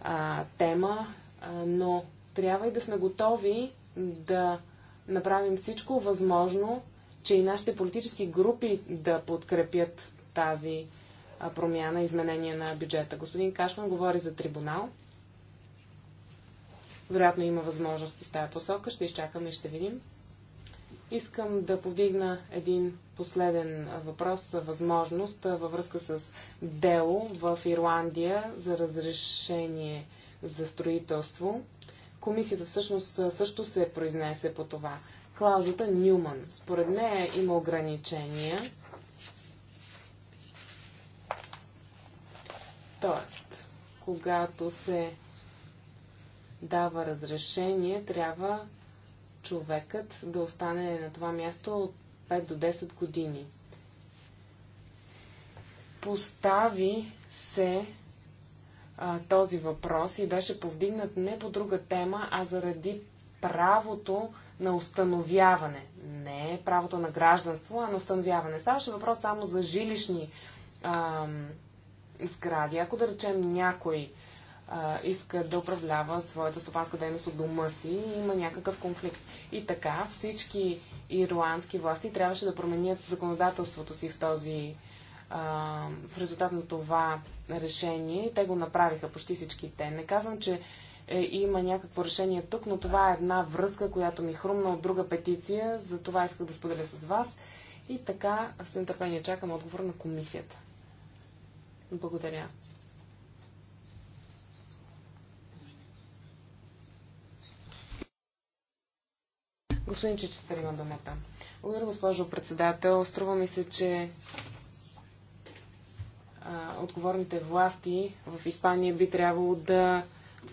а, тема, а, но трябва и да сме готови да направим всичко възможно, че и нашите политически групи да подкрепят тази промяна, изменение на бюджета. Господин Кашман говори за трибунал. Вероятно има възможности в тази посока. Ще изчакаме и ще видим. Искам да повдигна един последен въпрос, възможност във връзка с дело в Ирландия за разрешение за строителство. Комисията всъщност също се произнесе по това. Клаузата Нюман. Според нея има ограничения Тоест, когато се дава разрешение, трябва човекът да остане на това място от 5 до 10 години. Постави се а, този въпрос и беше повдигнат не по друга тема, а заради правото на установяване. Не правото на гражданство, а на установяване. Ставаше въпрос само за жилищни А, сгради. Ако да речем някой а, иска да управлява своята стопанска дейност от дома си и има някакъв конфликт. И така всички ирландски власти трябваше да променят законодателството си в този а, в резултат на това решение. Те го направиха почти всички те. Не казвам, че е, има някакво решение тук, но това е една връзка, която ми хрумна от друга петиция. За това исках да споделя с вас. И така с нетърпение чакам отговор на комисията. Благодаря. Господин Чичестър има думата. Благодаря, госпожо председател. Струва ми се, че а, отговорните власти в Испания би трябвало да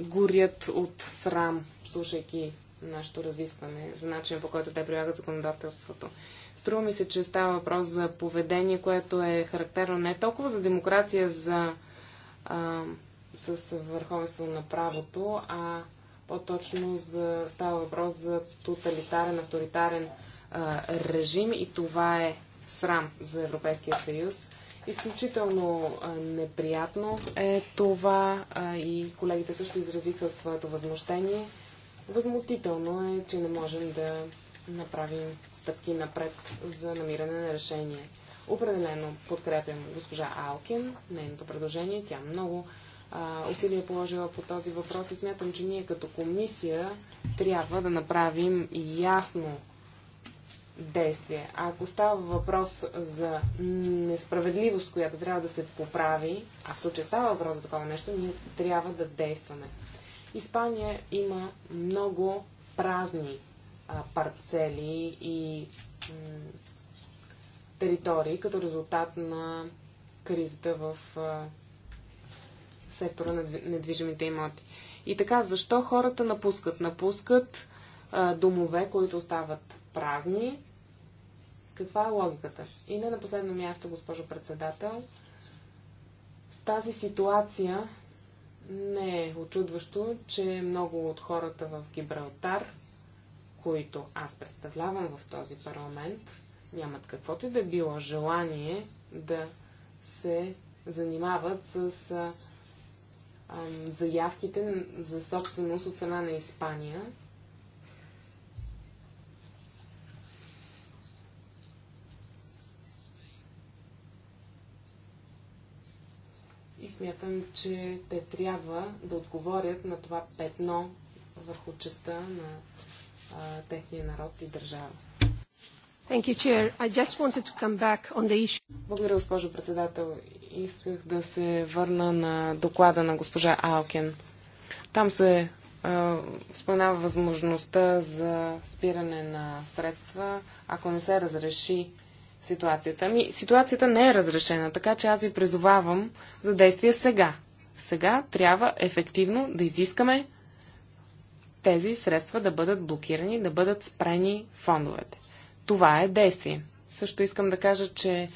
горят от срам, слушайки нашето разискване за начин по който те прилагат законодателството. Струва ми се, че става въпрос за поведение, което е характерно не толкова за демокрация за, а, с върховенство на правото, а по-точно за, става въпрос за тоталитарен, авторитарен а, режим и това е срам за Европейския съюз. Изключително а, неприятно е това а, и колегите също изразиха своето възмущение. Възмутително е, че не можем да направим стъпки напред за намиране на решение. Определено подкрепям госпожа Алкин, нейното предложение. Тя много а, усилия е положила по този въпрос и смятам, че ние като комисия трябва да направим ясно действие. А ако става въпрос за несправедливост, която трябва да се поправи, а в случай става въпрос за такова нещо, ние трябва да действаме. Испания има много празни а, парцели и територии като резултат на кризата в а, сектора на недвижимите имоти. И така, защо хората напускат? Напускат а, домове, които остават празни. Каква е логиката? И не на последно място, госпожо председател, с тази ситуация не е очудващо, че много от хората в Гибралтар които аз представлявам в този парламент, нямат каквото и да било желание да се занимават с а, заявките за собственост от страна на Испания. И смятам, че те трябва да отговорят на това петно върху частта на техния народ и държава. Thank you, Chair. I just wanted to come back on the issue. Благодаря, госпожо председател. Исках да се върна на доклада на госпожа Алкен. Там се а, споменава възможността за спиране на средства, ако не се разреши ситуацията. Ами, ситуацията не е разрешена, така че аз ви призовавам за действие сега. Сега трябва ефективно да изискаме тези средства да бъдат блокирани, да бъдат спрени фондовете. Това е действие. Също искам да кажа, че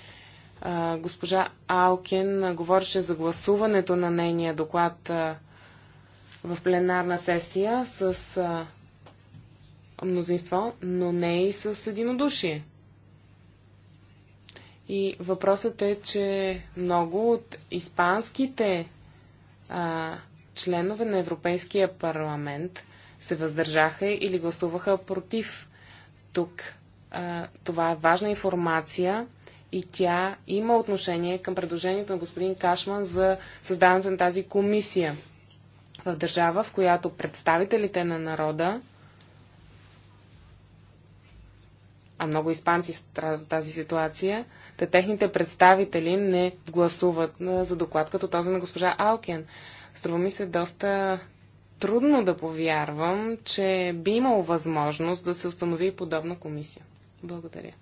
а, госпожа Алкен говореше за гласуването на нейния доклад а, в пленарна сесия с а, мнозинство, но не и с единодушие. И въпросът е, че много от испанските а, членове на Европейския парламент се въздържаха или гласуваха против. Тук а, това е важна информация и тя има отношение към предложението на господин Кашман за създаването на тази комисия в държава, в която представителите на народа, а много испанци страдат тази ситуация, те техните представители не гласуват за доклад като този на госпожа Алкен. Струва ми се доста трудно да повярвам, че би имало възможност да се установи подобна комисия. Благодаря.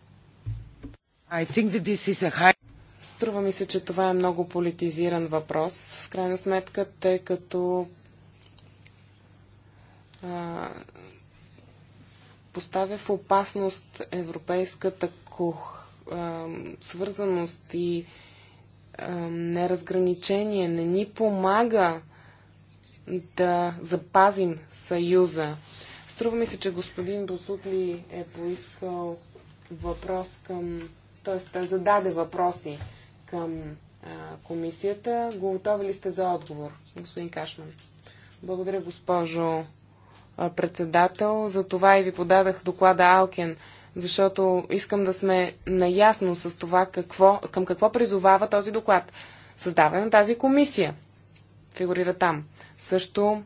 I think that this is a high... Струва ми се, че това е много политизиран въпрос, в крайна сметка, тъй като а, поставя в опасност европейската кух, а, свързаност и а, неразграничение, не ни помага да запазим съюза. Струва ми се, че господин Босутли е поискал въпрос към... т.е. зададе въпроси към а, комисията. Готови ли сте за отговор, господин Кашман? Благодаря, госпожо а, председател. За това и ви подадах доклада Алкен, защото искам да сме наясно с това какво, към какво призовава този доклад. Създаване на тази комисия. Фигурира там. Също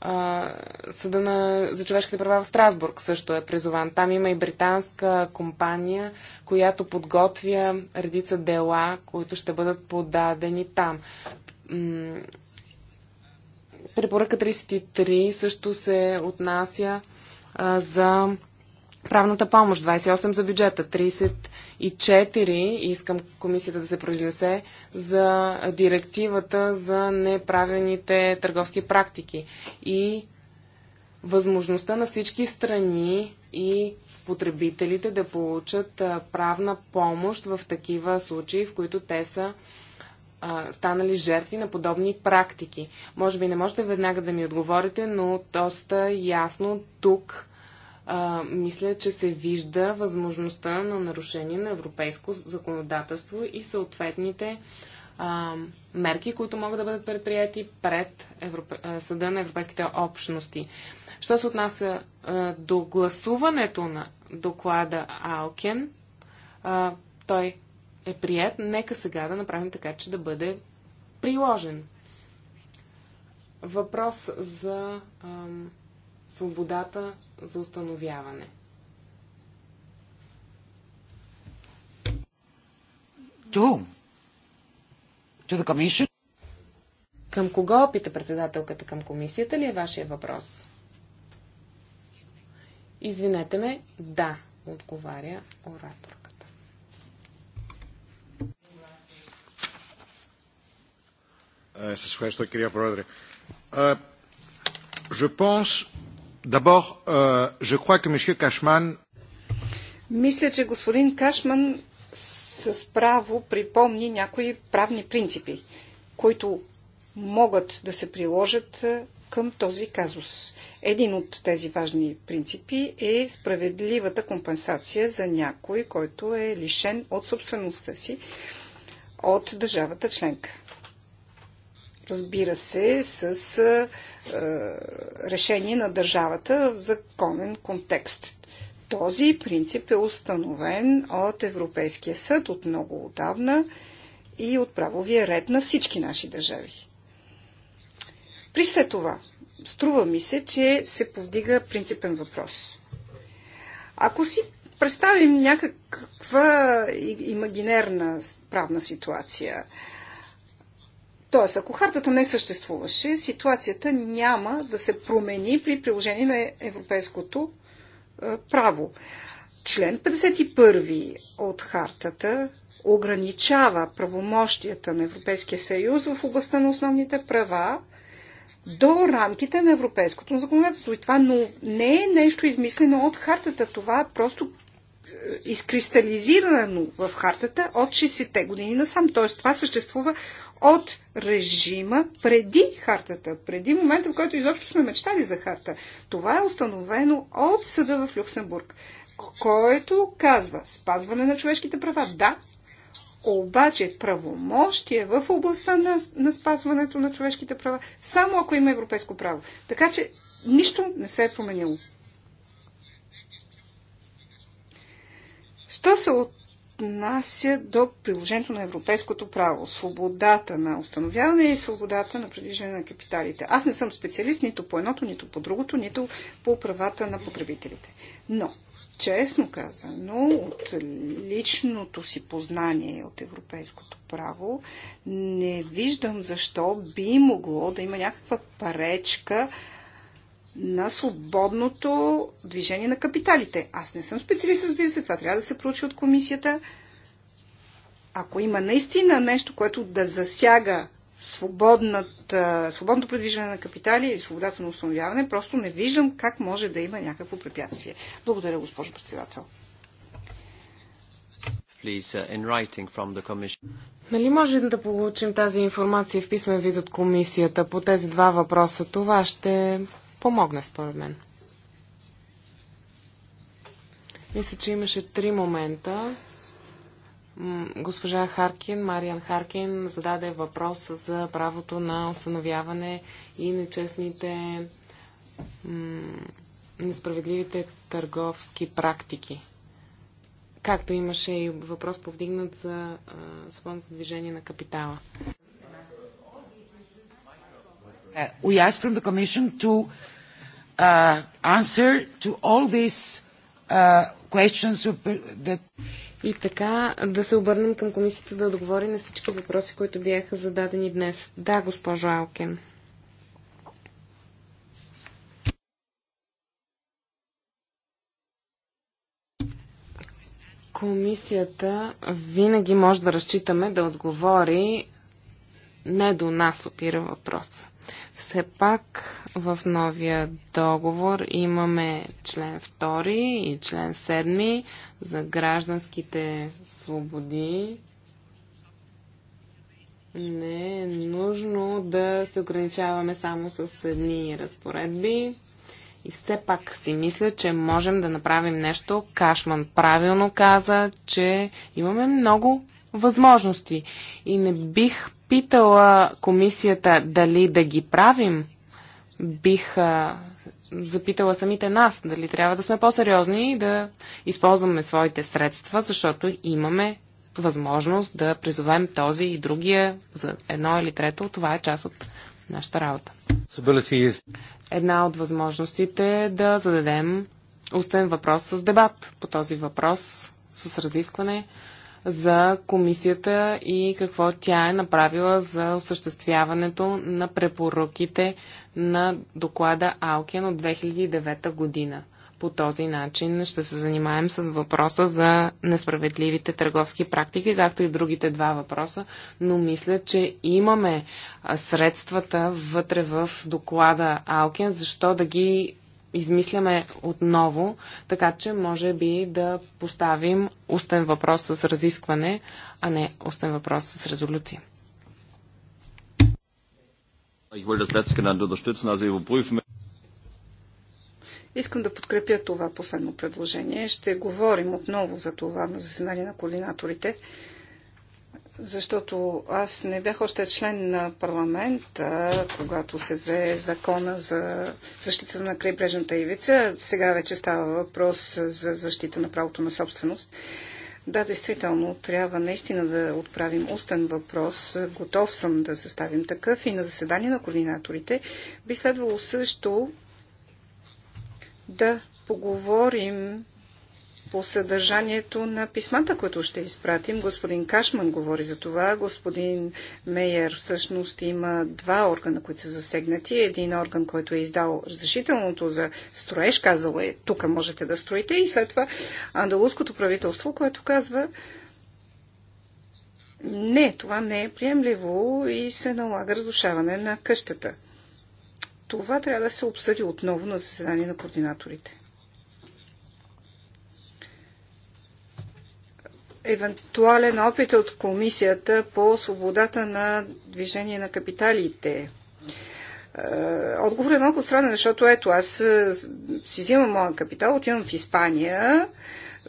а, Съда на, за човешките права в Страсбург също е призован. Там има и британска компания, която подготвя редица дела, които ще бъдат подадени там. Препоръка 33 също се отнася а, за правната помощ, 28 за бюджета, 30 и 4 искам комисията да се произнесе за директивата за неправилните търговски практики и възможността на всички страни и потребителите да получат правна помощ в такива случаи, в които те са станали жертви на подобни практики. Може би не можете веднага да ми отговорите, но доста ясно тук а, мисля, че се вижда възможността на нарушение на европейско законодателство и съответните а, мерки, които могат да бъдат предприяти пред Европ... Съда на Европейските общности. Що се отнася а, до гласуването на доклада Алкен, а, той е прият. Нека сега да направим така, че да бъде приложен. Въпрос за А, свободата за установяване. To To the commission? Към кого, опита председателката, към комисията ли е вашия въпрос? Извинете ме, да, отговаря ораторката. Σας ευχαριστώ, κυρία Πρόεδρε. Je pense D'abord, euh, je crois que Мисля, че господин Кашман с право припомни някои правни принципи, които могат да се приложат е, към този казус. Един от тези важни принципи е справедливата компенсация за някой, който е лишен от собствеността си от държавата членка. Разбира се, с е, е, решение на държавата в законен контекст. Този принцип е установен от Европейския съд от много отдавна и от правовия ред на всички наши държави. При все това, струва ми се, че се повдига принципен въпрос. Ако си представим някаква имагинерна правна ситуация, Тоест, ако хартата не съществуваше, ситуацията няма да се промени при приложение на европейското е, право. Член 51 от хартата ограничава правомощията на Европейския съюз в областта на основните права до рамките на европейското законодателство. И това но не е нещо измислено от хартата. Това е просто е, изкристализирано в хартата от 60-те години насам. Тоест, това съществува от режима преди хартата, преди момента, в който изобщо сме мечтали за харта. Това е установено от съда в Люксембург, който казва спазване на човешките права, да, обаче правомощие в областта на, на спазването на човешките права, само ако има европейско право. Така че нищо не се е променило. Що се от отнася до приложението на европейското право. Свободата на установяване и свободата на предвиждане на капиталите. Аз не съм специалист нито по едното, нито по другото, нито по правата на потребителите. Но, честно казано, от личното си познание от европейското право, не виждам защо би могло да има някаква паречка на свободното движение на капиталите. Аз не съм специалист, разбира се, това трябва да се проучи от комисията. Ако има наистина нещо, което да засяга свободното предвиждане на капитали или свободата на установяване, просто не виждам как може да има някакво препятствие. Благодаря, госпожо председател. Uh, нали можем да получим тази информация в писмен вид от комисията по тези два въпроса? Това ще помогна, според мен. Мисля, че имаше три момента. Госпожа Харкин, Мариан Харкин, зададе въпрос за правото на установяване и нечестните, несправедливите търговски практики. Както имаше и въпрос повдигнат за свободното движение на капитала. Uh, we ask from the Commission to uh, answer to all these uh, questions that и така да се обърнем към комисията да отговори на всички въпроси, които бяха зададени днес. Да, госпожо Алкин. Комисията винаги може да разчитаме да отговори не до нас опира въпроса. Все пак в новия договор имаме член 2 и член 7 за гражданските свободи. Не е нужно да се ограничаваме само с едни разпоредби. И все пак си мисля, че можем да направим нещо. Кашман правилно каза, че имаме много възможности. И не бих питала комисията дали да ги правим, бих запитала самите нас дали трябва да сме по-сериозни и да използваме своите средства, защото имаме възможност да призовем този и другия за едно или трето. Това е част от нашата работа. Една от възможностите е да зададем устен въпрос с дебат по този въпрос, с разискване за комисията и какво тя е направила за осъществяването на препоръките на доклада Алкен от 2009 година. По този начин ще се занимаем с въпроса за несправедливите търговски практики, както и другите два въпроса, но мисля, че имаме средствата вътре в доклада Алкен, защо да ги измисляме отново, така че може би да поставим устен въпрос с разискване, а не устен въпрос с резолюция. Искам да подкрепя това последно предложение. Ще говорим отново за това на заседание на координаторите защото аз не бях още член на парламента, когато се взе закона за защита на крайбрежната ивица. Сега вече става въпрос за защита на правото на собственост. Да, действително, трябва наистина да отправим устен въпрос. Готов съм да съставим такъв и на заседание на координаторите би следвало също да поговорим по съдържанието на писмата, които ще изпратим. Господин Кашман говори за това. Господин Мейер всъщност има два органа, които са засегнати. Един орган, който е издал разрешителното за строеж, казал е, тук можете да строите. И след това андалуското правителство, което казва, не, това не е приемливо и се налага разрушаване на къщата. Това трябва да се обсъди отново на заседание на координаторите. евентуален опит от комисията по свободата на движение на капиталите. Е, Отговорът е малко странен, защото ето аз е, си взимам моя капитал, отивам в Испания,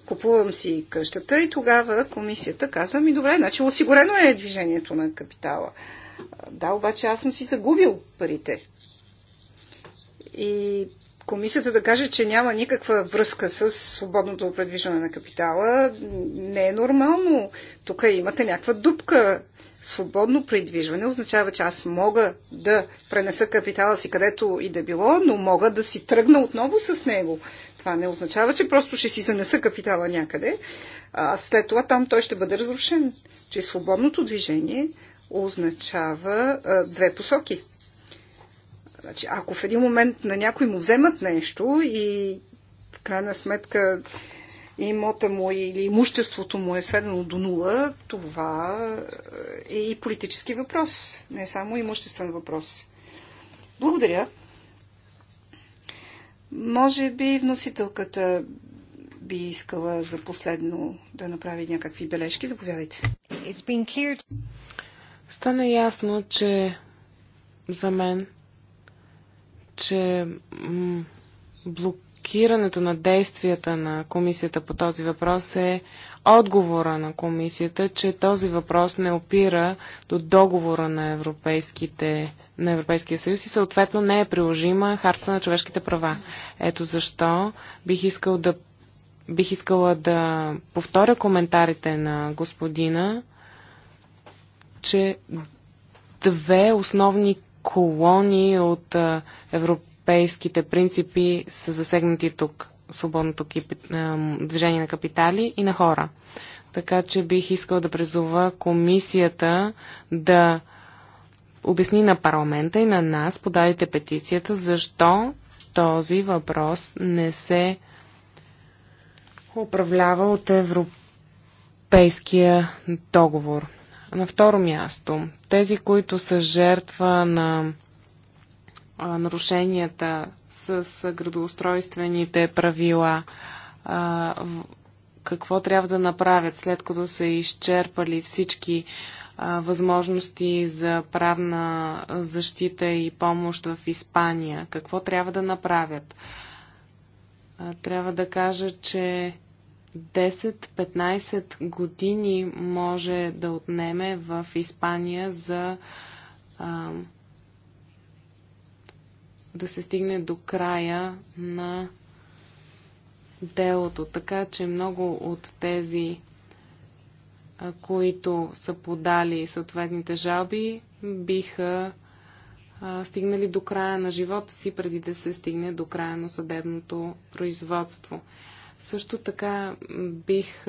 купувам си къщата и тогава комисията казва, ми, добре, значи осигурено е движението на капитала. Е, да, обаче аз съм си загубил парите. И комисията да каже, че няма никаква връзка с свободното предвижване на капитала, не е нормално. Тук имате някаква дупка. Свободно предвижване означава, че аз мога да пренеса капитала си където и да било, но мога да си тръгна отново с него. Това не означава, че просто ще си занеса капитала някъде, а след това там той ще бъде разрушен. Че свободното движение означава а, две посоки. Значи, ако в един момент на някой му вземат нещо и в крайна сметка имота му или имуществото му е сведено до нула, това е и политически въпрос, не е само имуществен въпрос. Благодаря. Може би вносителката би искала за последно да направи някакви бележки. Заповядайте. Стана ясно, че за мен че блокирането на действията на комисията по този въпрос е отговора на комисията, че този въпрос не опира до договора на, европейските, на Европейския съюз и съответно не е приложима харта на човешките права. Ето защо бих искал да бих искала да повторя коментарите на господина, че две основни колони от а, европейските принципи са засегнати тук. Свободното движение на капитали и на хора. Така че бих искал да призова комисията да обясни на парламента и на нас, подалите петицията, защо този въпрос не се управлява от Европейския договор. На второ място, тези, които са жертва на нарушенията с градоустройствените правила, какво трябва да направят след като са изчерпали всички възможности за правна защита и помощ в Испания. Какво трябва да направят? Трябва да кажа, че 10-15 години може да отнеме в Испания за да се стигне до края на делото. Така че много от тези, които са подали съответните жалби, биха стигнали до края на живота си, преди да се стигне до края на съдебното производство. Също така бих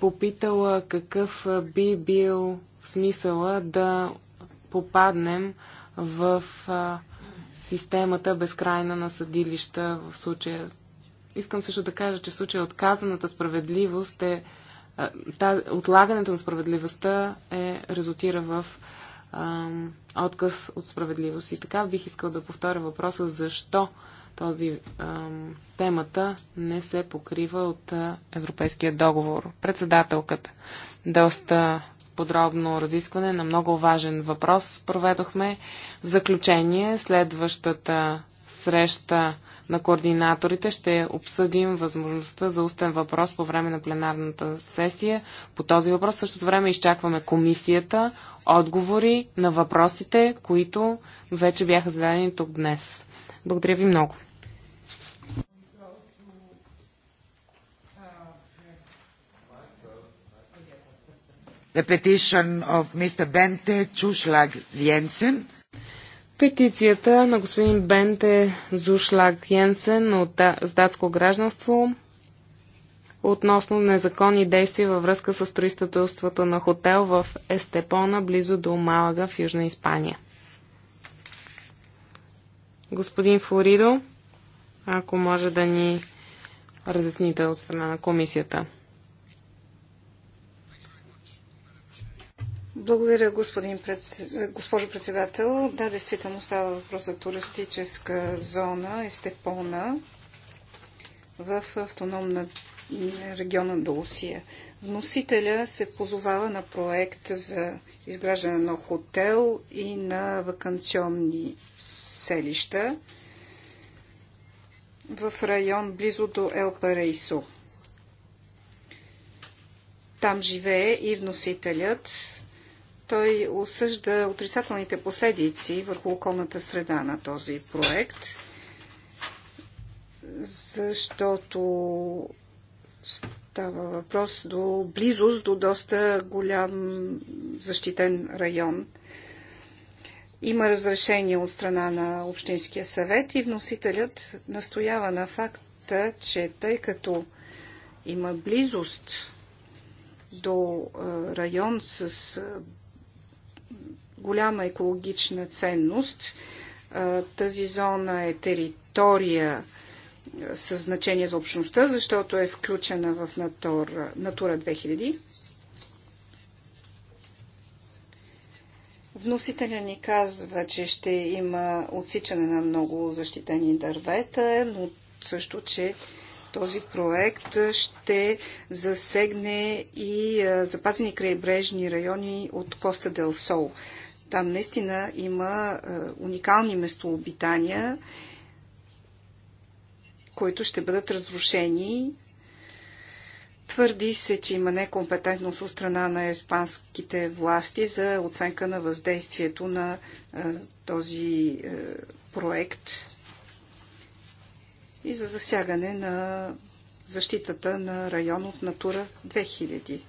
попитала какъв би бил смисъла да попаднем в а, системата безкрайна на съдилища в случая. Искам също да кажа, че в случая отказаната справедливост е. А, та, отлагането на справедливостта е, резултира в а, отказ от справедливост. И така бих искал да повторя въпроса защо този а, темата не се покрива от а, Европейския договор. Председателката. Доста подробно разискване на много важен въпрос проведохме. В заключение, следващата среща на координаторите ще обсъдим възможността за устен въпрос по време на пленарната сесия. По този въпрос в същото време изчакваме комисията, отговори на въпросите, които вече бяха зададени тук днес. Благодаря ви много. the petition of Mr. Bente Chushlag Jensen. Петицията на господин Бенте Зушлаг Йенсен от, с датско гражданство относно незаконни действия във връзка с строителството на хотел в Естепона, близо до Малага в Южна Испания. Господин Флоридо, ако може да ни разясните от страна на комисията. Благодаря, господин госпожо председател. Да, действително става въпрос за туристическа зона и степона в автономна региона Андалусия. Вносителя се позовава на проект за изграждане на хотел и на вакансионни селища в район близо до Елпарейсо. Там живее и вносителят той осъжда отрицателните последици върху околната среда на този проект, защото става въпрос до близост до доста голям защитен район. Има разрешение от страна на Общинския съвет и вносителят настоява на факта, че тъй като има близост до район с голяма екологична ценност. Тази зона е територия със значение за общността, защото е включена в Натура, Натура 2000. Вносителя ни казва, че ще има отсичане на много защитени дървета, но също, че този проект ще засегне и запазени крайбрежни райони от Коста Дел Сол. Там наистина има е, уникални местообитания, които ще бъдат разрушени. Твърди се, че има некомпетентност от страна на испанските власти за оценка на въздействието на е, този е, проект и за засягане на защитата на район от Натура 2000.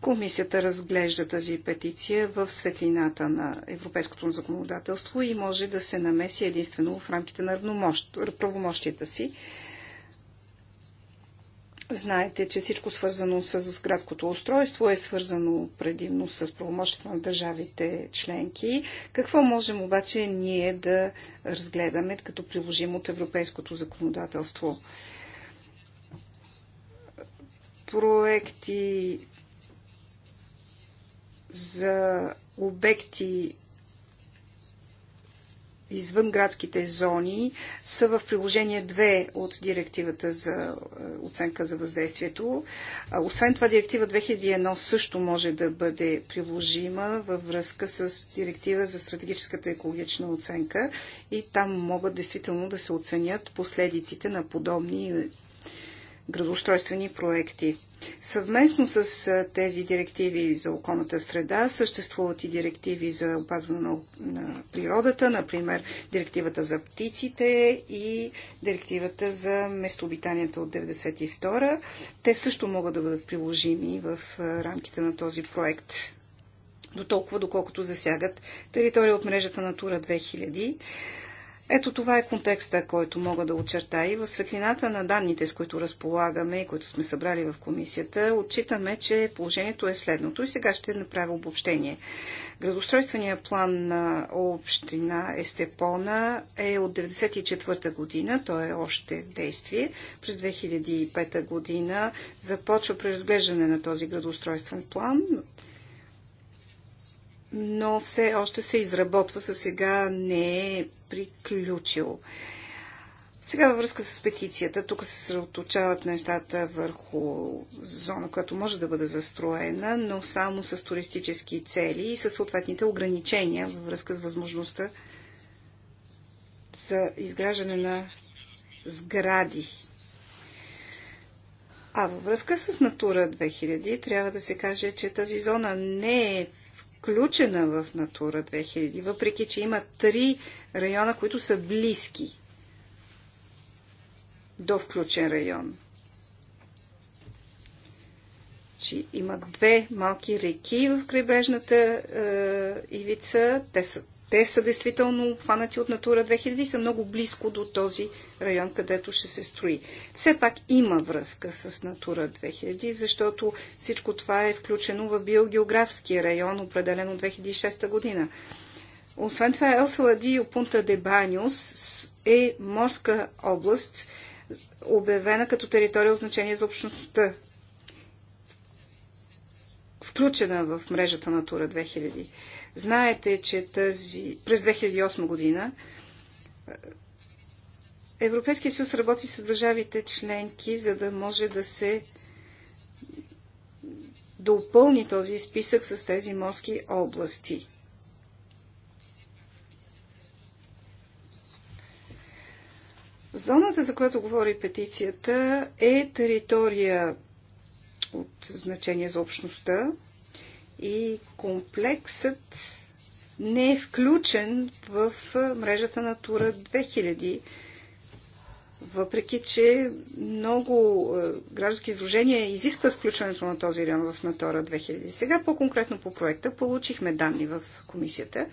Комисията разглежда тази петиция в светлината на европейското законодателство и може да се намеси единствено в рамките на правомощията си. Знаете, че всичко свързано с градското устройство е свързано предимно с правомощите на държавите членки. Какво можем обаче ние да разгледаме като приложим от европейското законодателство? Проекти за обекти извън градските зони са в приложение 2 от директивата за е, оценка за въздействието. Освен това, директива 2001 също може да бъде приложима във връзка с директива за стратегическата екологична оценка и там могат действително да се оценят последиците на подобни градоустройствени проекти. Съвместно с тези директиви за околната среда съществуват и директиви за опазване на, природата, например директивата за птиците и директивата за местообитанията от 92-а. Те също могат да бъдат приложими в рамките на този проект до толкова, доколкото засягат територия от мрежата Натура 2000. Ето това е контекста, който мога да очертая и в светлината на данните, с които разполагаме и които сме събрали в комисията, отчитаме, че положението е следното и сега ще направя обобщение. Градостройственият план на община Естепона е от 1994 година, той е още действие. През 2005 година започва преразглеждане на този градоустройствен план но все още се изработва, за сега не е приключил. Сега във връзка с петицията, тук се съсредоточават нещата върху зона, която може да бъде застроена, но само с туристически цели и с съответните ограничения във връзка с възможността за изграждане на сгради. А във връзка с Натура 2000 трябва да се каже, че тази зона не е включена в Натура 2000, въпреки че има три района, които са близки до включен район. Че има две малки реки в крайбрежната е, ивица. Те са те са действително хванати от Натура 2000 и са много близко до този район, където ще се строи. Все пак има връзка с Натура 2000, защото всичко това е включено в биогеографския район, определен от 2006 година. Освен това, Ел Саладио Пунта де Баниус е морска област, обявена като територия от значение за общността, включена в мрежата Натура 2000. Знаете, че тази, през 2008 година е, Европейския съюз работи с държавите членки, за да може да се допълни този списък с тези морски области. Зоната, за която говори петицията, е територия от значение за общността, и комплексът не е включен в мрежата Натура 2000. Въпреки, че много граждански изложения изискват включването на този район в Натура 2000. Сега по-конкретно по проекта получихме данни в комисията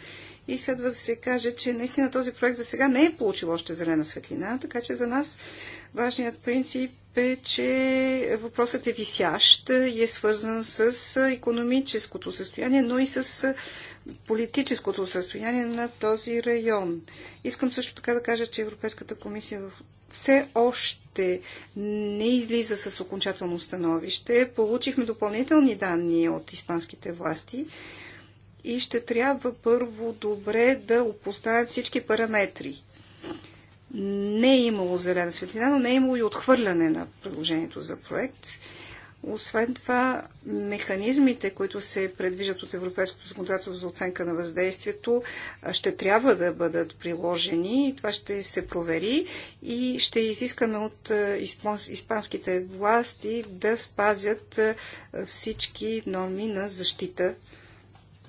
и следва да се каже, че наистина този проект за сега не е получил още зелена светлина, така че за нас Важният принцип е, че въпросът е висящ и е свързан с економическото състояние, но и с политическото състояние на този район. Искам също така да кажа, че Европейската комисия все още не излиза с окончателно становище. Получихме допълнителни данни от испанските власти и ще трябва първо добре да опознаят всички параметри не е имало зелена светлина, но не е имало и отхвърляне на предложението за проект. Освен това, механизмите, които се предвиждат от Европейското законодателство за оценка на въздействието, ще трябва да бъдат приложени. Това ще се провери и ще изискаме от испанските власти да спазят всички норми на защита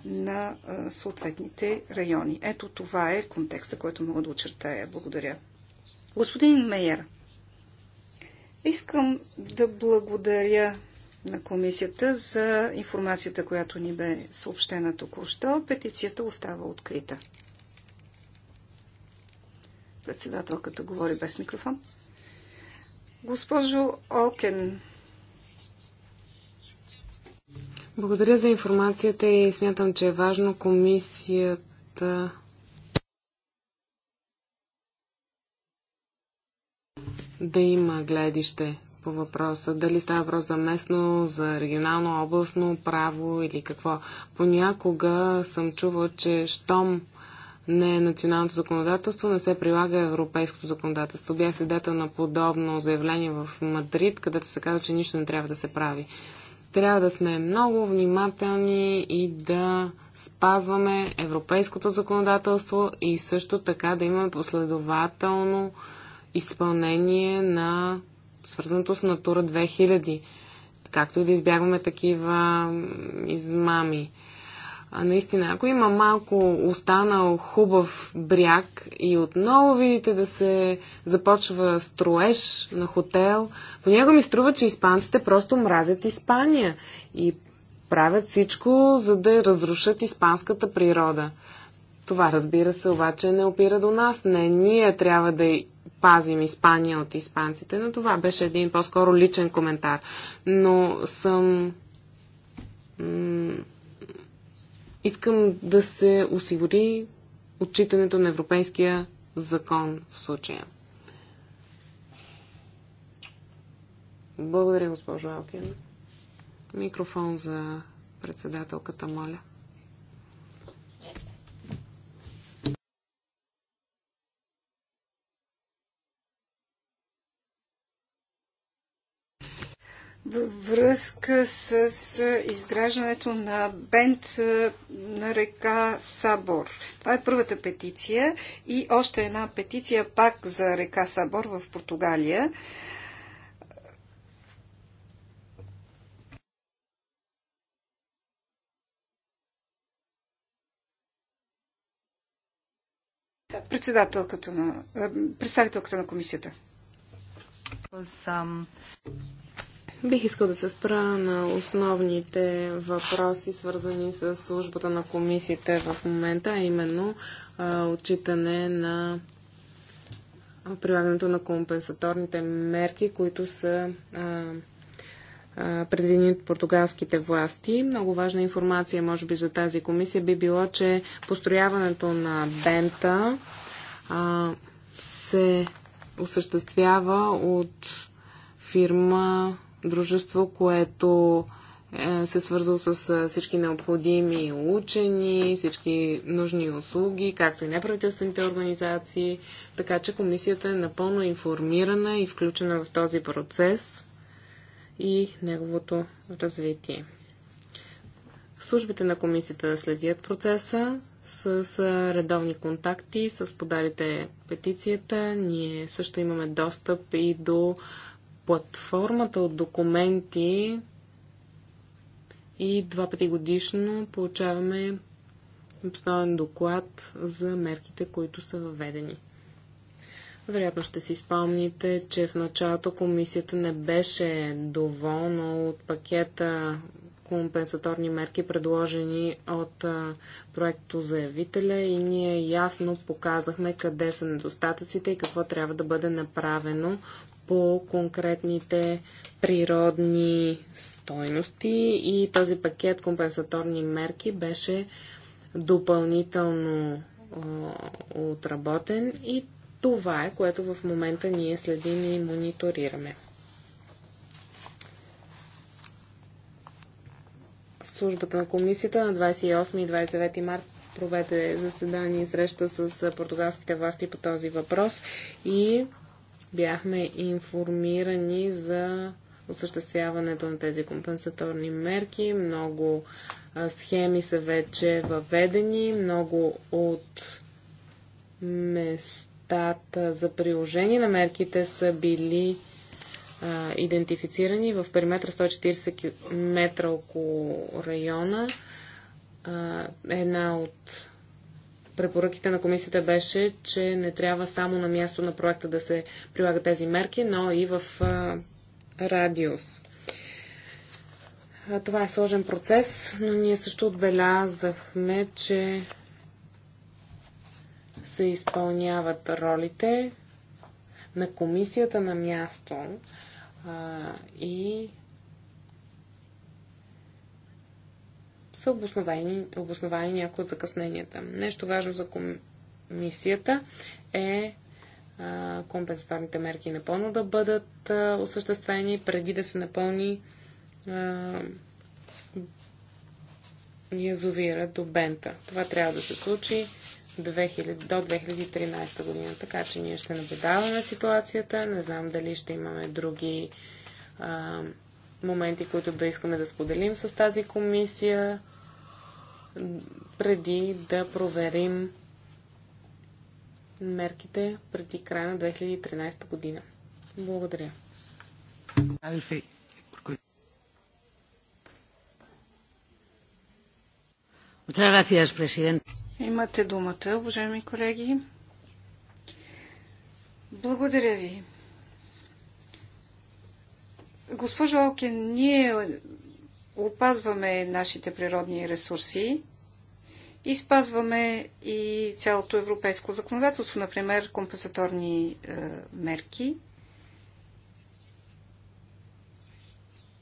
на съответните райони. Ето това е контекста, който мога да очертая. Благодаря. Господин Мейер, искам да благодаря на комисията за информацията, която ни бе съобщена току-що. Петицията остава открита. Председателката говори без микрофон. Госпожо Окен, благодаря за информацията и смятам, че е важно комисията да има гледище по въпроса. Дали става въпрос за местно, за регионално, областно право или какво. Понякога съм чувал, че щом не е националното законодателство, не се прилага европейското законодателство. Бях свидетел на подобно заявление в Мадрид, където се казва, че нищо не трябва да се прави. Трябва да сме много внимателни и да спазваме европейското законодателство и също така да имаме последователно изпълнение на свързаното с Натура 2000, както и да избягваме такива измами. А, наистина, ако има малко останал хубав бряг и отново видите да се започва строеж на хотел, понякога ми струва, че испанците просто мразят Испания и правят всичко, за да разрушат испанската природа. Това, разбира се, обаче не опира до нас. Не, ние трябва да пазим Испания от испанците, но това беше един по-скоро личен коментар. Но съм Искам да се осигури отчитането на европейския закон в случая. Благодаря, госпожо Алкин. Микрофон за председателката, моля. във връзка с изграждането на бент на река Сабор. Това е първата петиция и още една петиция пак за река Сабор в Португалия. Председателката на, представителката на комисията. Бих искал да се спра на основните въпроси, свързани с службата на комисиите в момента, а именно а, отчитане на прилагането на компенсаторните мерки, които са а, предвидени от португалските власти. Много важна информация, може би, за тази комисия би било, че построяването на бента а, се осъществява от фирма дружество, което е, се е свързва с е, всички необходими учени, всички нужни услуги, както и неправителствените организации, така че комисията е напълно информирана и включена в този процес и неговото развитие. Службите на комисията следят процеса с редовни контакти с подалите петицията. Ние също имаме достъп и до платформата от документи и два пъти годишно получаваме обстоен доклад за мерките, които са въведени. Вероятно ще си спомните, че в началото комисията не беше доволна от пакета компенсаторни мерки, предложени от проекто заявителя и ние ясно показахме къде са недостатъците и какво трябва да бъде направено по конкретните природни стойности и този пакет компенсаторни мерки беше допълнително отработен и това е, което в момента ние следим и мониторираме. Службата на комисията на 28 и 29 март проведе заседание и среща с португалските власти по този въпрос и бяхме информирани за осъществяването на тези компенсаторни мерки. Много а, схеми са вече въведени, много от местата за приложение на мерките са били а, идентифицирани в периметра 140 метра около района. А, една от препоръките на комисията беше, че не трябва само на място на проекта да се прилагат тези мерки, но и в а, радиус. А, това е сложен процес, но ние също отбелязахме, че се изпълняват ролите на комисията на място а, и са обосновани, обосновани някои от закъсненията. Нещо важно за комисията е а, компенсаторните мерки напълно да бъдат а, осъществени преди да се напълни а, язовира до бента. Това трябва да се случи 2000, до 2013 година. Така че ние ще наблюдаваме ситуацията. Не знам дали ще имаме други а, моменти, които да искаме да споделим с тази комисия, преди да проверим мерките преди края на 2013 година. Благодаря. Имате думата, уважаеми колеги. Благодаря ви. Госпожо Окен, ние опазваме нашите природни ресурси и спазваме и цялото европейско законодателство, например компенсаторни е, мерки,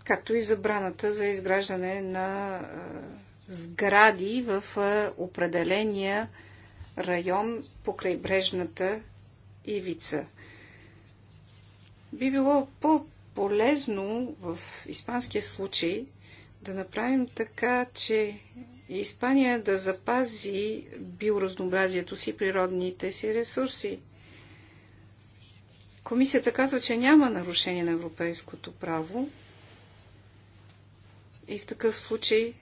както и забраната за изграждане на е, сгради в е, определения район по крайбрежната ивица. Би било по полезно в испанския случай да направим така, че Испания да запази биоразнообразието си, природните си ресурси. Комисията казва, че няма нарушение на европейското право и в такъв случай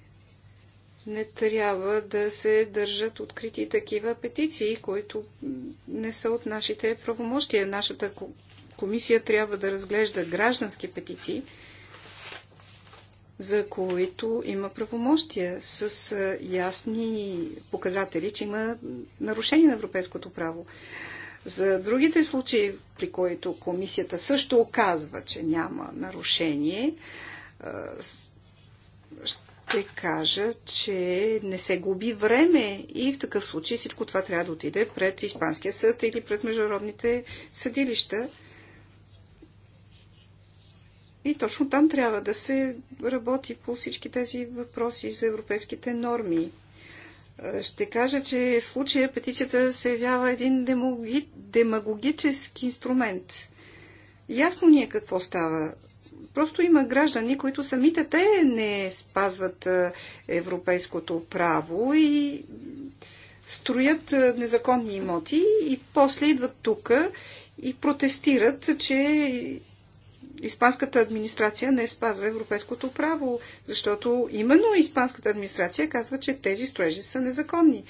не трябва да се държат открити такива петиции, които не са от нашите правомощия. Нашата комисия трябва да разглежда граждански петиции, за които има правомощия с ясни показатели, че има нарушение на европейското право. За другите случаи, при които комисията също оказва, че няма нарушение, ще кажа, че не се губи време и в такъв случай всичко това трябва да отиде пред Испанския съд или пред международните съдилища. И точно там трябва да се работи по всички тези въпроси за европейските норми. Ще кажа, че в случая петицията се явява един демагогически инструмент. Ясно ни е какво става. Просто има граждани, които самите те не спазват европейското право и строят незаконни имоти и после идват тук и протестират, че испанската администрация не спазва европейското право, защото именно испанската администрация казва, че тези строежи са незаконни.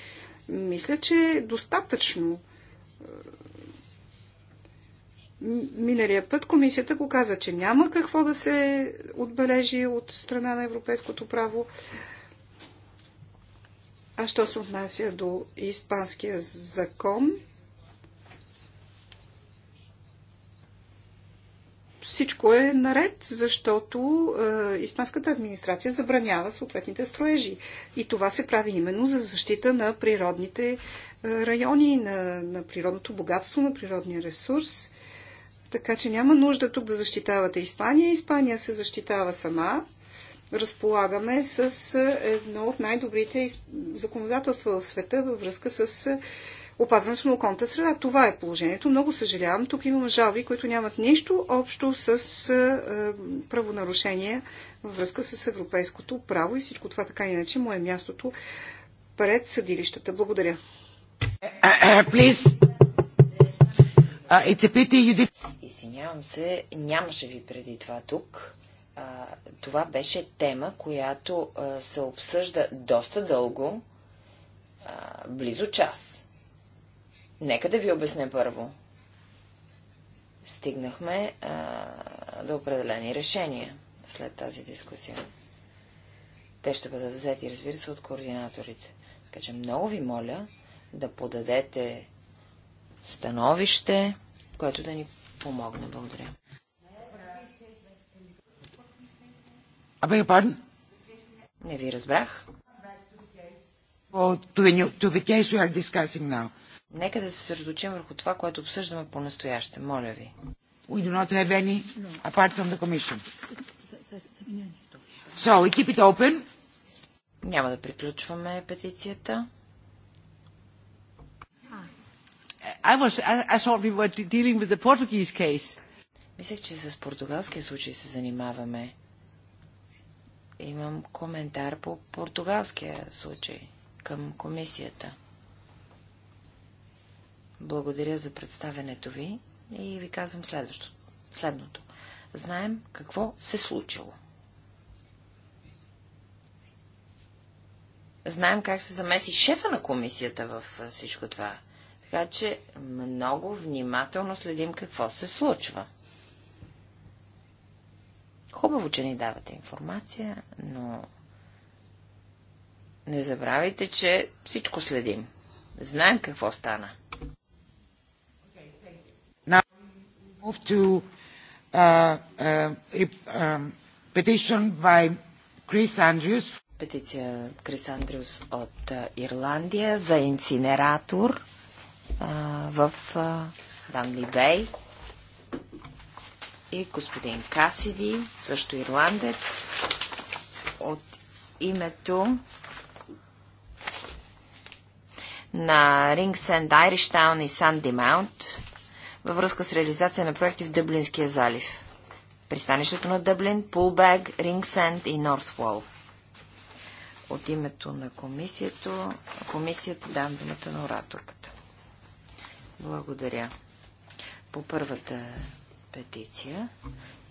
Мисля, че е достатъчно. Миналия път комисията го каза, че няма какво да се отбележи от страна на европейското право. А що се отнася до испанския закон, всичко е наред, защото е, испанската администрация забранява съответните строежи. И това се прави именно за защита на природните е, райони, на, на природното богатство, на природния ресурс. Така че няма нужда тук да защитавате Испания. Испания се защитава сама. Разполагаме с е, едно от най-добрите законодателства в света във връзка с е, опазването на околната среда. Това е положението. Много съжалявам. Тук имам жалби, които нямат нищо общо с е, е, правонарушение във връзка с европейското право и всичко това така иначе му е мястото пред съдилищата. Благодаря. Uh, Извинявам се, нямаше ви преди това тук. А, това беше тема, която а, се обсъжда доста дълго, а, близо час. Нека да ви обясня първо. Стигнахме а, до определени решения след тази дискусия. Те ще бъдат взети, разбира се, от координаторите. Така че много ви моля да подадете становище, което да ни помогне. Благодаря. Абе, пардон. Не ви разбрах. To the, new, to the case we are discussing now. Нека да се съсредоточим върху това, което обсъждаме по-настояще. Моля ви. We do not have any apart from the commission. So, we keep it open. Няма да приключваме петицията. I was, I, I thought we were dealing with the Portuguese case. Мислех, че с португалския случай се занимаваме. Имам коментар по португалския случай към комисията. Благодаря за представенето ви и ви казвам следното. Знаем какво се случило. Знаем как се замеси шефа на комисията в всичко това. Така че много внимателно следим какво се случва. Хубаво, че ни давате информация, но не забравяйте, че всичко следим. Знаем какво стана. move to uh, uh, um, petition by Chris Andrews. Петиция Крис Андрюс от Ирландия за инцинератор а, в а, Данли Бей и господин Касиди, също ирландец, от името на Рингсенд, Айриштаун и Санди Маунт във връзка с реализация на проекти в Дъблинския залив. Пристанището на Дъблин, Пулбег, Рингсенд и Нортфол. От името на комисията, комисията дам думата на ораторката. Благодаря. По първата петиция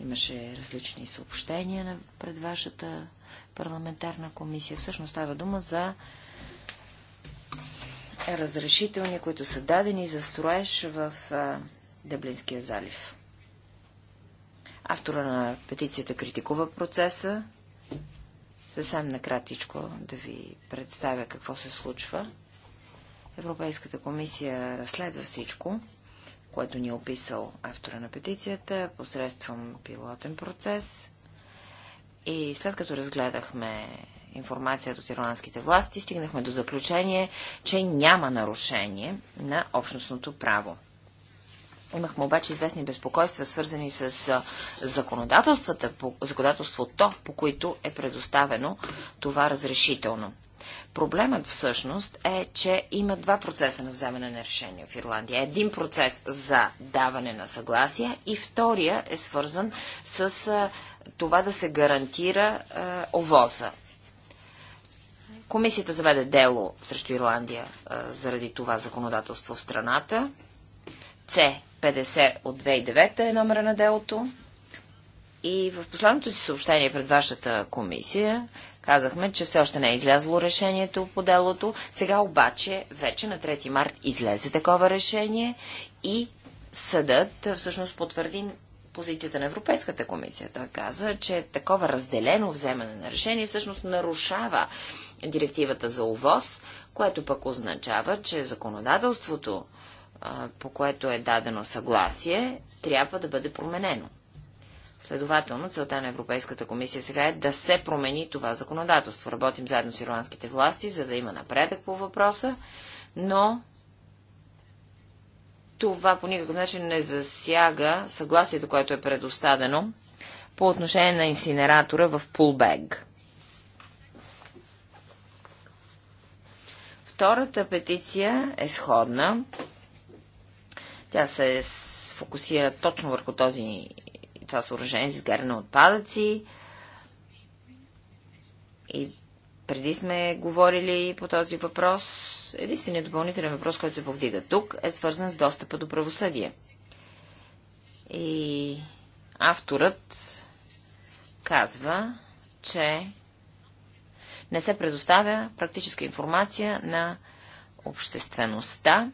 имаше различни съобщения пред вашата парламентарна комисия. Всъщност става дума за разрешителни, които са дадени за строеж в Дъблинския залив. Автора на петицията критикува процеса. Съвсем накратичко да ви представя какво се случва. Европейската комисия разследва всичко, което ни е описал автора на петицията, посредством пилотен процес. И след като разгледахме информацията от ирландските власти, стигнахме до заключение, че няма нарушение на общностното право. Имахме обаче известни безпокойства, свързани с законодателствата, по, законодателството, по които е предоставено това разрешително. Проблемът всъщност е, че има два процеса на вземане на решение в Ирландия. Един процес за даване на съгласие и втория е свързан с а, това да се гарантира а, овоза. Комисията заведе дело срещу Ирландия а, заради това законодателство в страната. С 50 от 2009 е номера на делото. И в последното си съобщение пред вашата комисия казахме, че все още не е излязло решението по делото. Сега обаче, вече на 3 март излезе такова решение и съдът всъщност потвърди позицията на Европейската комисия. Той каза, че такова разделено вземане на решение всъщност нарушава директивата за ОВОз, което пък означава, че законодателството по което е дадено съгласие, трябва да бъде променено. Следователно, целта на Европейската комисия сега е да се промени това законодателство. Работим заедно с ирландските власти, за да има напредък по въпроса, но това по никакъв начин не засяга съгласието, което е предоставено по отношение на инсинератора в Пулбег. Втората петиция е сходна. Тя се фокусира точно върху този, това съоръжение за изгаряне на отпадъци. И преди сме говорили по този въпрос. Единственият допълнителен въпрос, който се повдига тук, е свързан с достъпа до правосъдие. И авторът казва, че не се предоставя практическа информация на обществеността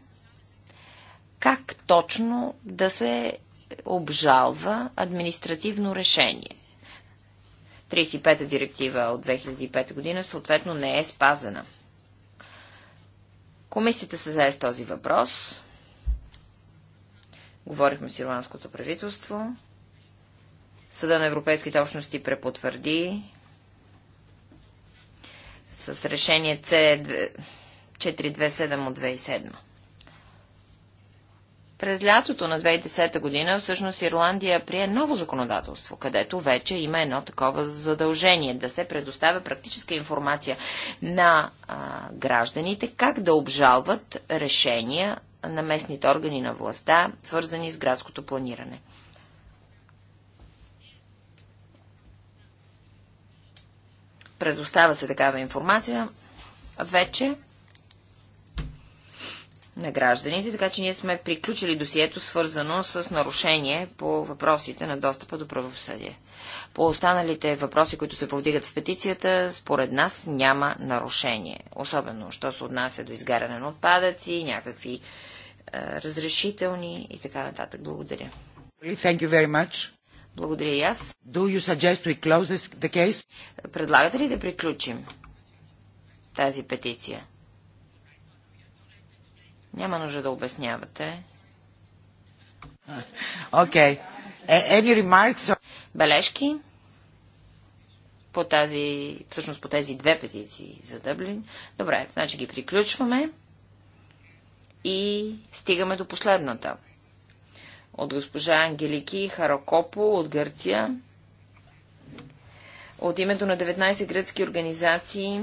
как точно да се обжалва административно решение. 35-та директива от 2005 година съответно не е спазена. Комисията се зае с този въпрос. Говорихме с ирландското правителство. Съда на Европейските общности препотвърди с решение C427 от 2007. През лятото на 2010 година всъщност Ирландия прие ново законодателство, където вече има едно такова задължение да се предоставя практическа информация на а, гражданите как да обжалват решения на местните органи на властта, свързани с градското планиране. Предостава се такава информация вече на гражданите, така че ние сме приключили досието, свързано с нарушение по въпросите на достъпа до правосъдие. По останалите въпроси, които се повдигат в петицията, според нас няма нарушение. Особено, що се отнася до изгаряне на отпадъци, някакви е, разрешителни и така нататък. Благодаря. Thank you very much. Благодаря и аз. Do you suggest we close the case? Предлагате ли да приключим тази петиция? Няма нужда да обяснявате. Okay. Е, any remarks? Бележки? по тази, всъщност по тези две петиции за Дъблин. Добре, значи ги приключваме и стигаме до последната. От госпожа Ангелики Харокопо от Гърция. От името на 19 гръцки организации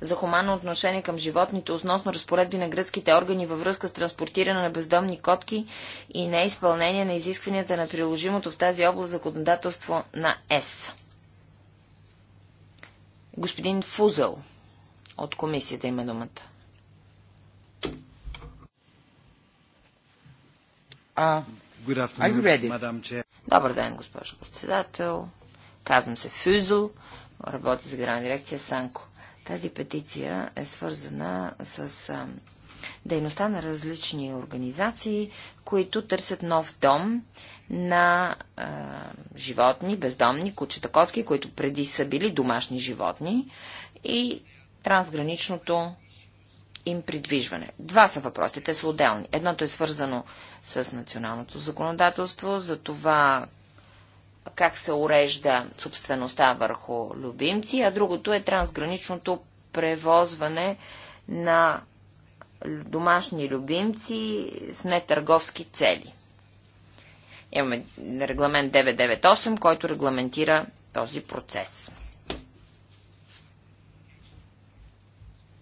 за хуманно отношение към животните относно разпоредби на гръцките органи във връзка с транспортиране на бездомни котки и неизпълнение на изискванията на приложимото в тази област законодателство на ЕС. Господин Фузел от комисията има думата. А, Добър ден, госпожо председател. Казвам се Фюзел. Работя за генерална дирекция Санко. Тази петиция е свързана с дейността на различни организации, които търсят нов дом на а, животни, бездомни, кучета, котки, които преди са били домашни животни и трансграничното им придвижване. Два са въпросите, те са отделни. Едното е свързано с националното законодателство, за това как се урежда собствеността върху любимци, а другото е трансграничното превозване на домашни любимци с нетърговски цели. Имаме регламент 998, който регламентира този процес.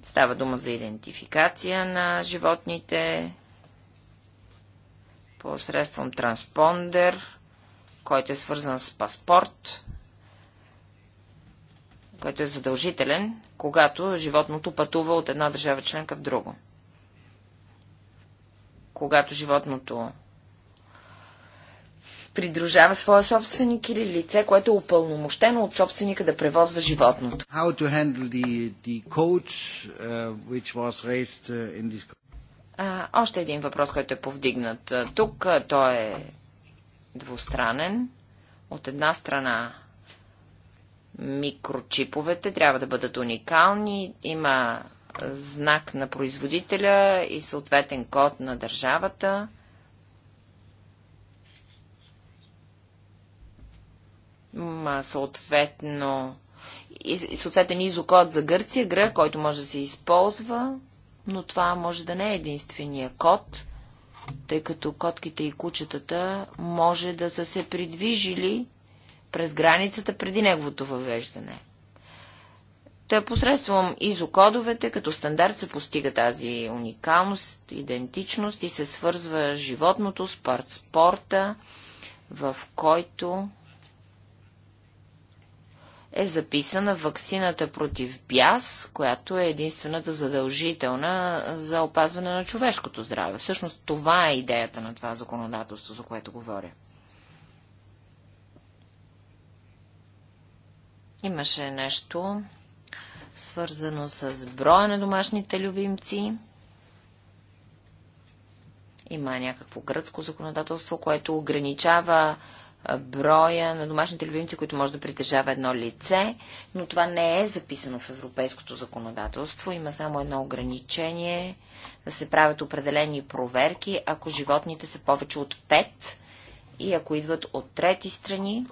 Става дума за идентификация на животните посредством транспондер, който е свързан с паспорт, който е задължителен, когато животното пътува от една държава членка в друго. Когато животното придружава своя собственик или лице, което е упълномощено от собственика да превозва животното. The, the coach, uh, uh this... а, още един въпрос, който е повдигнат тук, той е двустранен. От една страна микрочиповете трябва да бъдат уникални, има знак на производителя и съответен код на държавата. Има съответно и съответен изокод за Гърция, гра, който може да се използва, но това може да не е единствения код тъй като котките и кучетата може да са се придвижили през границата преди неговото въвеждане. Та посредством изокодовете като стандарт се постига тази уникалност, идентичност и се свързва животното с спорта, в който е записана ваксината против бяс, която е единствената задължителна за опазване на човешкото здраве. Всъщност това е идеята на това законодателство, за което говоря. Имаше нещо свързано с броя на домашните любимци. Има някакво гръцко законодателство, което ограничава броя на домашните любимци, които може да притежава едно лице, но това не е записано в европейското законодателство. Има само едно ограничение да се правят определени проверки, ако животните са повече от 5 и ако идват от трети страни.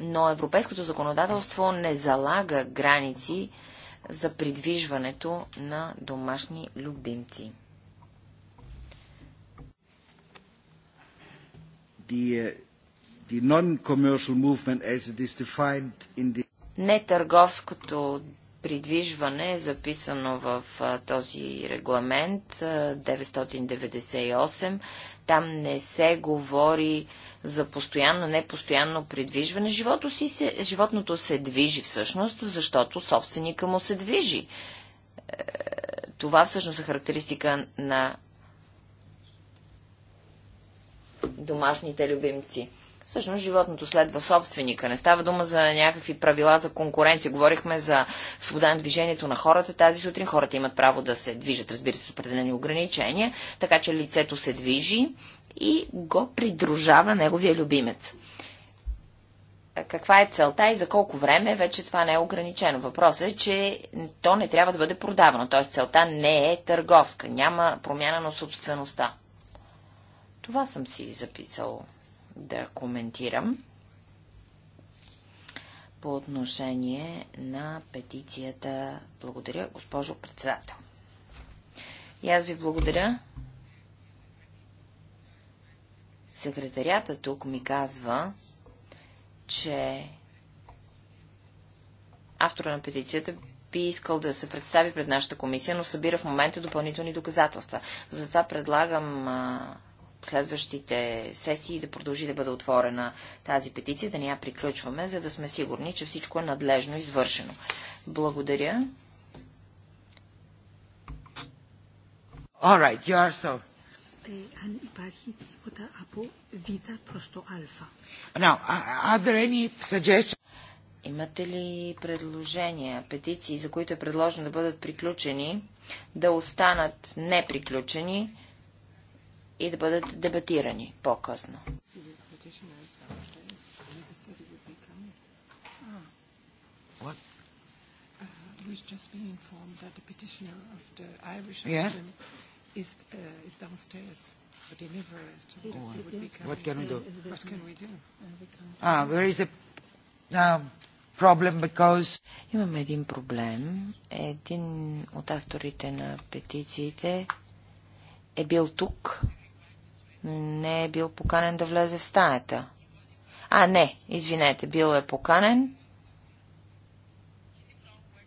Но европейското законодателство не залага граници за придвижването на домашни любимци. Uh, Нетърговското придвижване е записано в този регламент 998. Там не се говори за постоянно, непостоянно придвижване. Живото си се, животното се движи всъщност, защото собственика му се движи. Е, това всъщност е характеристика на домашните любимци. Всъщност животното следва собственика. Не става дума за някакви правила за конкуренция. Говорихме за свобода на движението на хората тази сутрин. Хората имат право да се движат, разбира се, с определени ограничения, така че лицето се движи и го придружава неговия любимец. Каква е целта и за колко време вече това не е ограничено? Въпросът е, че то не трябва да бъде продавано, т.е. целта не е търговска, няма промяна на собствеността. Това съм си записал да коментирам по отношение на петицията. Благодаря, госпожо председател. И аз ви благодаря. Секретарята тук ми казва, че автора на петицията би искал да се представи пред нашата комисия, но събира в момента допълнителни доказателства. Затова предлагам а, следващите сесии да продължи да бъде отворена тази петиция, да ни я приключваме, за да сме сигурни, че всичко е надлежно извършено. Благодаря. All right, you are so. Αν υπάρχει τίποτα από Β προς το Α. Now, are there any suggestions? Имате ли предложения, петиции, за които е предложено да бъдат приключени, да останат неприключени, и да бъдат дебатирани по-късно. We've just been informed that the petitioner of the Irish yeah. is, uh, is downstairs. But he never told us he would be coming. What can we do? What can we do? Ah, there is a uh, problem because... Имаме един проблем. Един от авторите на петициите е бил тук не е бил поканен да влезе в стаята. А, не, извинете, бил е поканен,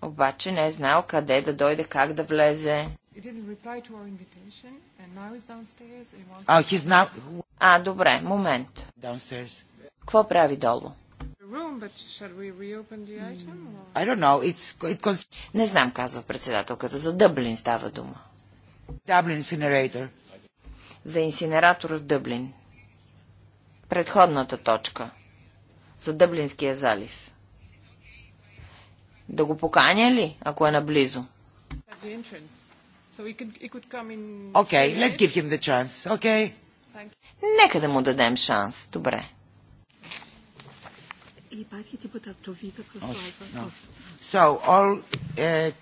обаче не е знал къде да дойде, как да влезе. now... Oh, а, добре, момент. Downstairs. прави долу? Не знам, казва председателката. За Дъблин става дума. Dublin incinerator за инсинератор в Дъблин. Предходната точка. За Дъблинския залив. Да го поканя ли, ако е наблизо? Okay, let's give him the chance. Okay. Нека да му дадем шанс. Добре. So, all, uh,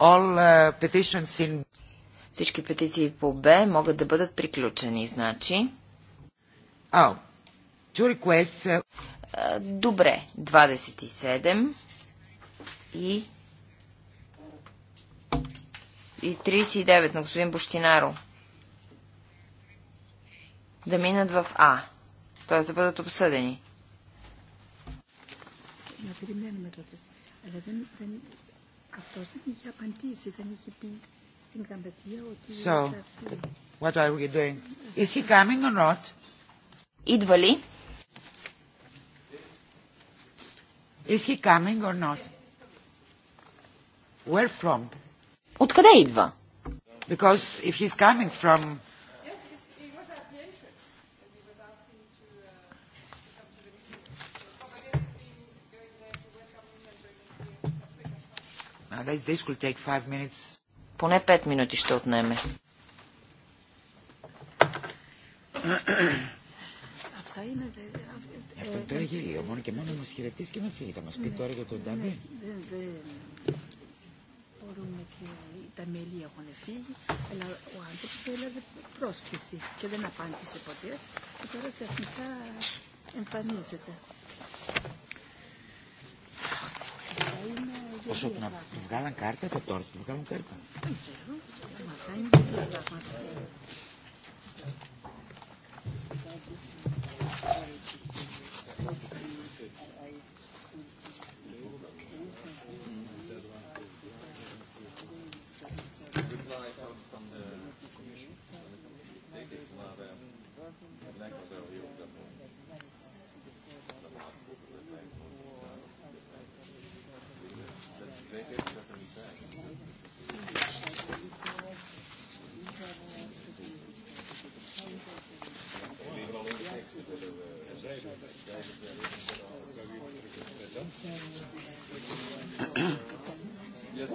all uh, petitions in... Всички петиции по Б могат да бъдат приключени, значи. Ау. Two requests. Uh, добре, 27 и и 39 на господин Бощинаро да минат в А, т.е. да бъдат обсъдени. Να So, what are we doing? Is he coming or not? Идва ли? Is he coming or not? Where from? Откъде идва? Because if he's coming from Now this will take five minutes. Поне 5 минути ще отнеме. Αυτό το γελίο. Μόνο και μόνο μα χαιρετήσει και με φύγει. Θα μα πει τώρα για τον Ντάμπι. Δεν μπορούμε και τα μέλη έχουν φύγει. Αλλά ο άνθρωπο έλαβε πρόσκληση και δεν απάντησε ποτέ. Και τώρα ξαφνικά εμφανίζεται. Όσο να του βγάλαν κάρτα, θα τώρα του βγάλουν κάρτα. Thank you. Yes,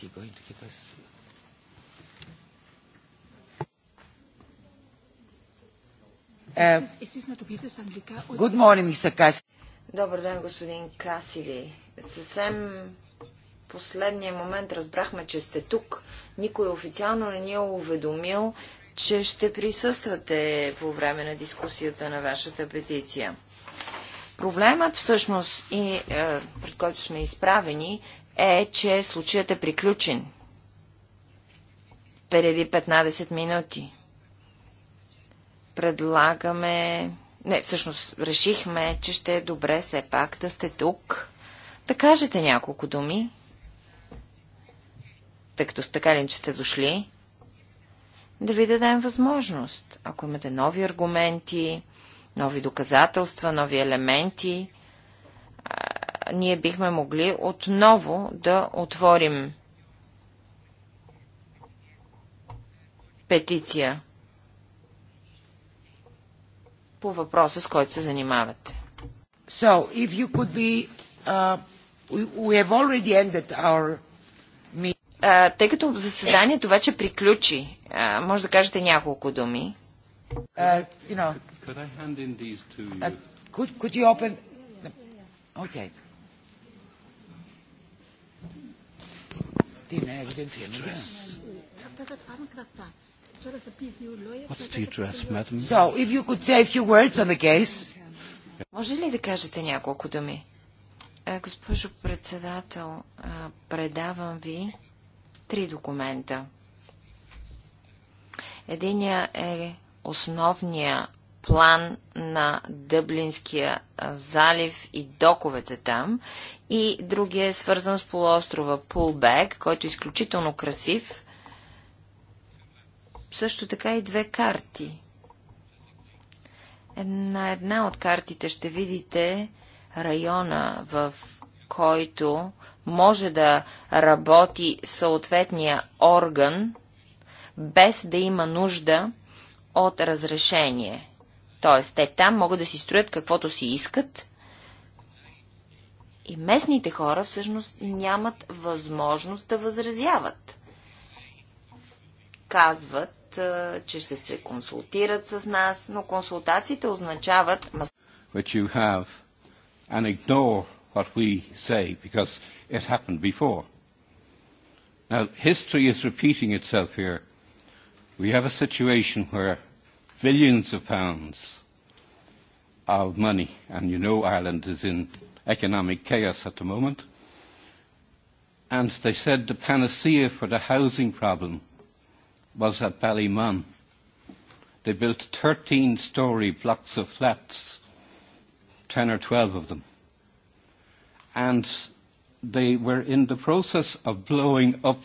he going to give us? Е, е, good morning, Mr. Cassidy. Добър ден, господин Касили. Съвсем последния момент разбрахме, че сте тук. Никой официално не ни е уведомил, че ще присъствате по време на дискусията на вашата петиция. Проблемът всъщност, и, е, пред който сме изправени, е, че случаят е приключен преди 15 минути. Предлагаме... Не, всъщност решихме, че ще е добре все пак да сте тук, да кажете няколко думи, тъй като сте така ли, че сте дошли, да ви дадем възможност. Ако имате нови аргументи, нови доказателства, нови елементи, ние бихме могли отново да отворим петиция по въпроса, с който се занимавате. So, if you could be, uh, we have already ended our Uh, тъй като заседанието вече приключи, uh, може да кажете няколко думи. Uh, you know, could, could I hand in these to uh, you? Uh, could, could you open? Okay. Τι είναι, δεν είναι. Αυτά What's the address, madam? So, if you could say a few words on the case. Може ли да кажете няколко думи? Е, госпожо председател, е, предавам ви три документа. Единия е основния план на Дъблинския залив и доковете там. И другия е свързан с полуострова Пулбек, който е изключително красив. Също така и две карти. На една от картите ще видите района, в който може да работи съответния орган, без да има нужда от разрешение. Тоест, те там могат да си строят каквото си искат. И местните хора всъщност нямат възможност да възразяват. Казват, че ще се консултират с нас, но консултациите означават... Which you have and ignore what we say because it happened before. Now, history is repeating itself here. We have a situation where billions of pounds of money, and you know Ireland is in economic chaos at the moment. And they said the panacea for the housing problem was at Ballymun. They built 13 story blocks of flats, 10 or 12 of them. And they were in the process of blowing up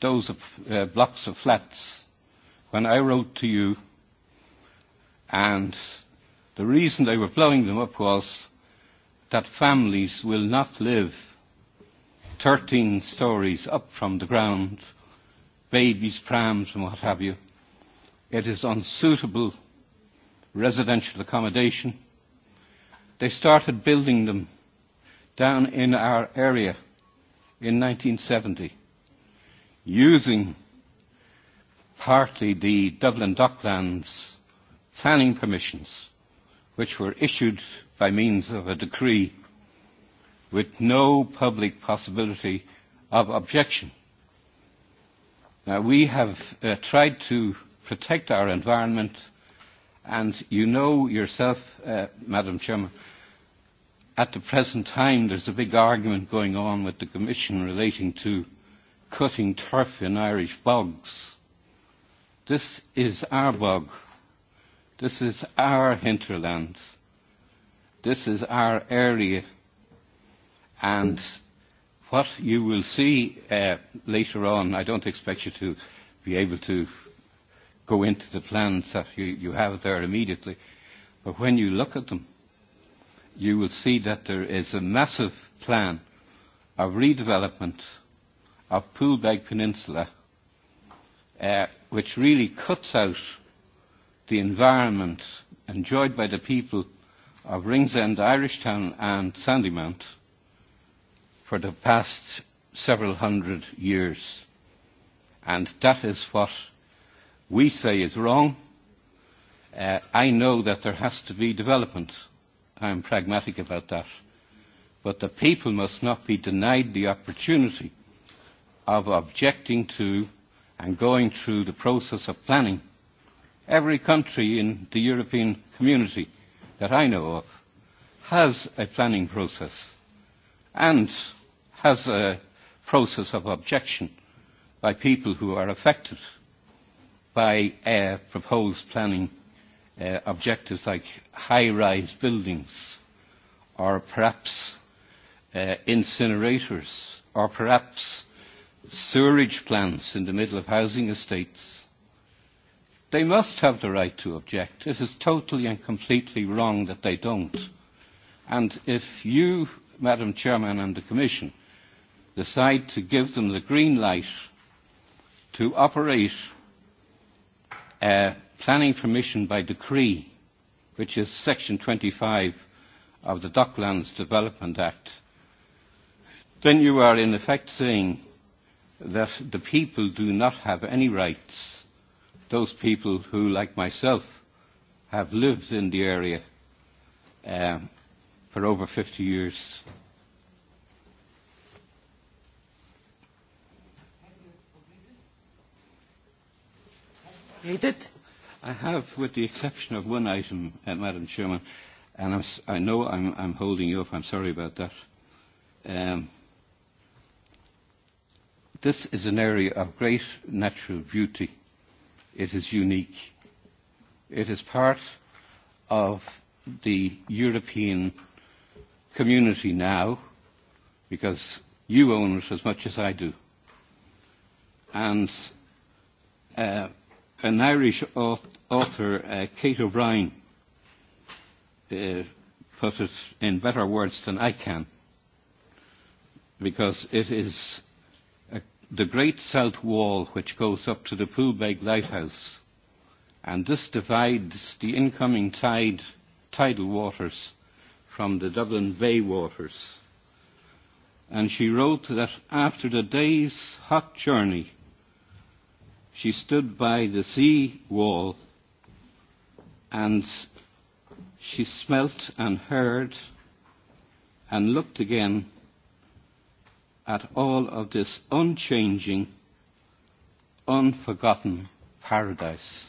those uh, blocks of flats when I wrote to you And the reason they were blowing them up was that families will not live 13 stories up from the ground, babies, prams, and what have you. It is unsuitable residential accommodation. They started building them down in our area in 1970 using partly the Dublin Docklands planning permissions, which were issued by means of a decree with no public possibility of objection. Now, we have uh, tried to protect our environment, and you know yourself, uh, Madam Chairman, at the present time there's a big argument going on with the Commission relating to cutting turf in Irish bogs. This is our bog. This is our hinterland. This is our area. And what you will see uh, later on, I don't expect you to be able to go into the plans that you, you have there immediately, but when you look at them, you will see that there is a massive plan of redevelopment of Poolbeg Peninsula, uh, which really cuts out the environment enjoyed by the people of Ringsend, Irish Town and Sandymount for the past several hundred years. And that is what we say is wrong. Uh, I know that there has to be development. I'm pragmatic about that. But the people must not be denied the opportunity of objecting to and going through the process of planning – Every country in the European community that I know of has a planning process and has a process of objection by people who are affected by uh, proposed planning uh, objectives like high-rise buildings or perhaps uh, incinerators or perhaps sewerage plants in the middle of housing estates They must have the right to object. It is totally and completely wrong that they don't. And if you, Madam Chairman and the Commission, decide to give them the green light to operate a planning permission by decree, which is Section 25 of the Docklands Development Act, then you are in effect saying that the people do not have any rights those people who, like myself, have lived in the area um, for over 50 years. Read it. I have, with the exception of one item, uh, Madam Chairman, and I'm, I know I'm, I'm holding you up. I'm sorry about that. Um, this is an area of great natural beauty It is unique. It is part of the European community now because you own it as much as I do. And uh, an Irish author, uh, Kate O'Brien, uh, put it in better words than I can because it is the Great South Wall, which goes up to the Poolbeg Lighthouse, and this divides the incoming tide, tidal waters from the Dublin Bay waters. And she wrote that after the day's hot journey, she stood by the sea wall and she smelt and heard and looked again at all of this unchanging, unforgotten paradise.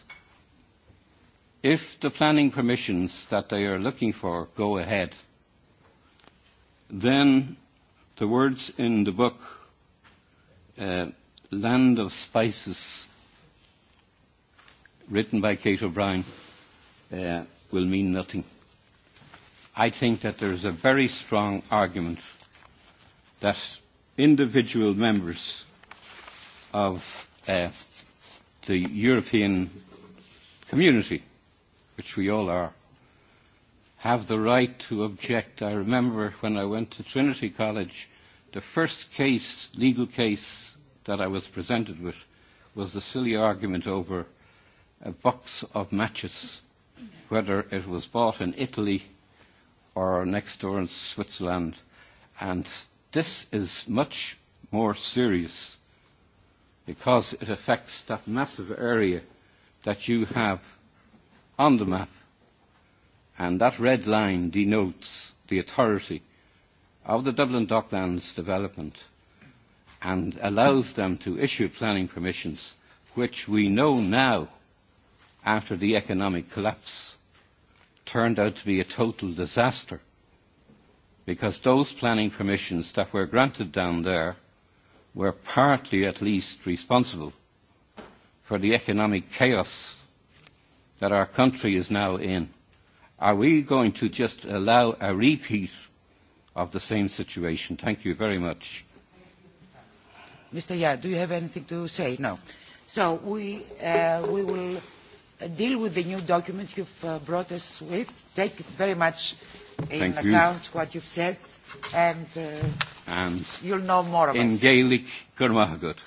If the planning permissions that they are looking for go ahead, then the words in the book, uh, Land of Spices, written by Kate O'Brien, uh, will mean nothing. I think that there is a very strong argument that individual members of uh, the European community, which we all are, have the right to object. I remember when I went to Trinity College, the first case, legal case, that I was presented with was the silly argument over a box of matches, whether it was bought in Italy or next door in Switzerland. And This is much more serious because it affects that massive area that you have on the map. And that red line denotes the authority of the Dublin Docklands development and allows them to issue planning permissions, which we know now, after the economic collapse, turned out to be a total disaster because those planning permissions that were granted down there were partly at least responsible for the economic chaos that our country is now in. Are we going to just allow a repeat of the same situation? Thank you very much. Mr. Yar, do you have anything to say? No. So we, uh, we will deal with the new document you've uh, brought us with. Take very much in Thank account what you've said, and, uh, and you'll know more about it. In Gaelic, Kermahagut.